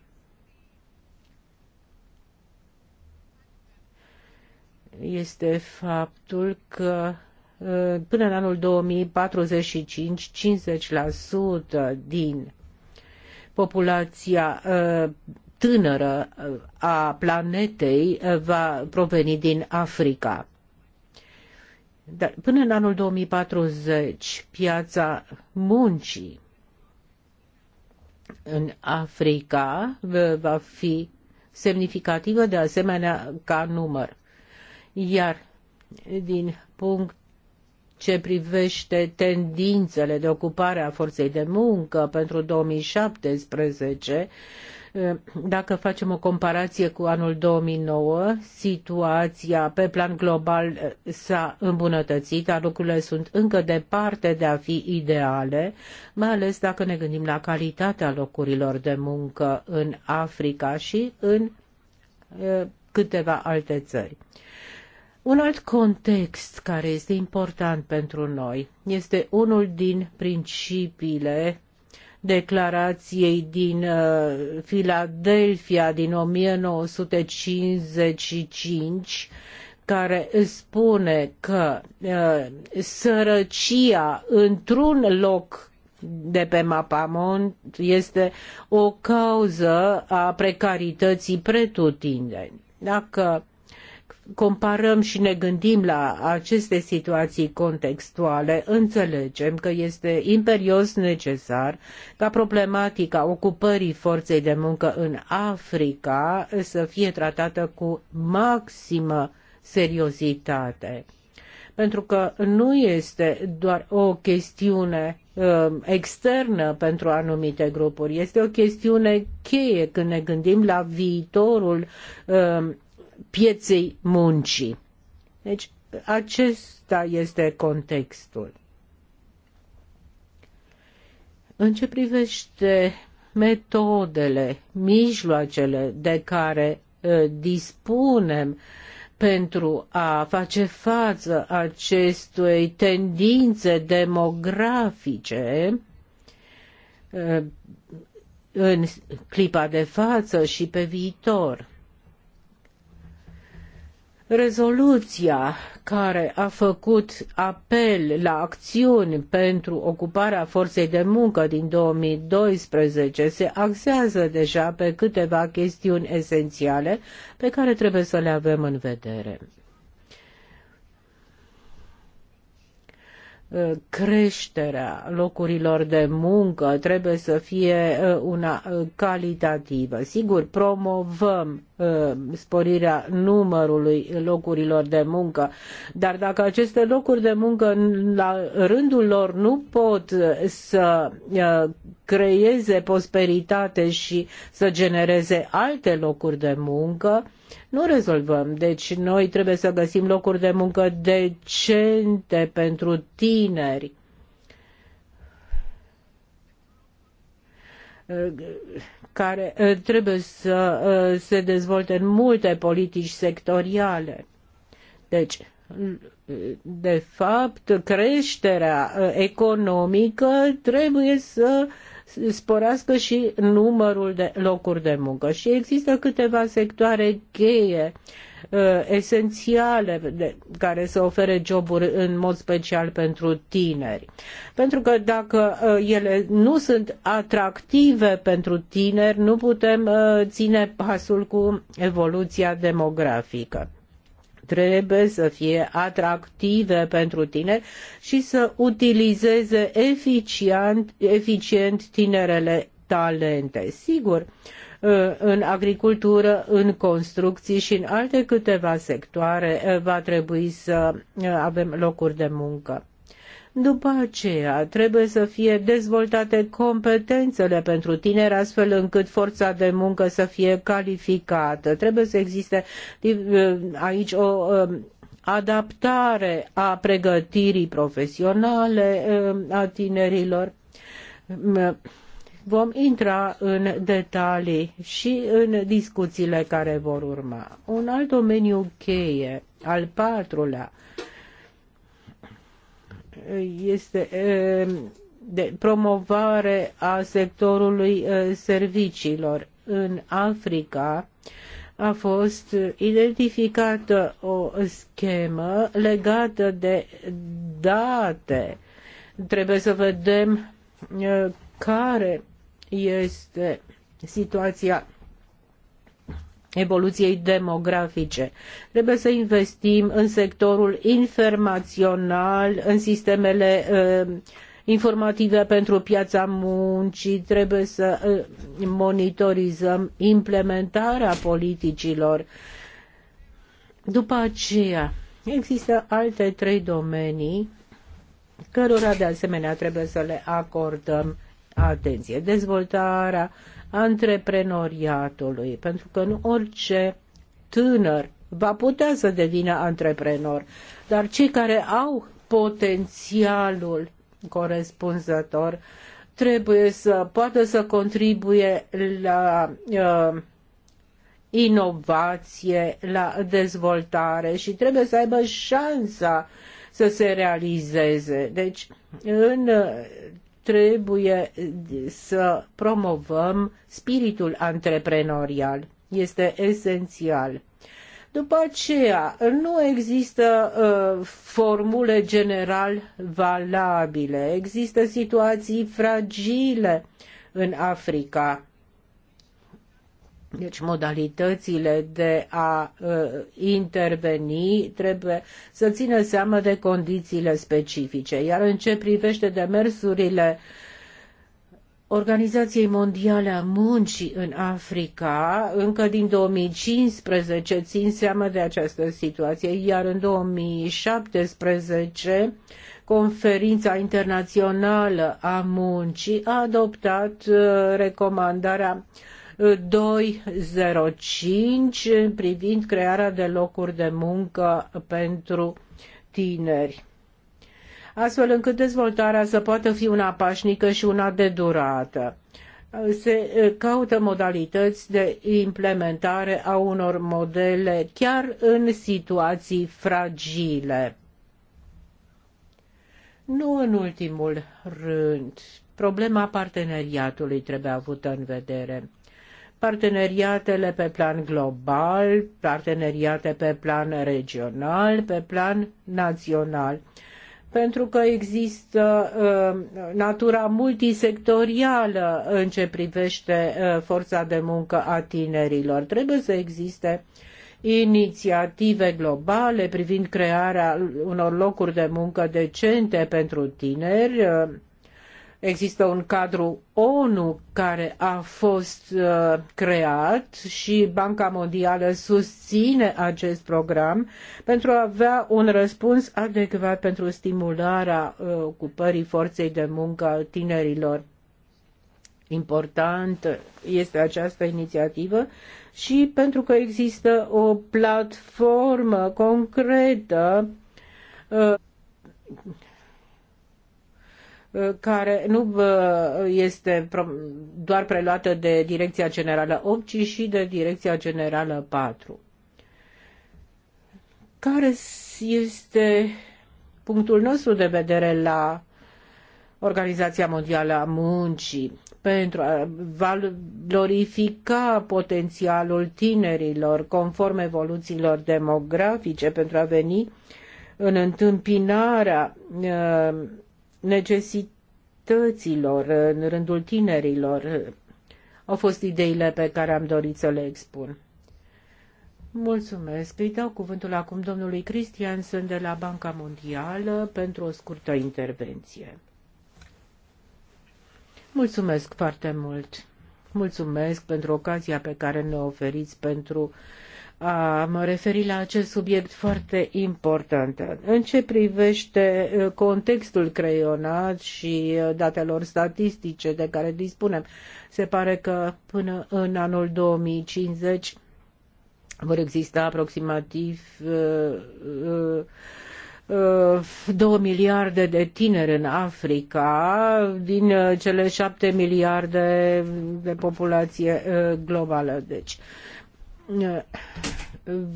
este faptul că ă, până în anul 2045 50% din populația ă, tânără uh, a planetei uh, va proveni din Africa. Dar până în anul 2040, piața muncii în Africa uh, va fi semnificativă de asemenea ca număr. Iar din punct ce privește tendințele de ocupare a forței de muncă pentru 2017, dacă facem o comparație cu anul nouă situația pe plan global eh, s-a îmbunătățit, dar lucrurile sunt încă departe de a fi ideale, mai ales dacă ne gândim la calitatea locurilor de muncă în Africa și în eh, câteva alte țări. Un alt context care este important pentru noi este unul din principiile declarației din Philadelphia uh, din 1955 care spune că uh, sărăcia într-un loc de pe mapamont este o cauză a precarității pretutindeni. Dacă comparăm și ne gândim la aceste situații contextuale, înțelegem că este imperios necesar ca problematica ocupării forței de muncă în Africa să fie tratată cu maximă seriozitate. Pentru că nu este doar o chestiune um, externă pentru anumite grupuri. Este o chestiune cheie când ne gândim la viitorul um, pieței muncii. Deci, acesta este contextul. În ce privește metodele, mijloacele de care uh, dispunem pentru a face față acestui tendințe demografice, uh, în clipa de față și pe viitor. Rezoluția care a făcut apel la acțiuni pentru ocuparea forței de muncă din 2012 se axează deja pe câteva chestiuni esențiale pe care trebuie să le avem în vedere. creșterea locurilor de muncă trebuie să fie uh, una uh, calitativă. Sigur, promovăm Uh, sporirea numărului locurilor de muncă. Dar dacă aceste locuri de muncă la rândul lor nu pot să uh, creeze prosperitate și să genereze alte locuri de muncă, nu rezolvăm. Deci noi trebuie să găsim locuri de muncă decente pentru tineri care eh, trebuie să eh, se dezvolte în multe politici sectoriale. Deci, de fapt, creșterea eh, economică trebuie să sporească și numărul de locuri de muncă. Și există câteva sectoare cheie uh, Uh, esențiale care să ofere joburi în mod special pentru tineri. Pentru că dacă uh, ele nu sunt atractive pentru tineri, nu putem uh, ține pasul cu evoluția demografică trebuie să fie atractive pentru tineri și să utilizeze eficient, eficient tinerele talente. Sigur, uh, Uh, în agricultură, în construcții și în alte câteva sectoare uh, va trebui să uh, avem locuri de muncă. După aceea, trebuie să fie dezvoltate competențele pentru tineri, astfel încât forța de muncă să fie calificată. Trebuie să existe aici o adaptare a pregătirii profesionale a tinerilor Vom intra în detalii și în discuțiile care vor urma. Un alt domeniu cheie, al patrulea, este de promovare a sectorului serviciilor. În Africa a fost identificată o schemă legată de date. Trebuie să vedem care este situația evoluției demografice. Trebuie să investim în sectorul informațional, în sistemele uh, informative pentru piața muncii, trebuie să uh, monitorizăm implementarea politicilor. După aceea, există alte trei domenii cărora de asemenea trebuie să le acordăm atenție. Dezvoltarea antreprenoriatului, pentru că nu orice tânăr va putea să devină antreprenor, dar cei care au potențialul corespunzător trebuie să poată să contribuie la uh, inovație, la dezvoltare și trebuie să aibă șansa să se realizeze. Deci, în trebuie să promovăm spiritul antreprenorial. Este esențial. După aceea, nu există uh, formule general valabile, există situații fragile în Africa deci modalitățile de a uh, interveni trebuie să țină seama de condițiile specifice. Iar în ce privește demersurile Organizației Mondiale a Muncii în Africa, încă din 2015 țin seama de această situație, iar în 2017 Conferința Internațională a Muncii a adoptat uh, recomandarea uh, 205 privind crearea de locuri de muncă pentru tineri astfel încât dezvoltarea să poată fi una pașnică și una de durată. Se caută modalități de implementare a unor modele chiar în situații fragile. Nu în ultimul rând, problema parteneriatului trebuie avută în vedere parteneriatele pe plan global, parteneriate pe plan regional, pe plan național. Pentru că există uh, natura multisectorială în ce privește uh, forța de muncă a tinerilor. Trebuie să existe inițiative globale privind crearea unor locuri de muncă decente pentru tineri, uh, Există un cadru ONU care a fost uh, creat și Banca Mondială susține acest program pentru a avea un răspuns adecvat pentru stimularea uh, ocupării forței de muncă al tinerilor. Importantă este această inițiativă și pentru că există o platformă concretă uh, care nu este doar preluată de Direcția Generală 8, ci și de Direcția Generală 4. Care este punctul nostru de vedere la Organizația Mondială a Muncii pentru a valorifica potențialul tinerilor conform evoluțiilor demografice pentru a veni în întâmpinarea uh, necesităților în rândul tinerilor au fost ideile pe care am dorit să le expun. Mulțumesc. Îi dau cuvântul acum domnului Christiansen de la Banca Mondială pentru o scurtă intervenție. Mulțumesc foarte mult. Mulțumesc pentru ocazia pe care ne oferiți pentru uh, a mă referi la acest subiect foarte important. În ce privește contextul creionat și datelor statistice de care dispunem, se pare că până în anul 2050 vor exista aproximativ două 2 miliarde de tineri în Africa din cele 7 miliarde de populație globală. Deci,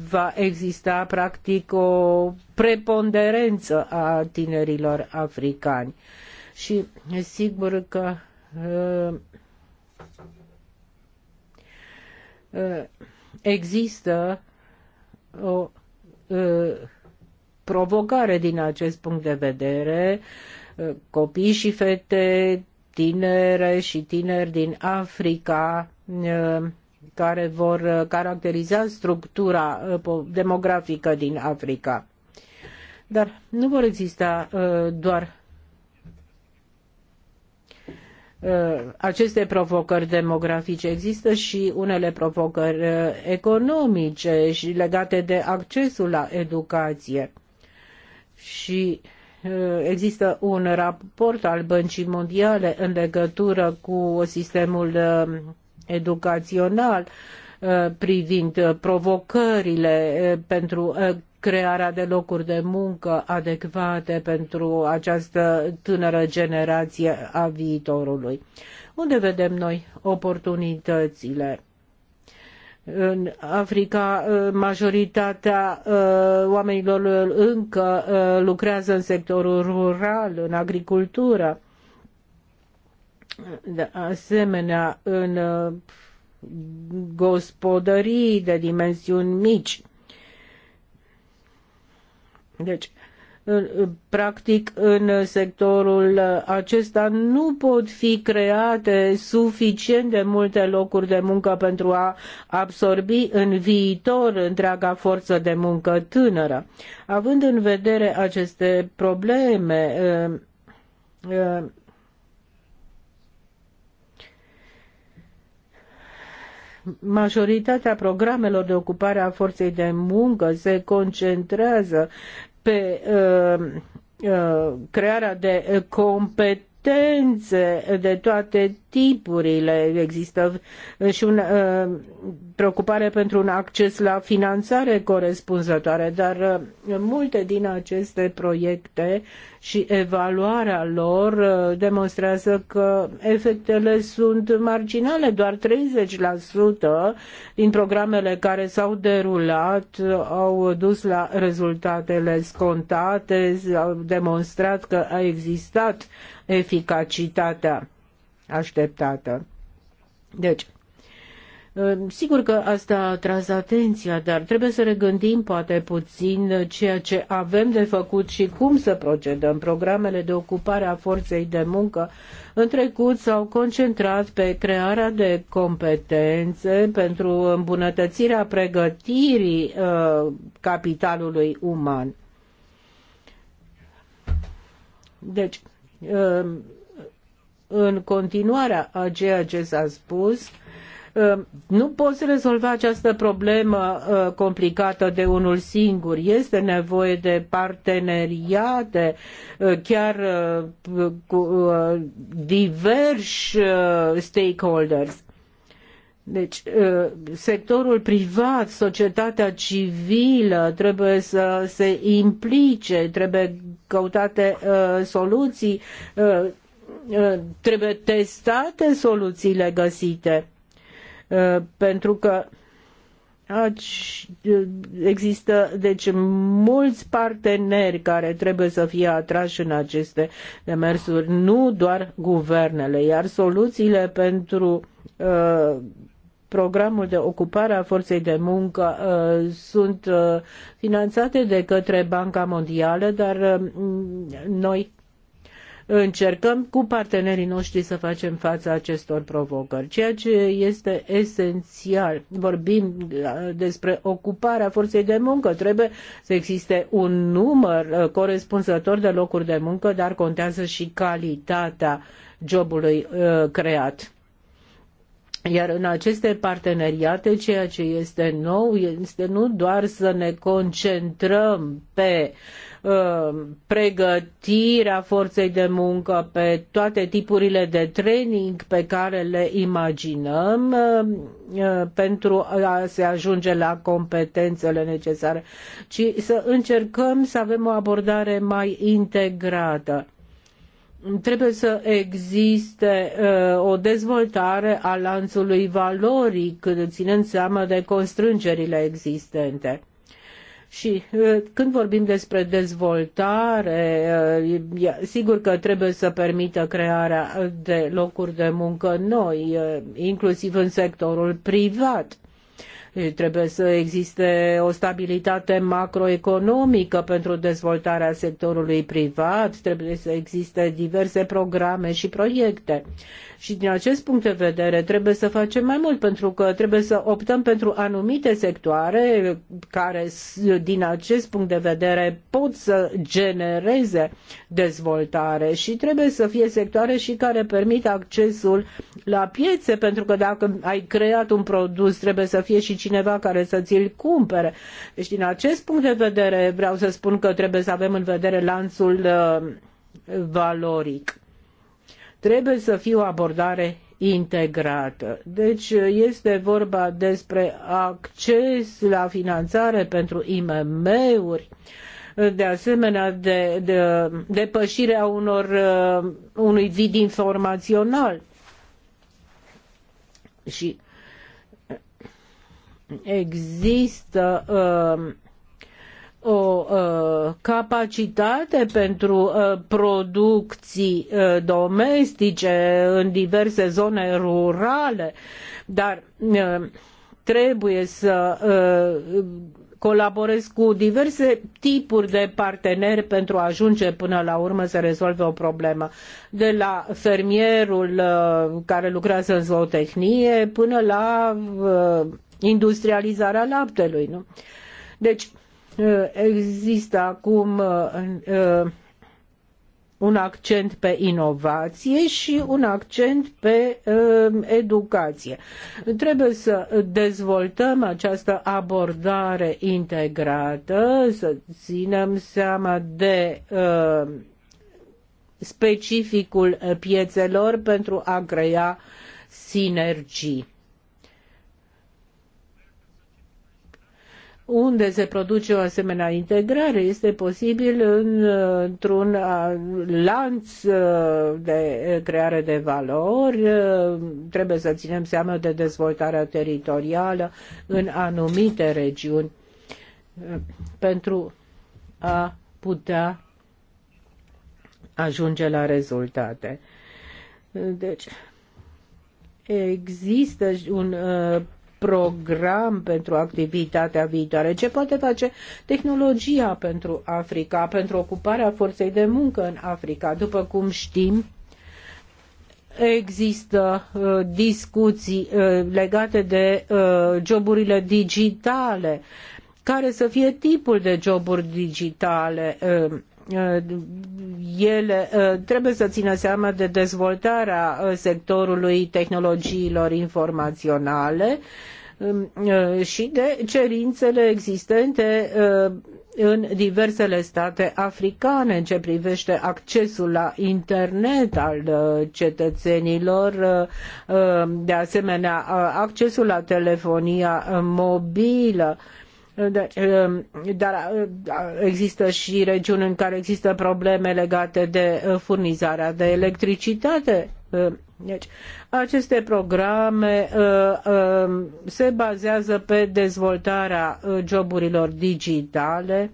va exista practic o preponderență a tinerilor africani. Și sigur că uh, uh, există o uh, provocare din acest punct de vedere. Copii și fete, tinere și tineri din Africa care vor uh, caracteriza structura uh, demografică din Africa. Dar nu vor exista uh, doar aceste provocări demografice. Există și unele provocări economice și legate de accesul la educație. Și există un raport al Băncii Mondiale în legătură cu sistemul educațional uh, privind uh, provocările uh, pentru crearea de locuri de muncă adecvate pentru această tânără generație a viitorului. Unde vedem noi oportunitățile? În Africa, majoritatea oamenilor încă lucrează în sectorul rural, în agricultură de asemenea, în uh, gospodării de dimensiuni mici. Deci, practic în sectorul acesta nu pot fi create suficient de multe locuri de muncă pentru a absorbi în viitor întreaga forță de muncă tânără. Având în vedere aceste probleme uh, uh, majoritatea programelor de ocupare a forței de muncă se concentrează pe uh, uh, crearea de competențe de toate tipurile, există și un, uh, preocupare pentru un acces la finanțare corespunzătoare, dar uh, multe din aceste proiecte și evaluarea lor uh, demonstrează că efectele sunt marginale, doar 30% din programele care s-au derulat au dus la rezultatele scontate, au demonstrat că a existat eficacitatea așteptată. Deci, uh, Sigur că asta a tras atenția, dar trebuie să regândim poate puțin ceea ce avem de făcut și cum să procedăm. Programele de ocupare a forței de muncă în trecut s-au concentrat pe crearea de competențe pentru îmbunătățirea pregătirii uh, capitalului uman. Deci, uh, în continuarea a ceea ce s-a spus, uh, nu poți rezolva această problemă uh, complicată de unul singur. Este nevoie de parteneriate, uh, chiar cu diversi stakeholders. Deci, sectorul privat, societatea civilă trebuie să se implice, trebuie căutate soluții Uh, trebuie testate soluțiile găsite, uh, pentru că uh, Există, deci, mulți parteneri care trebuie să fie atrași în aceste demersuri, nu doar guvernele, iar soluțiile pentru programul de ocupare a forței de muncă uh, sunt uh, finanțate de către Banca Mondială, dar noi încercăm cu partenerii noștri să facem fața acestor provocări. Ceea ce este esențial, vorbim uh, despre ocuparea forței de muncă, trebuie să existe un număr uh, corespunzător de locuri de muncă, dar contează și calitatea jobului uh, creat. Iar în aceste parteneriate, ceea ce este nou este nu doar să ne concentrăm pe uh, Uh, pregătirea forței de muncă, pe toate tipurile de training pe care le imaginăm uh, uh, pentru a se ajunge la competențele necesare, ci să încercăm să avem o abordare mai integrată trebuie să existe uh, o dezvoltare a lanțului valoric, ținând seama de constrângerile existente. Și uh, când vorbim despre dezvoltare, uh, sigur că trebuie să permită crearea de locuri de muncă noi, uh, inclusiv în sectorul privat. Trebuie să existe o stabilitate macroeconomică pentru dezvoltarea sectorului privat, trebuie să existe diverse programe și proiecte. Și din acest punct de vedere trebuie să facem mai mult pentru că trebuie să optăm pentru anumite sectoare care din acest punct de vedere pot să genereze dezvoltare și trebuie să fie sectoare și care permit accesul la piețe pentru că dacă ai creat un produs trebuie să fie și cineva care să ți-l cumpere. Deci din acest punct de vedere vreau să spun că trebuie să avem în vedere lanțul uh, valoric. Trebuie să fie o abordare integrată. Deci este vorba despre acces la finanțare pentru IMM-uri, de asemenea de, de depășirea unor, uh, unui vid informațional. Și există uh, o uh, capacitate pentru uh, producții uh, domestice în diverse zone rurale, dar trebuie să colaborez cu diverse tipuri de parteneri pentru a ajunge până la urmă să rezolve o problemă. De la fermierul care lucrează în zootehnie până la industrializarea laptelui. Nu? Deci, Eh, există acum eh, un accent pe inovație și un accent pe eh, educație. Trebuie să dezvoltăm această abordare integrată, să ținem seama de specificul piețelor pentru a crea sinergii. unde se produce o asemenea integrare este posibil într-un lanț de creare de valori. Trebuie să ținem seama de dezvoltarea teritorială în anumite regiuni pentru a putea ajunge la rezultate. Deci, există un uh, program pentru activitatea viitoare, ce poate face tehnologia pentru Africa, pentru ocuparea forței de muncă în Africa. După cum știm, există uh, discuții uh, legate de uh, joburile digitale, care să fie tipul de joburi digitale. Uh, uh ele uh, trebuie să țină seama de dezvoltarea uh, sectorului tehnologiilor informaționale și de cerințele existente în diversele state africane în ce privește accesul la internet al cetățenilor, de asemenea accesul la telefonia mobilă, Um, dar uh, există și regiuni în care există probleme legate de uh, furnizarea de electricitate. Uh, deci, aceste programe um, se bazează pe dezvoltarea joburilor digitale.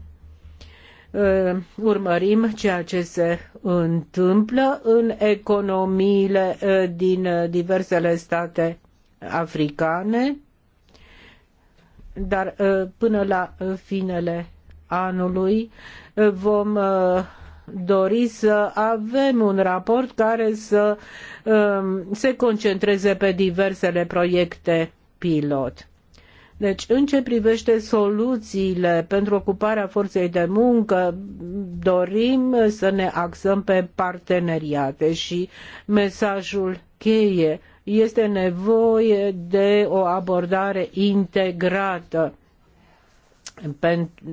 Urmărim ceea ce se întâmplă în economiile din diversele state africane dar uh, până la uh, finele anului uh, vom dori să avem un raport care să um, se concentreze pe diversele proiecte pilot. Deci, în ce privește soluțiile pentru ocuparea forței de muncă, dorim să ne axăm pe parteneriate și mesajul cheie este nevoie de o abordare integrată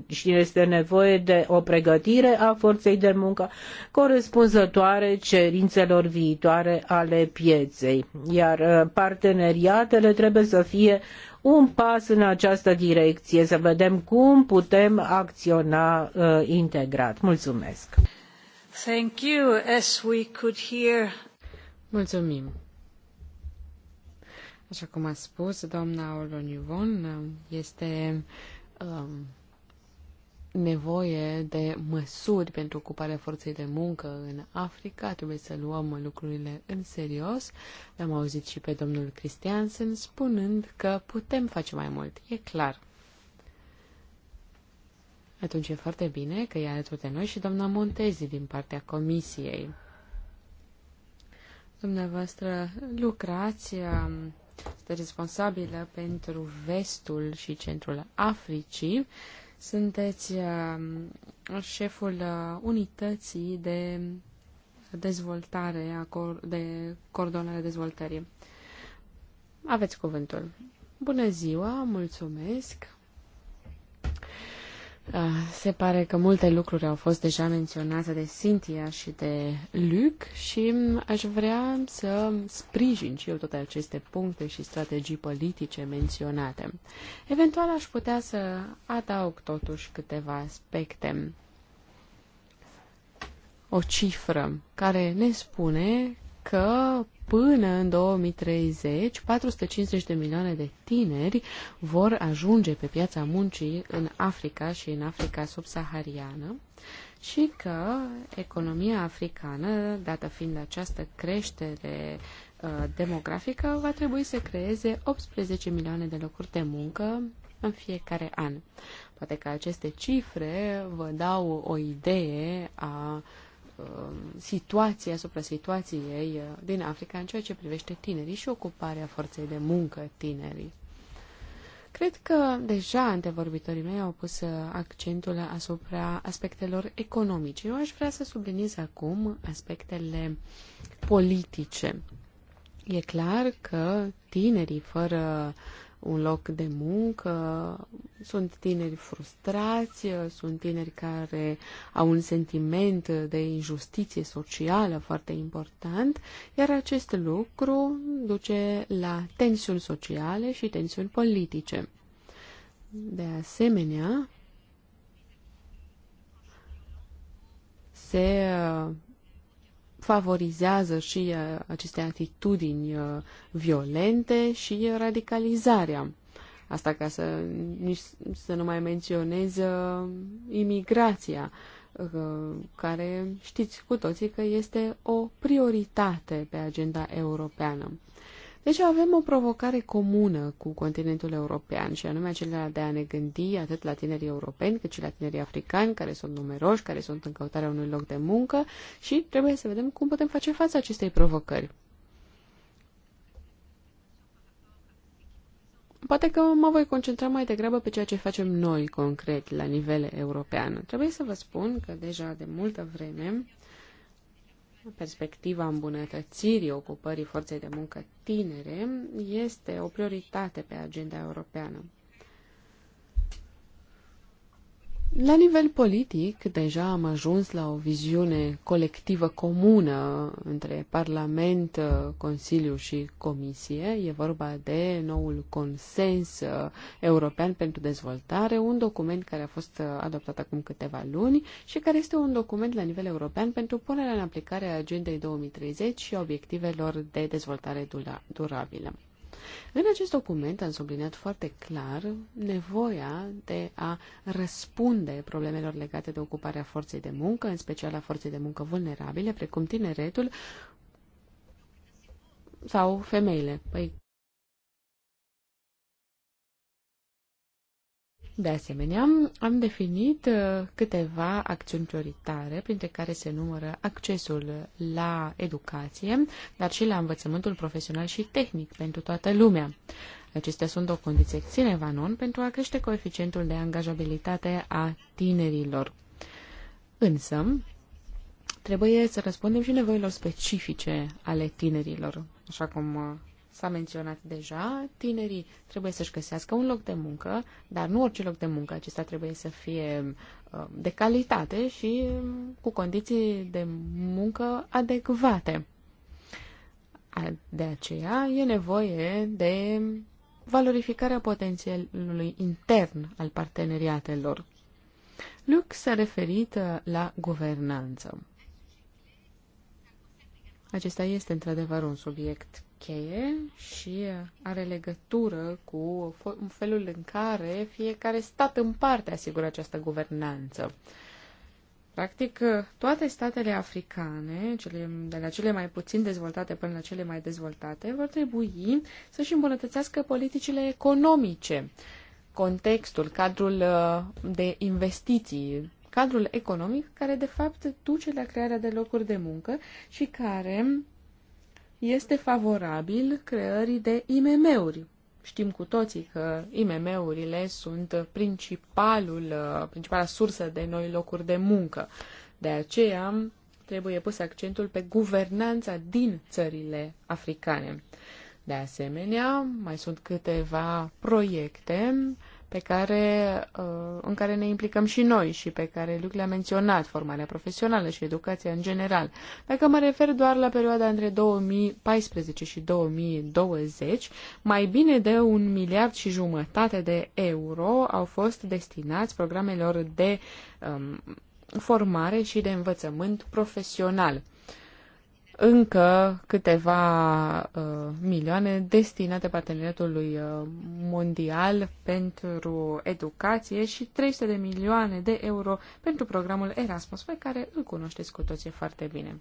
și este nevoie de o pregătire a forței de muncă corespunzătoare cerințelor viitoare ale pieței. Iar uh, parteneriatele trebuie să fie un pas în această direcție, să vedem cum putem acționa uh, integrat. Mulțumesc! Thank you, as we could hear... Mulțumim! Așa cum a spus doamna Olonivon, este um, nevoie de măsuri pentru ocuparea forței de muncă în Africa. Trebuie să luăm lucrurile în serios. L-am auzit și pe domnul Christiansen spunând că putem face mai mult. E clar. Atunci e foarte bine că e alături de noi și doamna Montezi din partea comisiei. Dumneavoastră lucrați um, este responsabilă pentru vestul și centrul Africii. Sunteți um, șeful uh, unității de dezvoltare, de coordonare dezvoltării. Aveți cuvântul. Bună ziua, mulțumesc. Ah, se pare că multe lucruri au fost deja menționate de Cynthia și de Luc și aș vrea să sprijin și eu toate aceste puncte și strategii politice menționate. Eventual aș putea să adaug totuși câteva aspecte. O cifră care ne spune că până în 2030 450 de milioane de tineri vor ajunge pe piața muncii în Africa și în Africa subsahariană și că economia africană, dată fiind această creștere uh, demografică, va trebui să creeze 18 milioane de locuri de muncă în fiecare an. Poate că aceste cifre vă dau o idee a uh, Uh, situație asupra situației uh, din Africa în ceea ce privește tinerii și ocuparea forței de muncă tinerii. Cred că deja antevorbitorii mei au pus uh, accentul asupra aspectelor economice. Eu aș vrea să subliniez acum aspectele politice. E clar că tinerii fără un loc de muncă, sunt tineri frustrați, sunt tineri care au un sentiment de injustiție socială foarte important, iar acest lucru duce la tensiuni sociale și tensiuni politice. De asemenea, se favorizează și uh, aceste atitudini uh, violente și radicalizarea. Asta ca să, nici, să nu mai menționez uh, imigrația, care știți cu toții că este o prioritate pe agenda europeană. Deci avem o provocare comună cu continentul european și anume acela de a ne gândi atât la tinerii europeni cât și la tinerii africani care sunt numeroși, care sunt în căutarea unui loc de muncă și trebuie să vedem cum putem face față acestei provocări. Poate că mă voi concentra mai degrabă pe ceea ce facem noi concret la nivel european. Trebuie să vă spun că deja de multă vreme perspectiva îmbunătățirii ocupării forței de muncă tinere este o prioritate pe agenda europeană. La nivel politic, deja am ajuns la o viziune colectivă comună între Parlament, Consiliu și Comisie. E vorba de noul consens uh, european pentru dezvoltare, un document care a fost uh, adoptat acum câteva luni și care este un document la nivel european pentru punerea în aplicare a Agendei 2030 și obiectivelor de dezvoltare durabilă. În acest document am subliniat foarte clar nevoia de a răspunde problemelor legate de ocuparea forței de muncă, în special a forței de muncă vulnerabile, precum tineretul sau femeile. Păi, De asemenea, am definit uh, câteva acțiuni prioritare, printre care se numără accesul la educație, dar și la învățământul profesional și tehnic pentru toată lumea. Acestea sunt o condiție ține non pentru a crește coeficientul de angajabilitate a tinerilor. Însă, trebuie să răspundem și nevoilor specifice ale tinerilor, așa cum uh, s-a menționat deja, tinerii trebuie să-și găsească un loc de muncă, dar nu orice loc de muncă, acesta trebuie să fie uh, de calitate și um, cu condiții de muncă adecvate. De aceea e nevoie de valorificarea potențialului intern al parteneriatelor. Luc s-a referit uh, la guvernanță. Acesta este într-adevăr un subiect cheie și are legătură cu felul în care fiecare stat în parte asigură această guvernanță. Practic, toate statele africane, cele, de la cele mai puțin dezvoltate până la cele mai dezvoltate, vor trebui să-și îmbunătățească politicile economice, contextul, cadrul uh, de investiții, cadrul economic care, de fapt, duce la crearea de locuri de muncă și care este favorabil creării de IMM-uri. Știm cu toții că IMM-urile sunt principalul, principala sursă de noi locuri de muncă. De aceea trebuie pus accentul pe guvernanța din țările africane. De asemenea, mai sunt câteva proiecte pe care, uh, în care ne implicăm și noi și pe care Luc le-a menționat, formarea profesională și educația în general. Dacă mă refer doar la perioada între 2014 și 2020, mai bine de un miliard și jumătate de euro au fost destinați programelor de um, formare și de învățământ profesional încă câteva uh, milioane destinate parteneriatului uh, mondial pentru educație și 300 de milioane de euro pentru programul Erasmus, pe care îl cunoașteți cu toții foarte bine.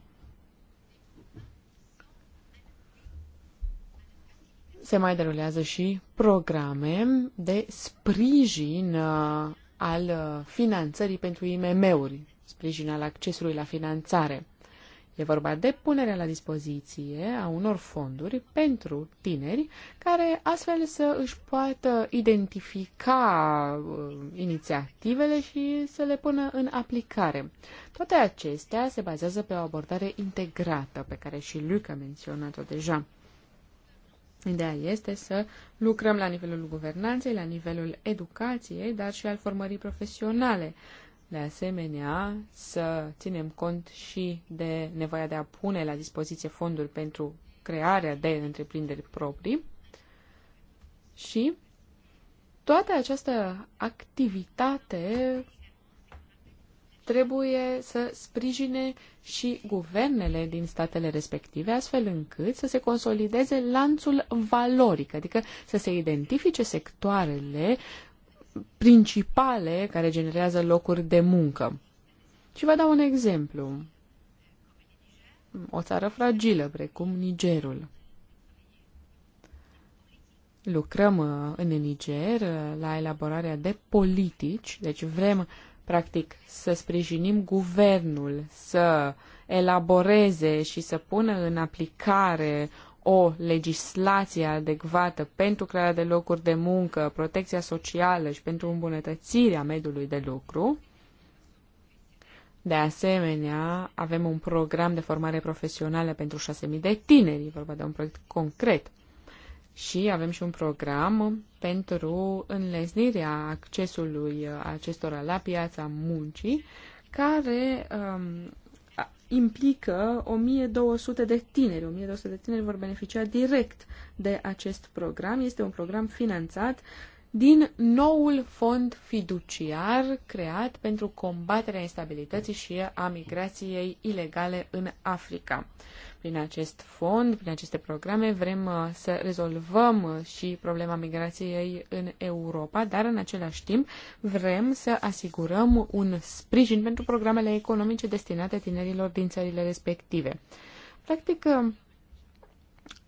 Se mai derulează și programe de sprijin uh, al uh, finanțării pentru IMM-uri, sprijin al accesului la finanțare. E vorba de punerea la dispoziție a unor fonduri pentru tineri care astfel să își poată identifica uh, inițiativele și să le pună în aplicare. Toate acestea se bazează pe o abordare integrată pe care și Luca a menționat-o deja. Ideea este să lucrăm la nivelul guvernanței, la nivelul educației, dar și al formării profesionale, de asemenea, să ținem cont și de nevoia de a pune la dispoziție fonduri pentru crearea de întreprinderi proprii și toată această activitate trebuie să sprijine și guvernele din statele respective, astfel încât să se consolideze lanțul valoric, adică să se identifice sectoarele principale care generează locuri de muncă. Și vă dau un exemplu. O țară fragilă, precum Nigerul. Lucrăm uh, în Niger uh, la elaborarea de politici, deci vrem practic să sprijinim guvernul, să elaboreze și să pună în aplicare o legislație adecvată pentru crearea de locuri de muncă, protecția socială și pentru îmbunătățirea mediului de lucru. De asemenea, avem un program de formare profesională pentru 6.000 de tineri, e vorba de un proiect concret. Și avem și un program pentru înlesnirea accesului acestora la piața muncii, care um, implică 1200 de tineri. 1200 de tineri vor beneficia direct de acest program. Este un program finanțat uh, din noul fond fiduciar creat pentru combaterea instabilității și a migrației ilegale în Africa. Prin acest fond, prin aceste programe, vrem uh, să rezolvăm și problema migrației în Europa, dar în același timp vrem să asigurăm un sprijin pentru programele economice destinate tinerilor din țările respective. Practic, uh,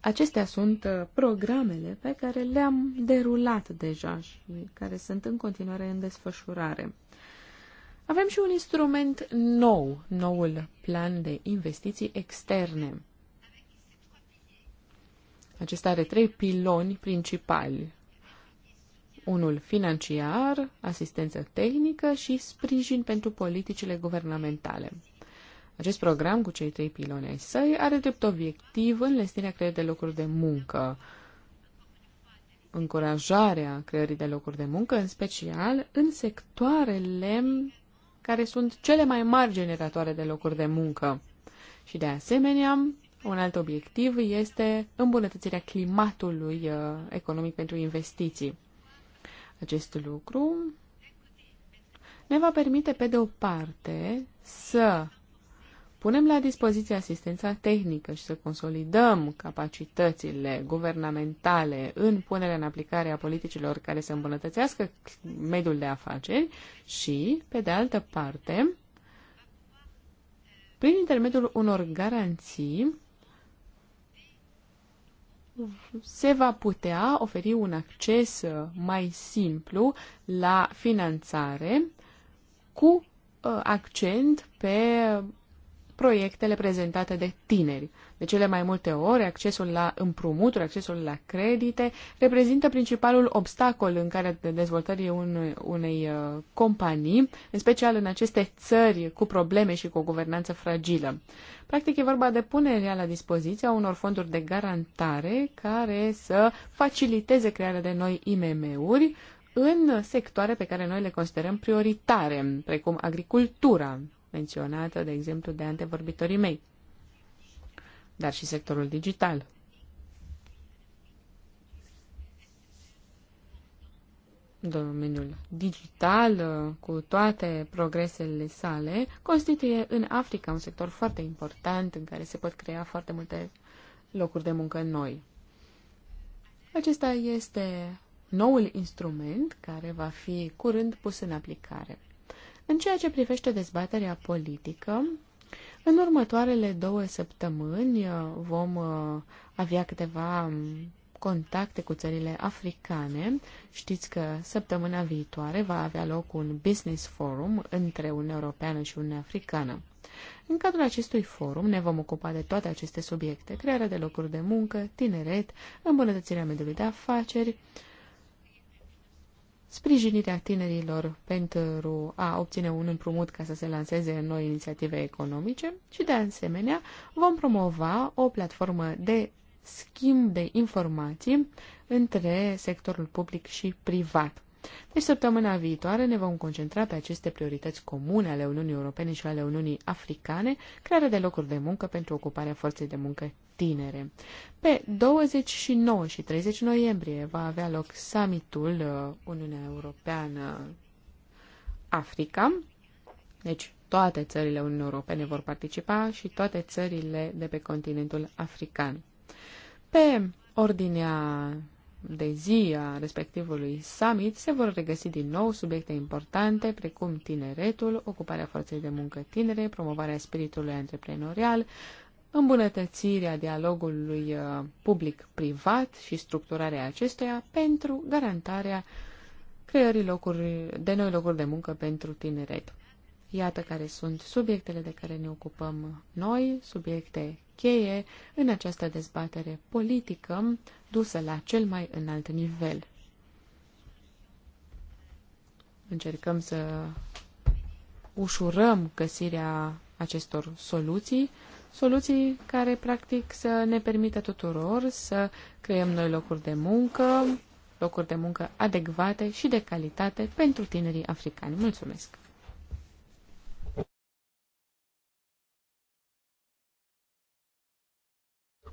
Acestea sunt uh, programele pe care le-am derulat deja și care sunt în continuare în desfășurare. Avem și un instrument nou, noul plan de investiții externe. Acesta are trei piloni principali. Unul financiar, asistență tehnică și sprijin pentru politicile guvernamentale. Acest program cu cei trei piloni ai săi are drept obiectiv înlesnirea creierii de locuri de muncă, încurajarea creării de locuri de muncă, în special în sectoarele care sunt cele mai mari generatoare de locuri de muncă. Și de asemenea, un alt obiectiv este îmbunătățirea climatului uh, economic pentru investiții. Acest lucru ne va permite, pe de o parte, să punem la dispoziție asistența tehnică și să consolidăm capacitățile guvernamentale în punerea în aplicare a politicilor care să îmbunătățească mediul de afaceri și, pe de altă parte, prin intermediul unor garanții, se va putea oferi un acces mai simplu la finanțare cu uh, accent pe proiectele prezentate de tineri. De cele mai multe ori, accesul la împrumuturi, accesul la credite, reprezintă principalul obstacol în care dezvoltării unei, unei uh, companii, în special în aceste țări cu probleme și cu o guvernanță fragilă. Practic e vorba de punerea la dispoziție a unor fonduri de garantare care să faciliteze crearea de noi IMM-uri în sectoare pe care noi le considerăm prioritare, precum agricultura, menționată, de exemplu, de antevorbitorii mei, dar și sectorul digital. domeniul digital, cu toate progresele sale, constituie în Africa un sector foarte important în care se pot crea foarte multe locuri de muncă noi. Acesta este noul instrument care va fi curând pus în aplicare. În ceea ce privește dezbaterea politică, în următoarele două săptămâni uh, vom uh, avea câteva um, contacte cu țările africane. Știți că săptămâna viitoare va avea loc un business forum între Uniunea Europeană și Uniunea Africană. În cadrul acestui forum ne vom ocupa de toate aceste subiecte, crearea de locuri de muncă, tineret, îmbunătățirea mediului de afaceri, sprijinirea tinerilor pentru a obține un împrumut ca să se lanseze noi inițiative economice și, de asemenea, vom promova o platformă de schimb de informații între sectorul public și privat. Deci săptămâna viitoare ne vom concentra pe aceste priorități comune ale Uniunii Europene și ale Uniunii Africane, crearea de locuri de muncă pentru ocuparea forței de muncă tinere. Pe 29 și 30 noiembrie va avea loc summitul uh, Uniunea Europeană-Africa, deci toate țările Uniunii Europene vor participa și toate țările de pe continentul african. Pe ordinea de zi a respectivului summit se vor regăsi din nou subiecte importante precum tineretul, ocuparea forței de muncă tinere, promovarea spiritului antreprenorial, îmbunătățirea dialogului uh, public-privat și structurarea acestuia pentru garantarea creării locuri, de noi locuri de muncă pentru tineretul. Iată care sunt subiectele de care ne ocupăm noi, subiecte cheie în această dezbatere politică dusă la cel mai înalt nivel. Încercăm să ușurăm găsirea acestor soluții, soluții care practic să ne permită tuturor să creăm noi locuri de muncă, locuri de muncă adecvate și de calitate pentru tinerii africani. Mulțumesc!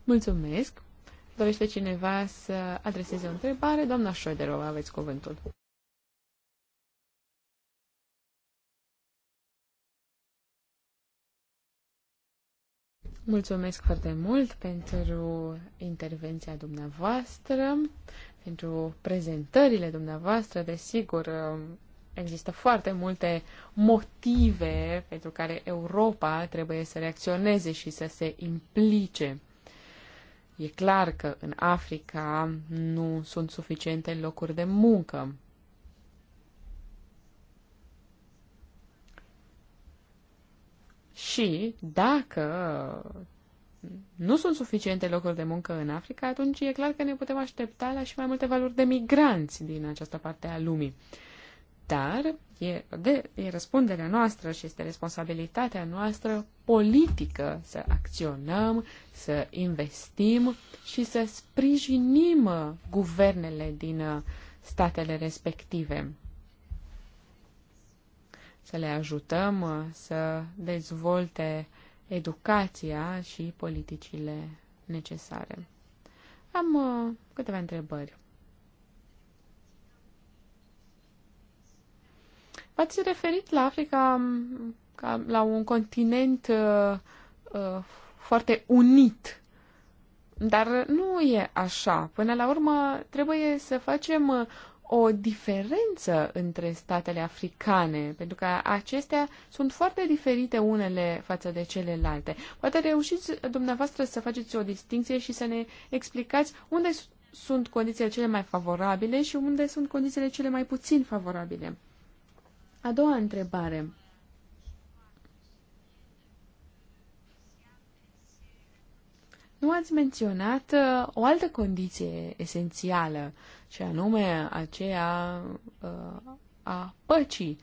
Mulțumesc. Dorește cineva să adreseze o întrebare? Doamna Șoderova, aveți cuvântul. Mulțumesc foarte mult pentru intervenția dumneavoastră, pentru prezentările dumneavoastră. Desigur, există foarte multe motive pentru care Europa trebuie să reacționeze și să se implice. E clar că în Africa nu sunt suficiente locuri de muncă. Și dacă nu sunt suficiente locuri de muncă în Africa, atunci e clar că ne putem aștepta la și mai multe valuri de migranți din această parte a lumii. Uh, dar e, de, e răspunderea noastră și este responsabilitatea noastră politică să acționăm, să investim și să sprijinim guvernele din statele respective. Să le ajutăm să dezvolte educația și politicile necesare. Am uh, câteva întrebări. V-ați referit la Africa mm, ca la un continent uh, uh, foarte unit. Dar nu e așa. Până la urmă, trebuie să facem uh, o diferență între statele africane, pentru că acestea sunt foarte diferite unele față de celelalte. Poate reușiți dumneavoastră să faceți o distinție și să ne explicați unde sunt condițiile cele mai favorabile și unde sunt condițiile cele mai puțin favorabile. A doua întrebare. Nu ați menționat uh, o altă condiție esențială, și anume aceea uh, a păcii,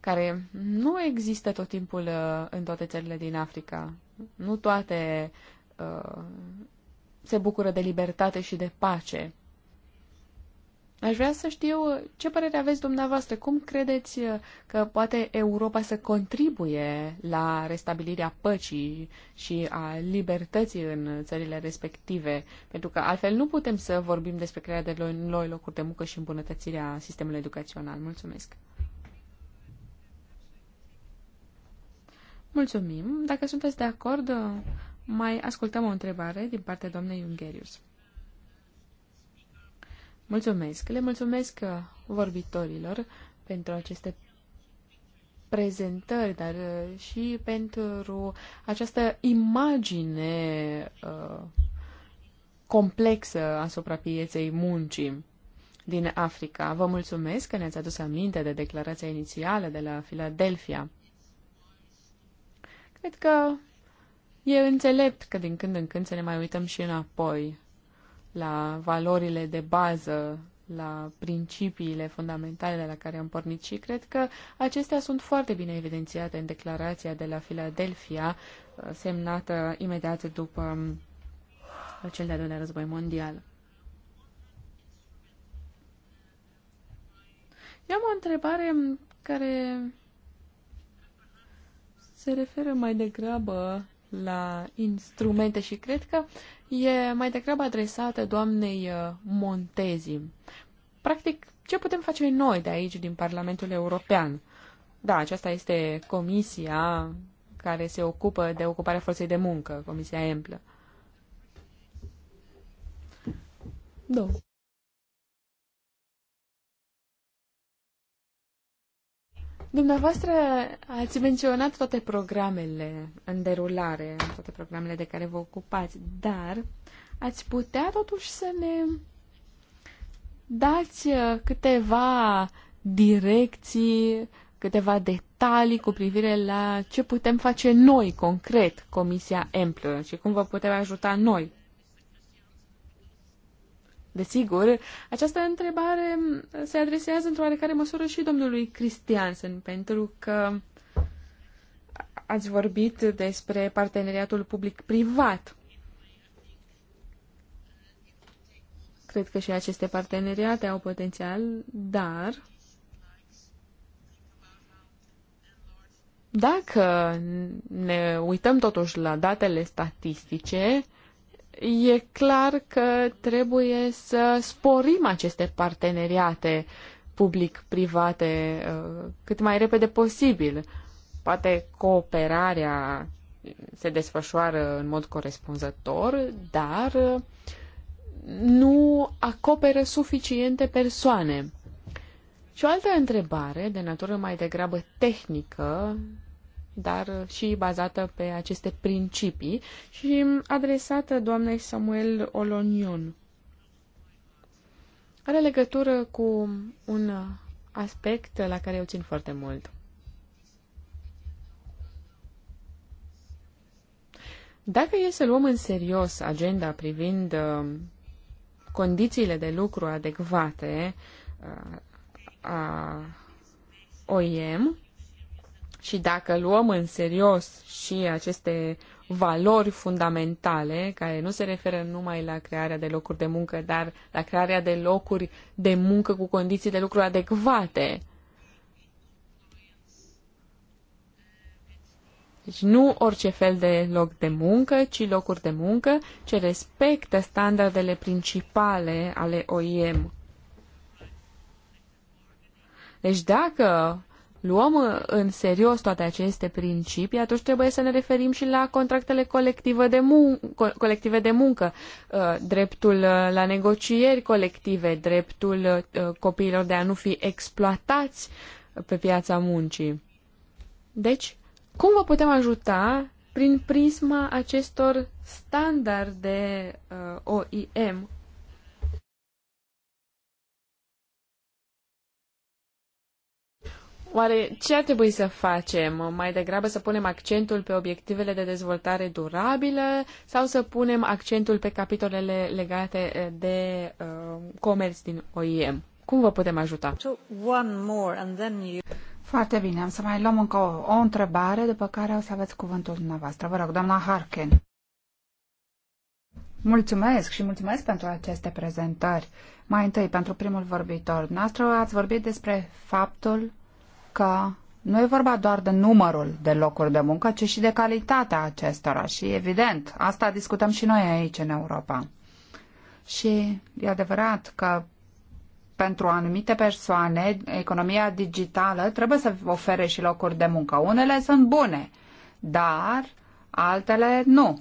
care nu există tot timpul uh, în toate țările din Africa. Nu toate se bucură de libertate și de pace. Aș vrea să știu ce părere aveți dumneavoastră. Cum credeți că poate Europa să contribuie la restabilirea păcii și a libertății în țările respective? Pentru că altfel nu putem să vorbim despre crearea de noi locuri de muncă și îmbunătățirea sistemului educațional. Mulțumesc! Mulțumim! Dacă sunteți de acord, mai ascultăm o întrebare din partea doamnei Ungerius. Mulțumesc. Le mulțumesc uh, vorbitorilor pentru aceste prezentări, dar uh, și pentru această imagine uh, complexă asupra pieței muncii din Africa. Vă mulțumesc că ne-ați adus aminte de declarația inițială de la Philadelphia. Cred că e înțelept că din când în când să ne mai uităm și înapoi la valorile de bază, la principiile fundamentale la care am pornit și cred că acestea sunt foarte bine evidențiate în declarația de la Philadelphia, uh, semnată imediat după um, cel de-al doilea război mondial. Eu am o întrebare care se referă mai degrabă la instrumente și cred că e mai degrabă adresată doamnei uh, Montezi. Practic, ce putem face noi de aici, din Parlamentul European? Da, aceasta este comisia care se ocupă de ocuparea forței de muncă, Comisia Emplă. Două. Da. Dumneavoastră ați menționat toate programele în derulare, toate programele de care vă ocupați, dar ați putea totuși să ne dați uh, câteva direcții, câteva detalii cu privire la ce putem face noi concret, Comisia Emplă, și cum vă putem ajuta noi. Desigur, această întrebare se adresează într-o oarecare măsură și domnului Cristiansen, pentru că ați vorbit despre parteneriatul public-privat. Cred că și aceste parteneriate au potențial, dar dacă ne uităm totuși la datele statistice, e clar că trebuie să sporim aceste parteneriate public-private uh, cât mai repede posibil. Poate cooperarea se desfășoară în mod corespunzător, dar uh, nu acoperă suficiente persoane. Și o altă întrebare, de natură mai degrabă tehnică, dar uh, și bazată pe aceste principii și adresată doamnei Samuel Olonion. Are legătură cu un aspect la care eu țin foarte mult. Dacă e să luăm în serios agenda privind uh, condițiile de lucru adecvate uh, a OIM, și dacă luăm în serios și aceste valori fundamentale, care nu se referă numai la crearea de locuri de muncă, dar la crearea de locuri de muncă cu condiții de lucru adecvate, Deci nu orice fel de loc de muncă, ci locuri de muncă ce respectă standardele principale ale OIM. Deci dacă luăm uh, în serios toate aceste principii, atunci trebuie să ne referim și la contractele colective de, mun- co- colective de muncă, uh, dreptul uh, la negocieri colective, dreptul copiilor de a nu fi exploatați pe piața muncii. Deci, cum vă putem ajuta prin prisma acestor standarde OIM Oare ce ar trebui să facem? Mai degrabă să punem accentul pe obiectivele de dezvoltare durabilă sau să punem accentul pe capitolele legate eh, de uh, comerț din OIM? Cum vă putem ajuta? Foarte bine, am să mai luăm încă o, o întrebare, după care o să aveți cuvântul dumneavoastră. Vă rog, doamna Harken. Mulțumesc și mulțumesc pentru aceste prezentări. Mai întâi, pentru primul vorbitor. Noastră ați vorbit despre faptul că nu e vorba doar de numărul de locuri de muncă, ci și de calitatea acestora. Și, evident, asta discutăm și noi aici, în Europa. Și e adevărat că pentru anumite persoane, economia digitală trebuie să ofere și locuri de muncă. Unele sunt bune, dar altele nu.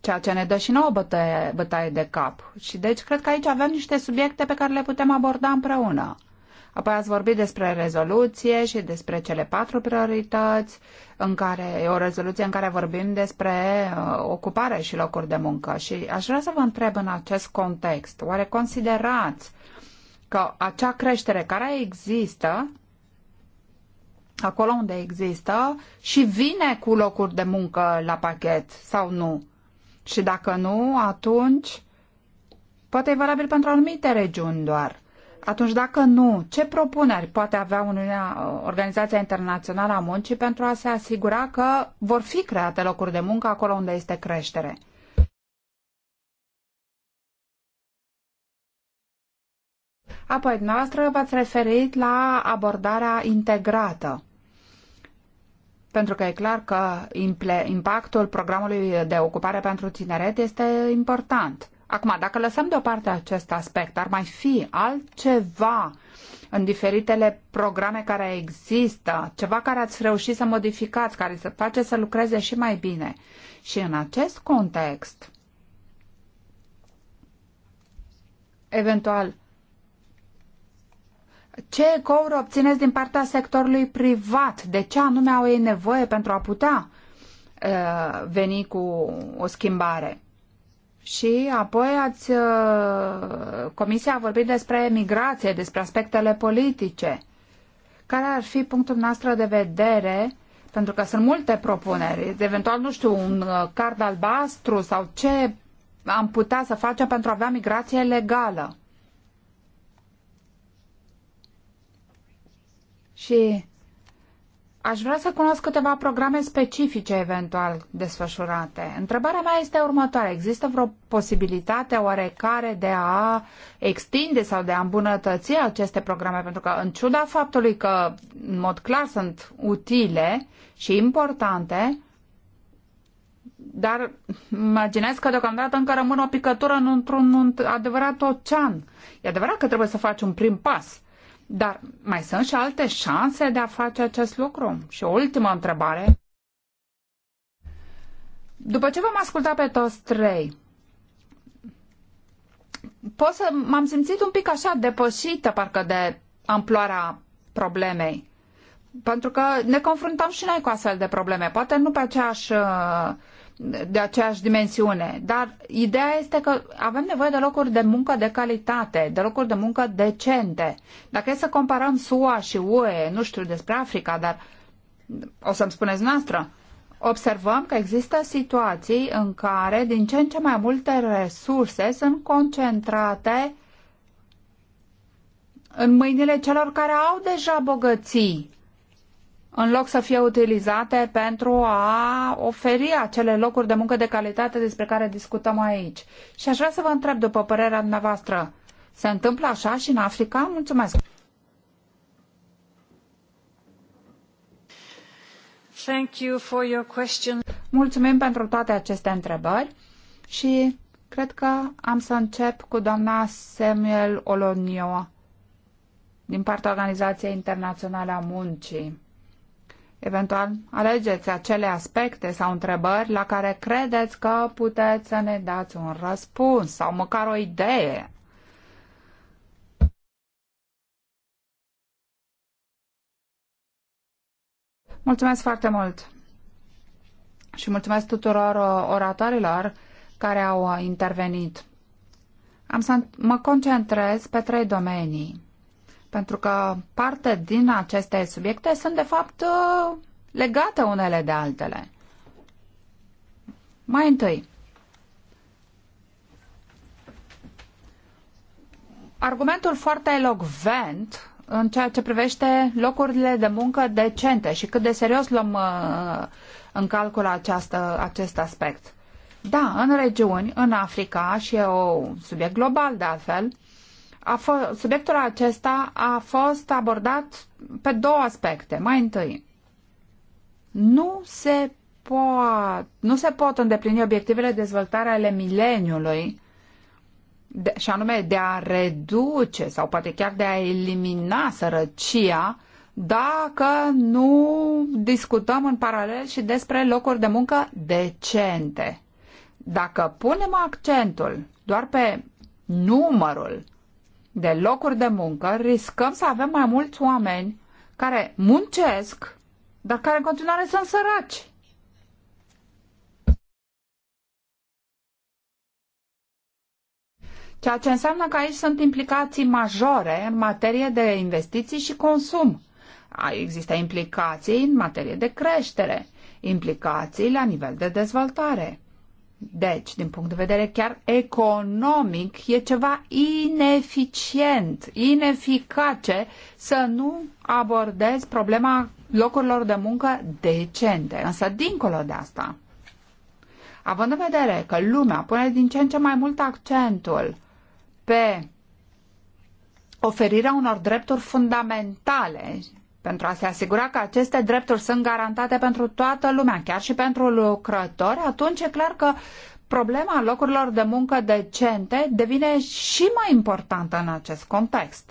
Ceea ce ne dă și nouă bătaie, bătaie de cap. Și deci cred că aici avem niște subiecte pe care le putem aborda împreună. Apoi ați vorbit despre rezoluție și despre cele patru priorități, în care, e o rezoluție în care vorbim despre uh, ocupare și locuri de muncă. Și aș vrea să vă întreb în acest context, oare considerați că acea creștere care există, acolo unde există, și vine cu locuri de muncă la pachet sau nu? Și dacă nu, atunci poate e valabil pentru anumite regiuni doar. Atunci, dacă nu, ce propuneri poate avea Uniunea, uh, Organizația Internațională a Muncii pentru a se asigura că vor fi create locuri de muncă acolo unde este creștere? Apoi, dumneavoastră v-ați referit la abordarea integrată. Pentru că e clar că impactul programului de ocupare pentru tineret este important. Acum, dacă lăsăm deoparte acest aspect, ar mai fi altceva în diferitele programe care există, ceva care ați reușit să modificați, care să face să lucreze și mai bine. Și în acest context, eventual, ce ecouri obțineți din partea sectorului privat? De ce anume au ei nevoie pentru a putea uh, veni cu o schimbare? Și apoi ați, uh, Comisia a vorbit despre migrație, despre aspectele politice. Care ar fi punctul noastră de vedere? Pentru că sunt multe propuneri. Eventual, nu știu, un uh, card albastru sau ce am putea să facem pentru a avea migrație legală. Și Aș vrea să cunosc câteva programe specifice eventual desfășurate. Întrebarea mea este următoare. Există vreo posibilitate oarecare de a extinde sau de a îmbunătăți aceste programe? Pentru că, în ciuda faptului că, în mod clar, sunt utile și importante, dar imaginez că deocamdată încă rămân o picătură într-un adevărat ocean. E adevărat că trebuie să faci un prim pas – dar mai sunt și alte șanse de a face acest lucru? Și o ultimă întrebare. După ce v-am ascultat pe toți trei, pot să m-am simțit un pic așa depășită parcă de amploarea problemei. Pentru că ne confruntăm și noi cu astfel de probleme. Poate nu pe aceeași de aceeași dimensiune. Dar ideea este că avem nevoie de locuri de muncă de calitate, de locuri de muncă decente. Dacă e să comparăm SUA și UE, nu știu despre Africa, dar o să-mi spuneți noastră, observăm că există situații în care din ce în ce mai multe resurse sunt concentrate în mâinile celor care au deja bogății în loc să fie utilizate pentru a oferi acele locuri de muncă de calitate despre care discutăm aici. Și aș vrea să vă întreb, după părerea dumneavoastră, se întâmplă așa și în Africa? Mulțumesc! Thank you for your question. Mulțumim pentru toate aceste întrebări și cred că am să încep cu doamna Samuel Olonio din partea Organizației Internaționale a Muncii. Eventual, alegeți acele aspecte sau întrebări la care credeți că puteți să ne dați un răspuns sau măcar o idee. Mulțumesc foarte mult și mulțumesc tuturor uh, oratorilor care au uh, intervenit. Am să mă concentrez pe trei domenii pentru că parte din aceste subiecte sunt de fapt uh, legate unele de altele. Mai întâi, argumentul foarte elocvent în ceea ce privește locurile de muncă decente și cât de serios luăm uh, în calcul această, acest aspect. Da, în regiuni, în Africa, și e un subiect global de altfel, a fost, subiectul acesta a fost abordat pe două aspecte. Mai întâi, nu se, pot, nu se pot îndeplini obiectivele de dezvoltare ale mileniului de, și anume de a reduce sau poate chiar de a elimina sărăcia dacă nu discutăm în paralel și despre locuri de muncă decente. Dacă punem accentul doar pe numărul de locuri de muncă, riscăm să avem mai mulți oameni care muncesc, dar care în continuare sunt săraci. Ceea ce înseamnă că aici sunt implicații majore în materie de investiții și consum. Există implicații în materie de creștere, implicații la nivel de dezvoltare. Deci, din punct de vedere chiar economic, e ceva ineficient, ineficace să nu abordezi problema locurilor de muncă decente. Însă, dincolo de asta, având în vedere că lumea pune din ce în ce mai mult accentul pe oferirea unor drepturi fundamentale pentru a se asigura că aceste drepturi sunt garantate pentru toată lumea, chiar și pentru lucrători, atunci e clar că problema locurilor de muncă decente devine și mai importantă în acest context.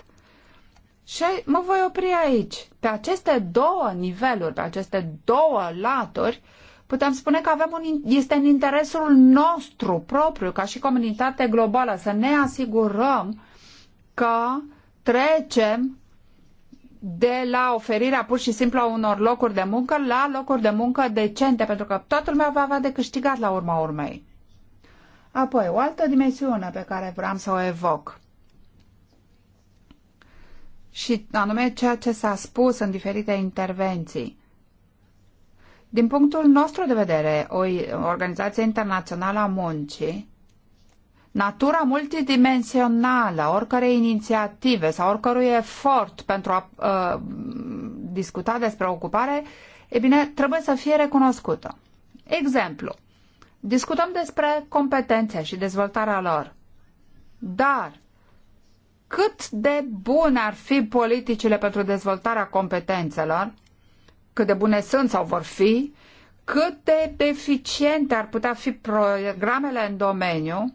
Și mă voi opri aici. Pe aceste două niveluri, pe aceste două laturi, putem spune că avem un, este în interesul nostru propriu, ca și comunitate globală, să ne asigurăm că trecem de la oferirea pur și simplu a unor locuri de muncă la locuri de muncă decente, pentru că toată lumea va avea de câștigat la urma urmei. Apoi, o altă dimensiune pe care vreau să o evoc și anume ceea ce s-a spus în diferite intervenții. Din punctul nostru de vedere, o organizație internațională a muncii Natura multidimensională a oricărei inițiative sau oricărui efort pentru a uh, discuta despre ocupare, e bine, trebuie să fie recunoscută. Exemplu, discutăm despre competențe și dezvoltarea lor, dar cât de bune ar fi politicile pentru dezvoltarea competențelor, cât de bune sunt sau vor fi, cât de deficiente ar putea fi programele în domeniu,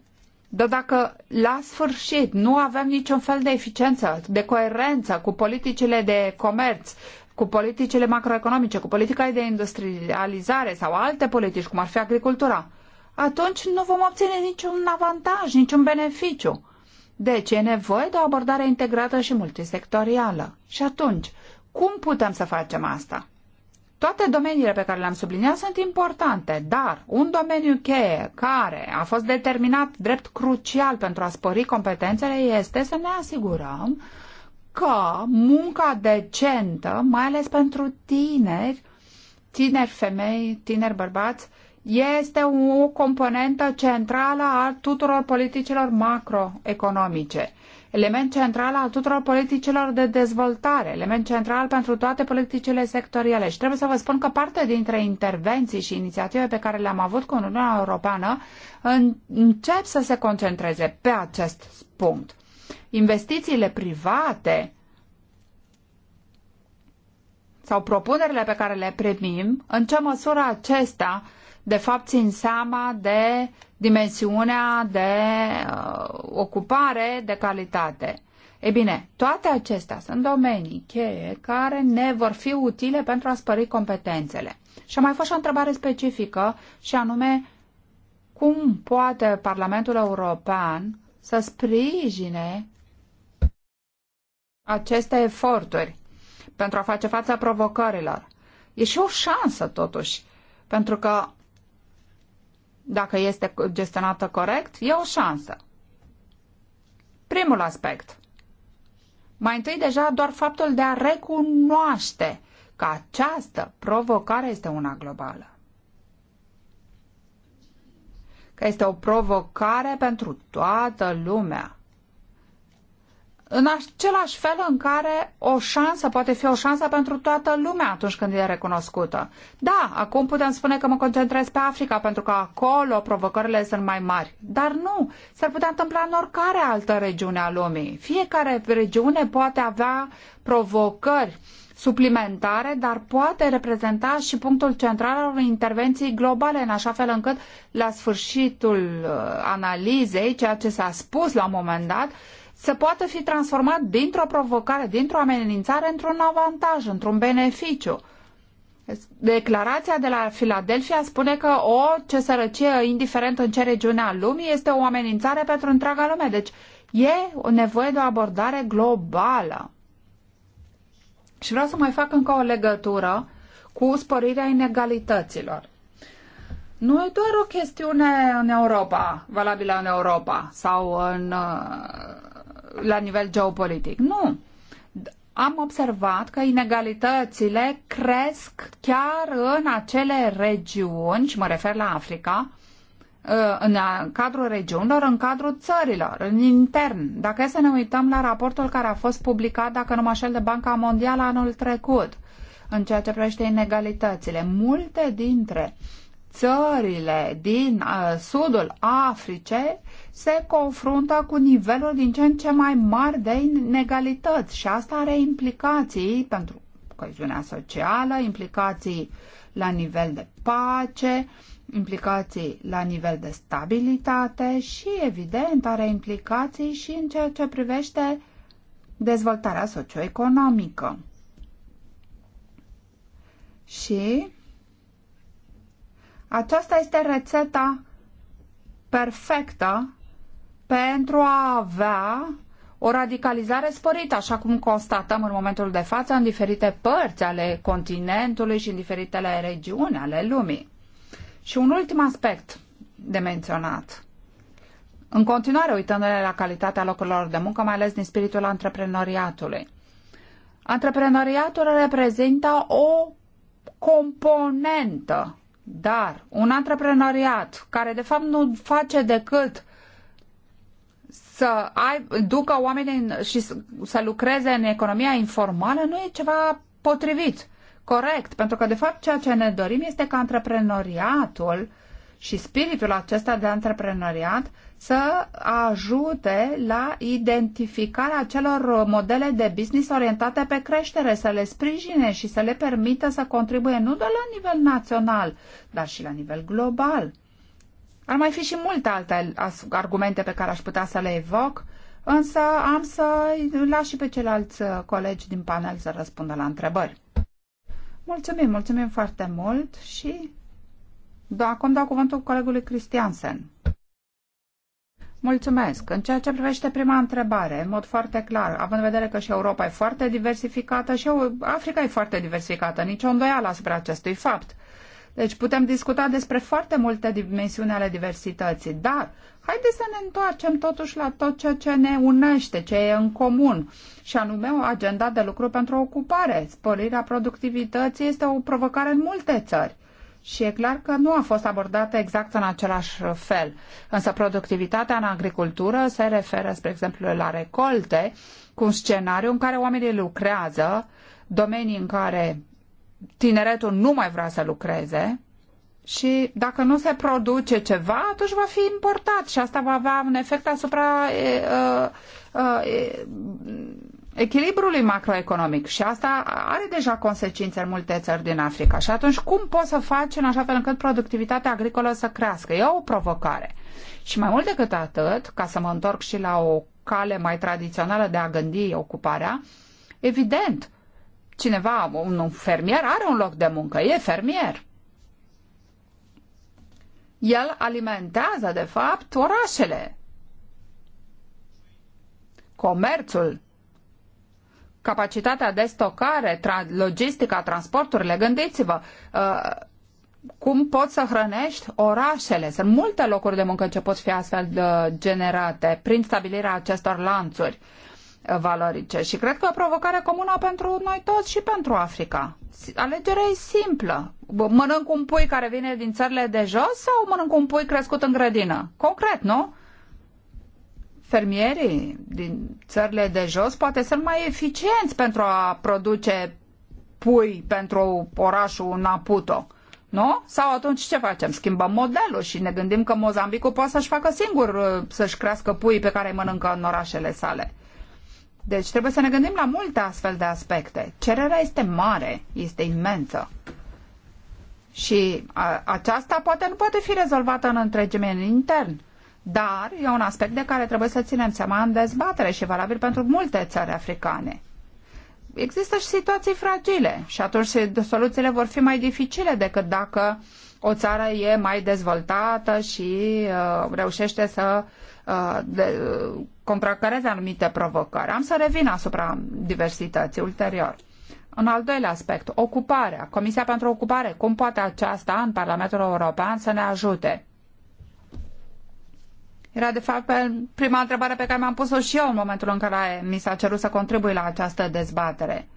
dar dacă la sfârșit nu avem niciun fel de eficiență, de coerență cu politicile de comerț, cu politicile macroeconomice, cu politica de industrializare sau alte politici, cum ar fi agricultura, atunci nu vom obține niciun avantaj, niciun beneficiu. Deci e nevoie de o abordare integrată și multisectorială. Și atunci, cum putem să facem asta? Toate domeniile pe care le-am subliniat sunt importante, dar un domeniu cheie care a fost determinat drept crucial pentru a spori competențele este să ne asigurăm că munca decentă, mai ales pentru tineri, tineri femei, tineri bărbați, este o componentă centrală a tuturor politicilor macroeconomice element central al tuturor politicilor de dezvoltare, element central pentru toate politicile sectoriale. Și trebuie să vă spun că parte dintre intervenții și inițiative pe care le-am avut cu Uniunea Europeană încep să se concentreze pe acest punct. Investițiile private sau propunerile pe care le primim, în ce măsură acestea de fapt țin seama de dimensiunea de uh, ocupare de calitate. E bine, toate acestea sunt domenii cheie care ne vor fi utile pentru a spări competențele. Și a mai fost și o întrebare specifică și anume cum poate Parlamentul European să sprijine aceste eforturi pentru a face față provocărilor. E și o șansă, totuși, pentru că dacă este gestionată corect, e o șansă. Primul aspect. Mai întâi deja doar faptul de a recunoaște că această provocare este una globală. Că este o provocare pentru toată lumea în același fel în care o șansă poate fi o șansă pentru toată lumea atunci când e recunoscută. Da, acum putem spune că mă concentrez pe Africa pentru că acolo provocările sunt mai mari, dar nu, s-ar putea întâmpla în oricare altă regiune a lumii. Fiecare regiune poate avea provocări suplimentare, dar poate reprezenta și punctul central al unei intervenții globale, în așa fel încât la sfârșitul uh, analizei, ceea ce s-a spus la un moment dat, să poată fi transformat dintr-o provocare, dintr-o amenințare, într-un avantaj, într-un beneficiu. Declarația de la Filadelfia spune că o ce sărăcie, indiferent în ce regiune a lumii, este o amenințare pentru întreaga lume. Deci e o nevoie de o abordare globală. Și vreau să mai fac încă o legătură cu spărirea inegalităților. Nu e doar o chestiune în Europa, valabilă în Europa sau în la nivel geopolitic. Nu! Am observat că inegalitățile cresc chiar în acele regiuni, și mă refer la Africa, uh, în cadrul regiunilor, în cadrul țărilor, în intern. Dacă e să ne uităm la raportul care a fost publicat, dacă nu mă de Banca Mondială anul trecut, în ceea ce privește inegalitățile, multe dintre țările din uh, sudul Africei se confruntă cu niveluri din ce în ce mai mari de inegalități și asta are implicații pentru coeziunea socială, implicații la nivel de pace, implicații la nivel de stabilitate și, evident, are implicații și în ceea ce privește dezvoltarea socioeconomică. Și aceasta este rețeta perfectă pentru a avea o radicalizare sporită, așa cum constatăm în momentul de față în diferite părți ale continentului și în diferitele regiuni ale lumii. Și un ultim aspect de menționat. În continuare, uitându-ne la calitatea locurilor de muncă, mai ales din spiritul antreprenoriatului. Antreprenoriatul reprezintă o componentă, dar un antreprenoriat care de fapt nu face decât să ai, ducă oamenii și să lucreze în economia informală nu e ceva potrivit, corect, pentru că de fapt ceea ce ne dorim este ca antreprenoriatul și spiritul acesta de antreprenoriat să ajute la identificarea celor modele de business orientate pe creștere, să le sprijine și să le permită să contribuie nu doar la nivel național, dar și la nivel global ar mai fi și multe alte argumente pe care aș putea să le evoc, însă am să las și pe ceilalți uh, colegi din panel să răspundă la întrebări. Mulțumim, mulțumim foarte mult și da, acum dau cuvântul colegului Cristiansen. Mulțumesc. În ceea ce privește prima întrebare, în mod foarte clar, având în vedere că și Europa e foarte diversificată și Africa e foarte diversificată, nicio îndoială asupra acestui fapt. Deci putem discuta despre foarte multe dimensiuni ale diversității, dar haideți să ne întoarcem totuși la tot ceea ce ne unește, ce e în comun, și anume o agenda de lucru pentru ocupare. Sporirea productivității este o provocare în multe țări. Și e clar că nu a fost abordată exact în același fel. Însă productivitatea în agricultură se referă, spre exemplu, la recolte, cu un scenariu în care oamenii lucrează, domenii în care tineretul nu mai vrea să lucreze și dacă nu se produce ceva, atunci va fi importat și asta va avea un efect asupra e, e, e, echilibrului macroeconomic și asta are deja consecințe în multe țări din Africa. Și atunci cum poți să faci în așa fel încât productivitatea agricolă să crească? E o provocare. Și mai mult decât atât, ca să mă întorc și la o cale mai tradițională de a gândi ocuparea, evident, cineva, un fermier, are un loc de muncă, e fermier. El alimentează, de fapt, orașele. Comerțul, capacitatea de stocare, tra- logistica, transporturile, gândiți-vă, uh, cum poți să hrănești orașele. Sunt multe locuri de muncă ce pot fi astfel de uh, generate prin stabilirea acestor lanțuri. Uh, valorice și cred că e o provocare comună pentru noi toți și pentru Africa. Alegerea e simplă. Mănânc un pui care vine din țările de jos sau mănânc un pui crescut în grădină? Concret, nu? Fermierii din țările de jos poate sunt mai eficienți pentru a produce pui pentru orașul Naputo. Nu? Sau atunci ce facem? Schimbăm modelul și ne gândim că Mozambicul poate să-și facă singur să-și crească pui pe care îi mănâncă în orașele sale. Deci trebuie să ne gândim la multe astfel de aspecte. Cererea este mare, este imensă. Și a, aceasta poate nu poate fi rezolvată în întregime în intern, dar e un aspect de care trebuie să ținem seama în dezbatere și valabil pentru multe țări africane. Există și situații fragile și atunci soluțiile vor fi mai dificile decât dacă o țară e mai dezvoltată și uh, reușește să Uh, de, uh, contracareze anumite provocări. Am să revin asupra diversității ulterior. În al doilea aspect, ocuparea. Comisia pentru Ocupare, cum poate aceasta în Parlamentul European să ne ajute? Era, de fapt, prima întrebare pe care mi-am pus-o și eu în momentul în care mi s-a cerut să contribui la această dezbatere.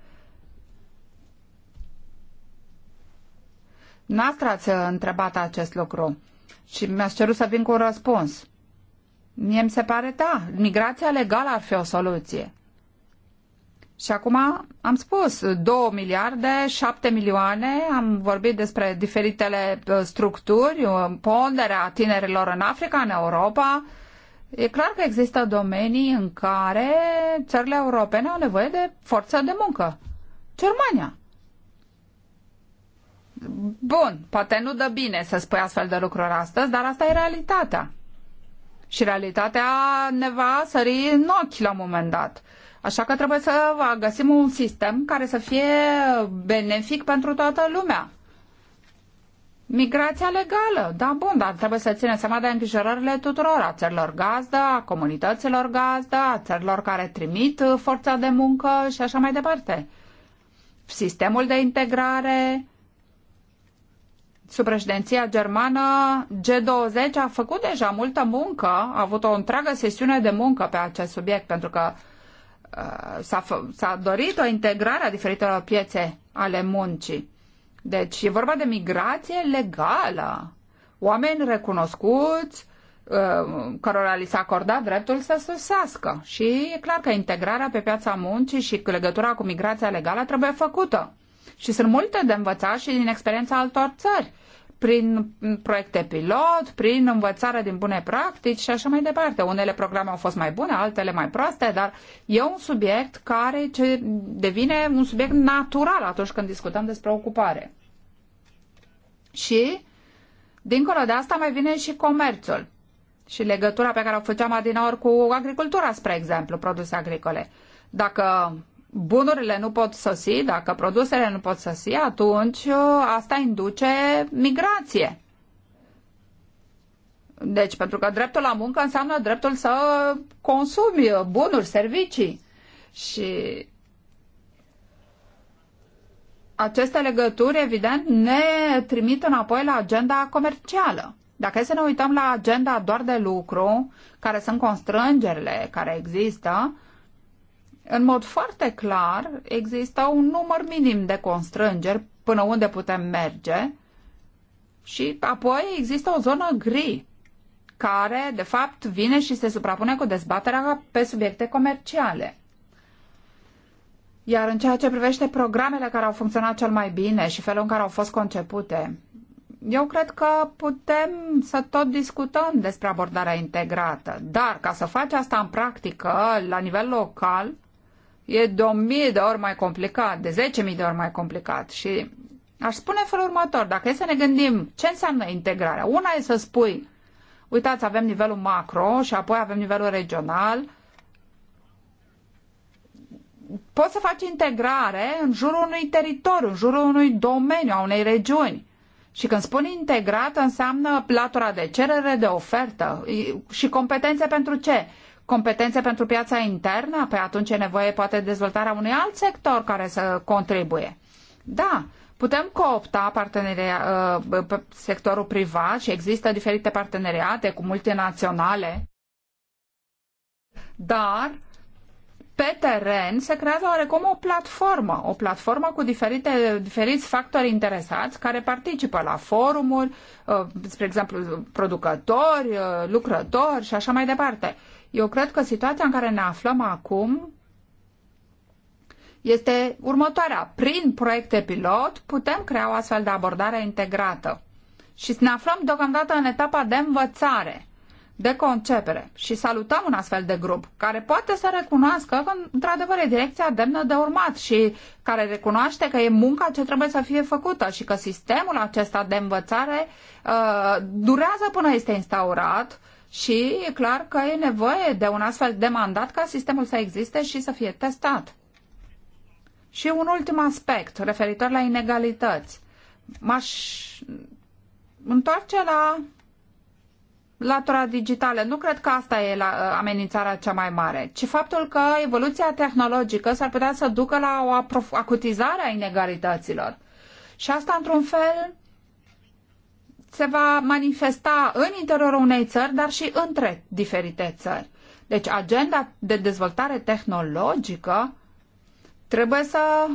Noastră ați întrebat acest lucru și mi-ați cerut să vin cu un răspuns. Mie mi se pare, da, migrația legală ar fi o soluție. Și acum am spus 2 miliarde, 7 milioane, am vorbit despre diferitele uh, structuri, uh, ponderea tinerilor în Africa, în Europa. E clar că există domenii în care țările europene au nevoie de forță de muncă. Germania. Bun, poate nu dă bine să spui astfel de lucruri astăzi, dar asta e realitatea. Și realitatea ne va sări în ochi la un moment dat. Așa că trebuie să găsim un sistem care să fie benefic pentru toată lumea. Migrația legală, da, bun, dar trebuie să ținem seama de îngrijorările tuturor, a țărilor gazdă, a comunităților gazdă, a țărilor care trimit forța de muncă și așa mai departe. Sistemul de integrare, sub președinția germană, G20 a făcut deja multă muncă, a avut o întreagă sesiune de muncă pe acest subiect, pentru că uh, s-a, s-a dorit o integrare a diferitelor piețe ale muncii. Deci e vorba de migrație legală. Oameni recunoscuți, uh, cărora li s-a acordat dreptul să susească. Și e clar că integrarea pe piața muncii și legătura cu migrația legală trebuie făcută. Și sunt multe de învățat și din experiența altor țări, prin proiecte pilot, prin învățare din bune practici și așa mai departe. Unele programe au fost mai bune, altele mai proaste, dar e un subiect care ce devine un subiect natural atunci când discutăm despre ocupare. Și, dincolo de asta, mai vine și comerțul și legătura pe care o făceam adinaori cu agricultura, spre exemplu, produse agricole. Dacă bunurile nu pot sosi, dacă produsele nu pot sosi, atunci uh, asta induce migrație. Deci, pentru că dreptul la muncă înseamnă dreptul să consumi bunuri, servicii. Și aceste legături, evident, ne trimit înapoi la agenda comercială. Dacă e să ne uităm la agenda doar de lucru, care sunt constrângerile care există, în mod foarte clar există un număr minim de constrângeri până unde putem merge și apoi există o zonă gri care, de fapt, vine și se suprapune cu dezbaterea pe subiecte comerciale. Iar în ceea ce privește programele care au funcționat cel mai bine și felul în care au fost concepute, eu cred că putem să tot discutăm despre abordarea integrată, dar ca să faci asta în practică, la nivel local, e de o mie de ori mai complicat, de zece mii de ori mai complicat și aș spune felul următor, dacă e să ne gândim ce înseamnă integrarea, una e să spui, uitați, avem nivelul macro și apoi avem nivelul regional, poți să faci integrare în jurul unui teritoriu, în jurul unui domeniu, a unei regiuni. Și când spun integrat, înseamnă platura de cerere, de ofertă și competențe pentru ce? competențe pentru piața internă, pe atunci e nevoie poate dezvoltarea unui alt sector care să contribuie. Da, putem coopta parteneria, uh, sectorul privat și există diferite parteneriate cu multinaționale, dar pe teren se creează oarecum o platformă, o platformă cu diferite, diferiți factori interesați care participă la forumuri, uh, spre exemplu producători, uh, lucrători și așa mai departe. Eu cred că situația în care ne aflăm acum este următoarea. Prin proiecte pilot putem crea o astfel de abordare integrată. Și ne aflăm deocamdată în etapa de învățare, de concepere. Și salutăm un astfel de grup care poate să recunoască că, într-adevăr, e direcția demnă de urmat și care recunoaște că e munca ce trebuie să fie făcută și că sistemul acesta de învățare uh, durează până este instaurat uh, și e clar că e nevoie de un astfel de mandat ca sistemul să existe și să fie testat. Și un ultim aspect referitor la inegalități. M-aș întoarce la latura digitală. Nu cred că asta e la, amenințarea cea mai mare, ci faptul că evoluția tehnologică s-ar putea să ducă la o acutizare a inegalităților. Și asta, într-un fel, se va manifesta în interiorul unei țări, dar și între diferite țări. Deci agenda de dezvoltare tehnologică trebuie să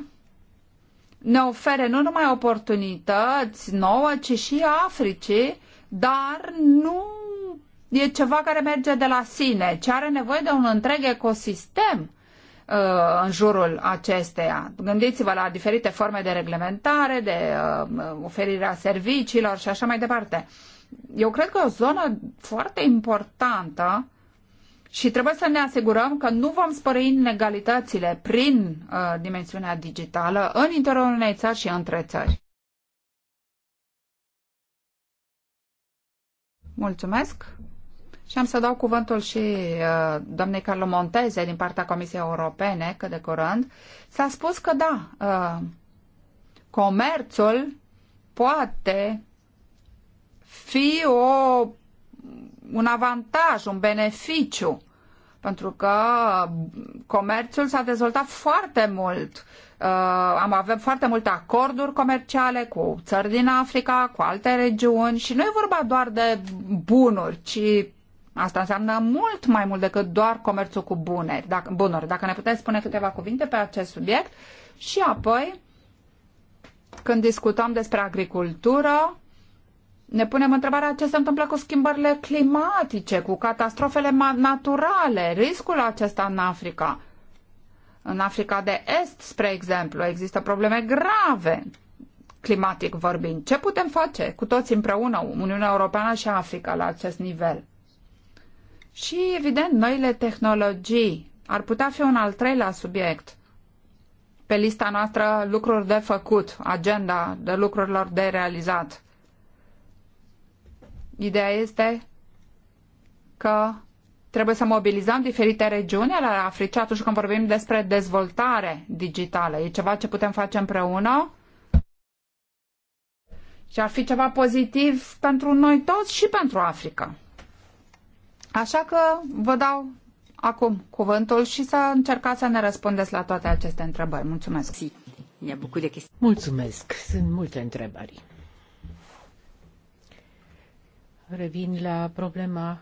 ne ofere nu numai oportunități nouă, ci și Africii, dar nu e ceva care merge de la sine, ci are nevoie de un întreg ecosistem Uh, în jurul acesteia. Gândiți-vă la diferite forme de reglementare, de uh, oferirea serviciilor și așa mai departe. Eu cred că o zonă foarte importantă și trebuie să ne asigurăm că nu vom spări inegalitățile prin uh, dimensiunea digitală în interiorul unei țări și între țări. Mulțumesc! Și am să dau cuvântul și uh, doamnei Carlo Monteze din partea Comisiei Europene, că de curând s-a spus că da, uh, comerțul poate fi o, un avantaj, un beneficiu, pentru că comerțul s-a dezvoltat foarte mult. Uh, am avem foarte multe acorduri comerciale cu țări din Africa, cu alte regiuni și nu e vorba doar de bunuri, ci Asta înseamnă mult mai mult decât doar comerțul cu bune, dacă, bunuri. Dacă ne puteți spune câteva cuvinte pe acest subiect și apoi, când discutăm despre agricultură, ne punem întrebarea ce se întâmplă cu schimbările climatice, cu catastrofele naturale, riscul acesta în Africa. În Africa de Est, spre exemplu, există probleme grave climatic vorbind. Ce putem face cu toți împreună, Uniunea Europeană și Africa, la acest nivel? Și, evident, noile tehnologii ar putea fi un al treilea subiect pe lista noastră lucruri de făcut, agenda de lucrurilor de realizat. Ideea este că trebuie să mobilizăm diferite regiuni ale Africii atunci când vorbim despre dezvoltare digitală. E ceva ce putem face împreună și ar fi ceva pozitiv pentru noi toți și pentru Africa. Așa că vă dau acum cuvântul și să încercați să ne răspundeți la toate aceste întrebări. Mulțumesc! Mulțumesc! Sunt multe întrebări. Revin la problema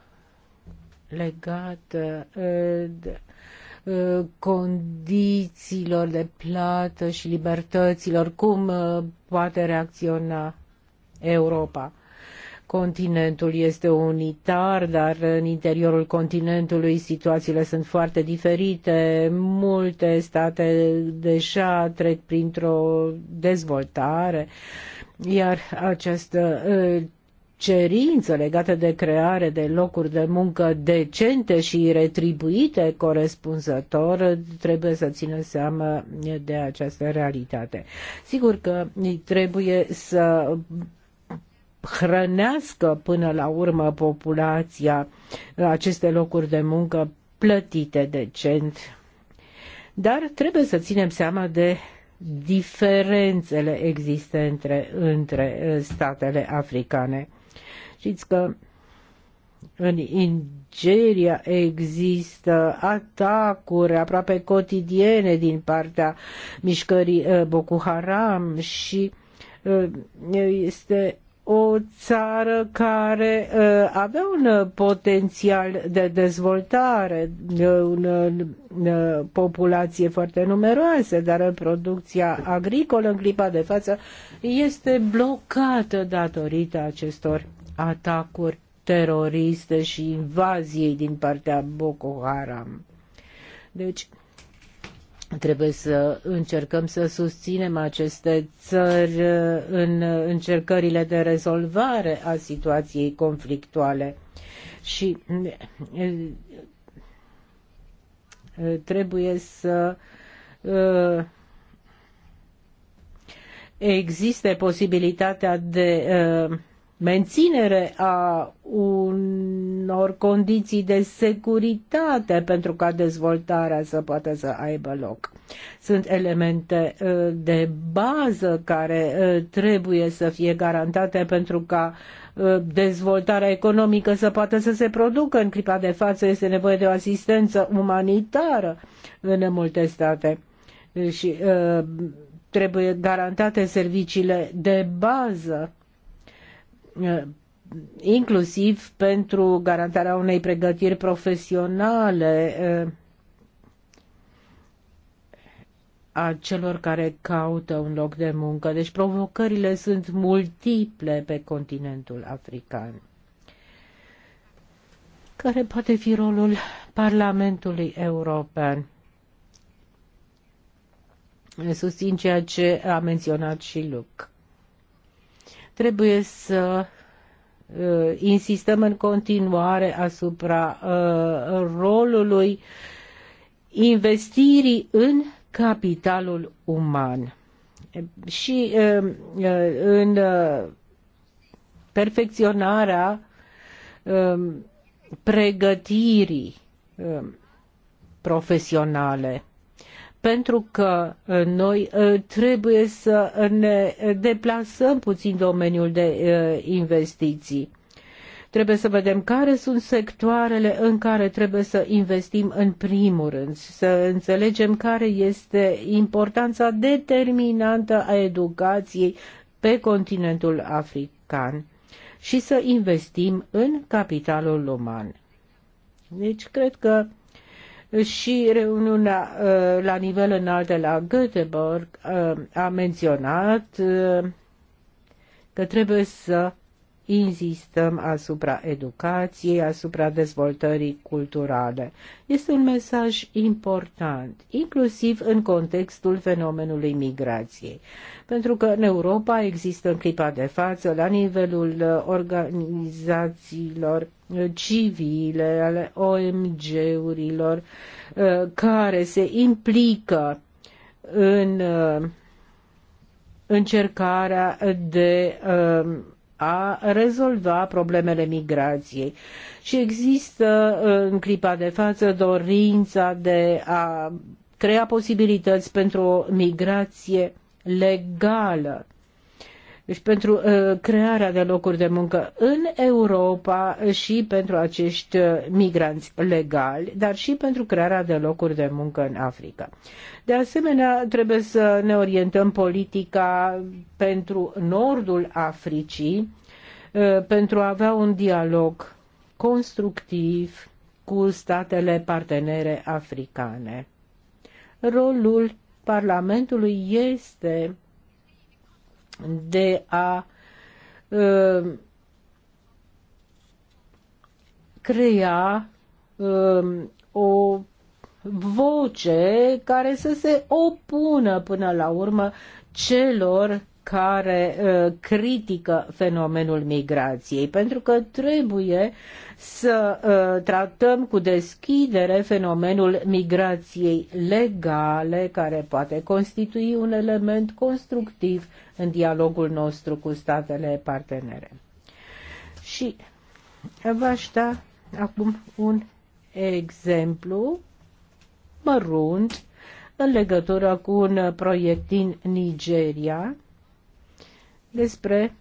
legată uh, de uh, condițiilor de plată și libertăților, cum uh, poate reacționa Europa continentul este unitar, dar în interiorul continentului situațiile sunt foarte diferite. Multe state deja trec printr-o dezvoltare, iar această ă, cerință legată de creare de locuri de muncă decente și retribuite corespunzător trebuie să țină seama de această realitate. Sigur că trebuie să hrănească până la urmă populația aceste locuri de muncă plătite decent. Dar trebuie să ținem seama de diferențele existente între uh, statele africane. Știți că în Nigeria există atacuri aproape cotidiene din partea mișcării uh, Boko Haram și uh, este o țară care uh, avea un uh, potențial de dezvoltare, o uh, populație foarte numeroasă, dar producția agricolă în clipa de față este blocată datorită acestor atacuri teroriste și invaziei din partea Boko Haram. Deci, Trebuie să încercăm să susținem aceste țări uh, în încercările de rezolvare a situației conflictuale. Și uh, uh, trebuie să existe posibilitatea de menținere a unor condiții de securitate pentru ca dezvoltarea să poată să aibă loc. Sunt elemente uh, de bază care uh, trebuie să fie garantate pentru ca uh, dezvoltarea economică să poată să se producă. În clipa de față este nevoie de o asistență umanitară în multe state și trebuie garantate serviciile de bază Uh, inclusiv pentru garantarea unei pregătiri profesionale uh, a celor care caută un loc de muncă. Deci provocările sunt multiple pe continentul african. Care poate fi rolul Parlamentului European? Susțin ceea ce a menționat și Luc. Trebuie să uh, insistăm în continuare asupra uh, rolului investirii în capitalul uman. Și uh, în perfecționarea pregătirii profesionale pentru că uh, noi uh, trebuie să uh, ne deplasăm puțin domeniul de investiții. Trebuie să vedem care sunt sectoarele în care trebuie să investim în primul rând, să înțelegem care este importanța determinantă a educației pe continentul african și să investim în capitalul uman. Deci cred că și reuniunea uh, la nivel înalt de la Göteborg uh, a menționat uh, că trebuie să insistăm asupra educației, asupra dezvoltării culturale. Este un mesaj important, inclusiv în contextul fenomenului migrației, pentru că în Europa există în clipa de față, la nivelul uh, organizațiilor uh, civile, ale OMG-urilor, uh, care se implică în încercarea de a rezolva problemele migrației. Și există în clipa de față dorința de a crea posibilități pentru o migrație legală. Deci pentru uh, crearea de locuri de muncă în Europa și pentru acești uh, migranți legali, dar și pentru crearea de locuri de muncă în Africa. De asemenea, trebuie să ne orientăm politica pentru nordul Africii, uh, pentru a avea un dialog constructiv cu statele partenere africane. Rolul Parlamentului este de a uh, crea um, o voce care să se opună până la urmă celor care uh, critică fenomenul migrației, pentru că trebuie să uh, tratăm cu deschidere fenomenul migrației legale, care poate constitui un element constructiv în dialogul nostru cu statele partenere. Și vă aș da acum un exemplu mărunt în legătură cu un proiect din Nigeria, despre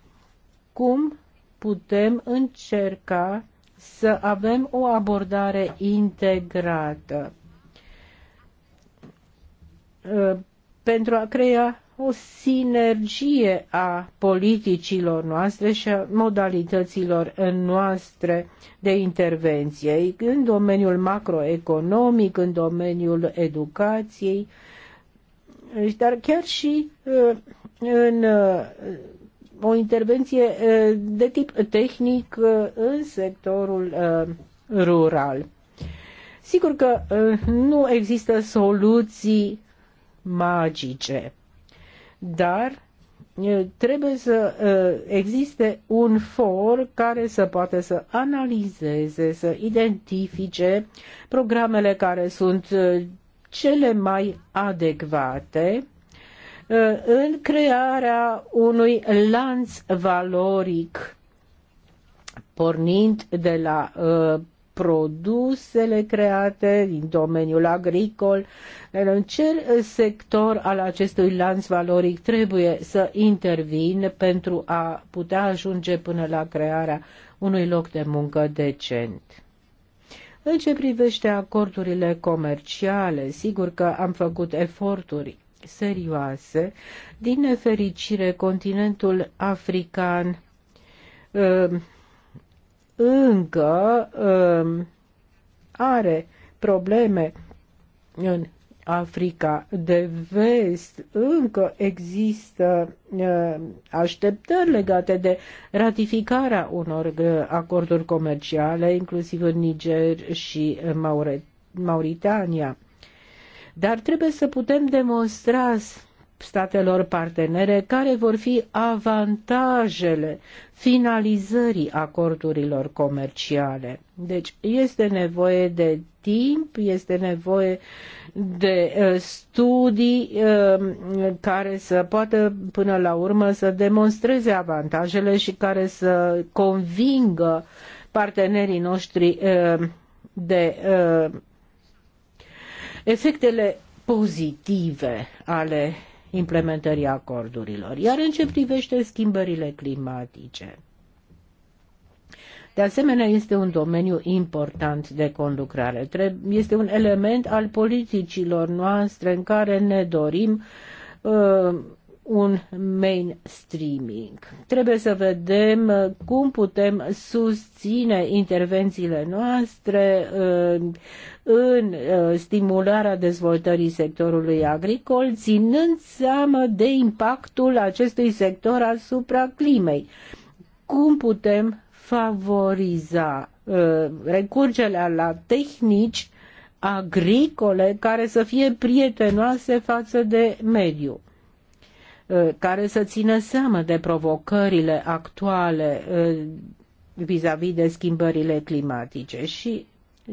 cum putem încerca să avem o abordare integrată uh, pentru a crea o sinergie a politicilor noastre și a modalităților noastre de intervenție în domeniul macroeconomic, în domeniul educației, dar chiar și uh, în uh, o intervenție de tip tehnic în sectorul rural. Sigur că nu există soluții magice, dar trebuie să existe un for care să poată să analizeze, să identifice programele care sunt cele mai adecvate Uh, în crearea unui lanț valoric, pornind de la uh, produsele create din domeniul agricol. În ce sector al acestui lanț valoric trebuie să intervin pentru a putea ajunge până la crearea unui loc de muncă decent? În ce privește acordurile comerciale, sigur că am făcut eforturi serioase. Din nefericire, continentul african um, încă um, are probleme în Africa de vest încă există um, așteptări legate de ratificarea unor uh, acorduri comerciale, inclusiv în Niger și Mauritania. Dar trebuie să putem demonstra statelor partenere care vor fi avantajele finalizării acordurilor comerciale. Deci este nevoie de timp, este nevoie de uh, studii uh, care să poată până la urmă să demonstreze avantajele și care să convingă partenerii noștri uh, de efectele pozitive ale implementării acordurilor. Iar în ce privește schimbările climatice, de asemenea, este un domeniu important de conlucrare. Este un element al politicilor noastre în care ne dorim uh, un mainstreaming. Trebuie să vedem uh, cum putem susține intervențiile noastre uh, în uh, stimularea dezvoltării sectorului agricol, ținând seama de impactul acestui sector asupra climei. Cum putem favoriza recurgerea la tehnici agricole care să fie prietenoase față de mediu Uh, care să țină seama de provocările actuale uh, vis-a-vis -vis de schimbările climatice și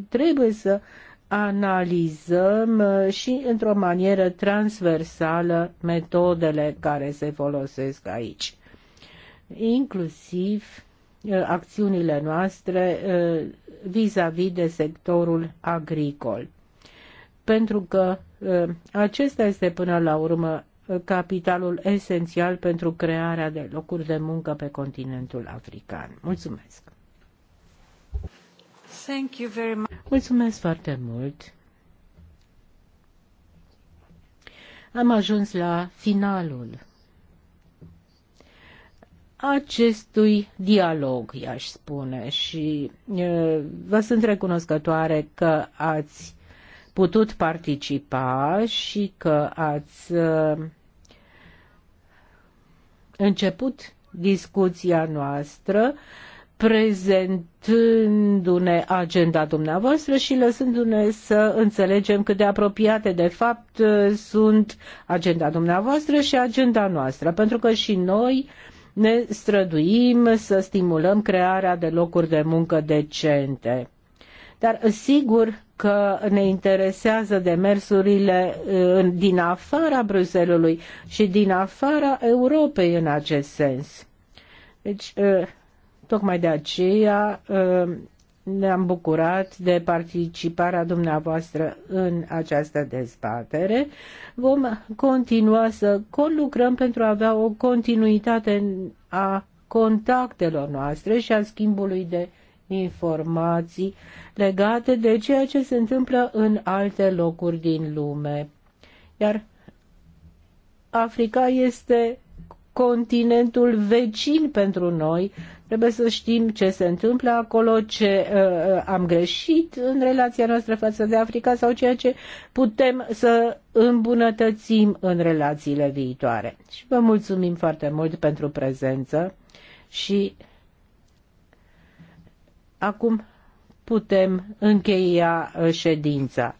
trebuie să analizăm uh, și într-o manieră transversală metodele care se folosesc aici, inclusiv acțiunile noastre vis-a-vis -vis de sectorul agricol. Pentru că acesta este până la urmă capitalul esențial pentru crearea de locuri de muncă pe continentul african. Mulțumesc! Thank you very much. Mulțumesc foarte mult! Am ajuns la finalul acestui dialog, i-aș spune, și vă sunt recunoscătoare că ați putut participa și că ați uh, început discuția noastră prezentându-ne agenda dumneavoastră și lăsându-ne să înțelegem cât de apropiate de fapt uh, sunt agenda dumneavoastră și agenda noastră, pentru că și noi ne străduim să stimulăm crearea de locuri de muncă decente. Dar sigur că ne interesează demersurile uh, din afara Bruselului și din afara Europei în acest sens. Deci, uh, tocmai de aceea uh, ne-am bucurat de participarea dumneavoastră în această dezbatere. Vom continua să conlucrăm pentru a avea o continuitate a contactelor noastre și a schimbului de informații legate de ceea ce se întâmplă în alte locuri din lume. Iar Africa este continentul vecin pentru noi. Trebuie să știm ce se întâmplă acolo, ce uh, am greșit în relația noastră față de Africa sau ceea ce putem să îmbunătățim în relațiile viitoare. Și vă mulțumim foarte mult pentru prezență și Acum putem încheia uh, ședința.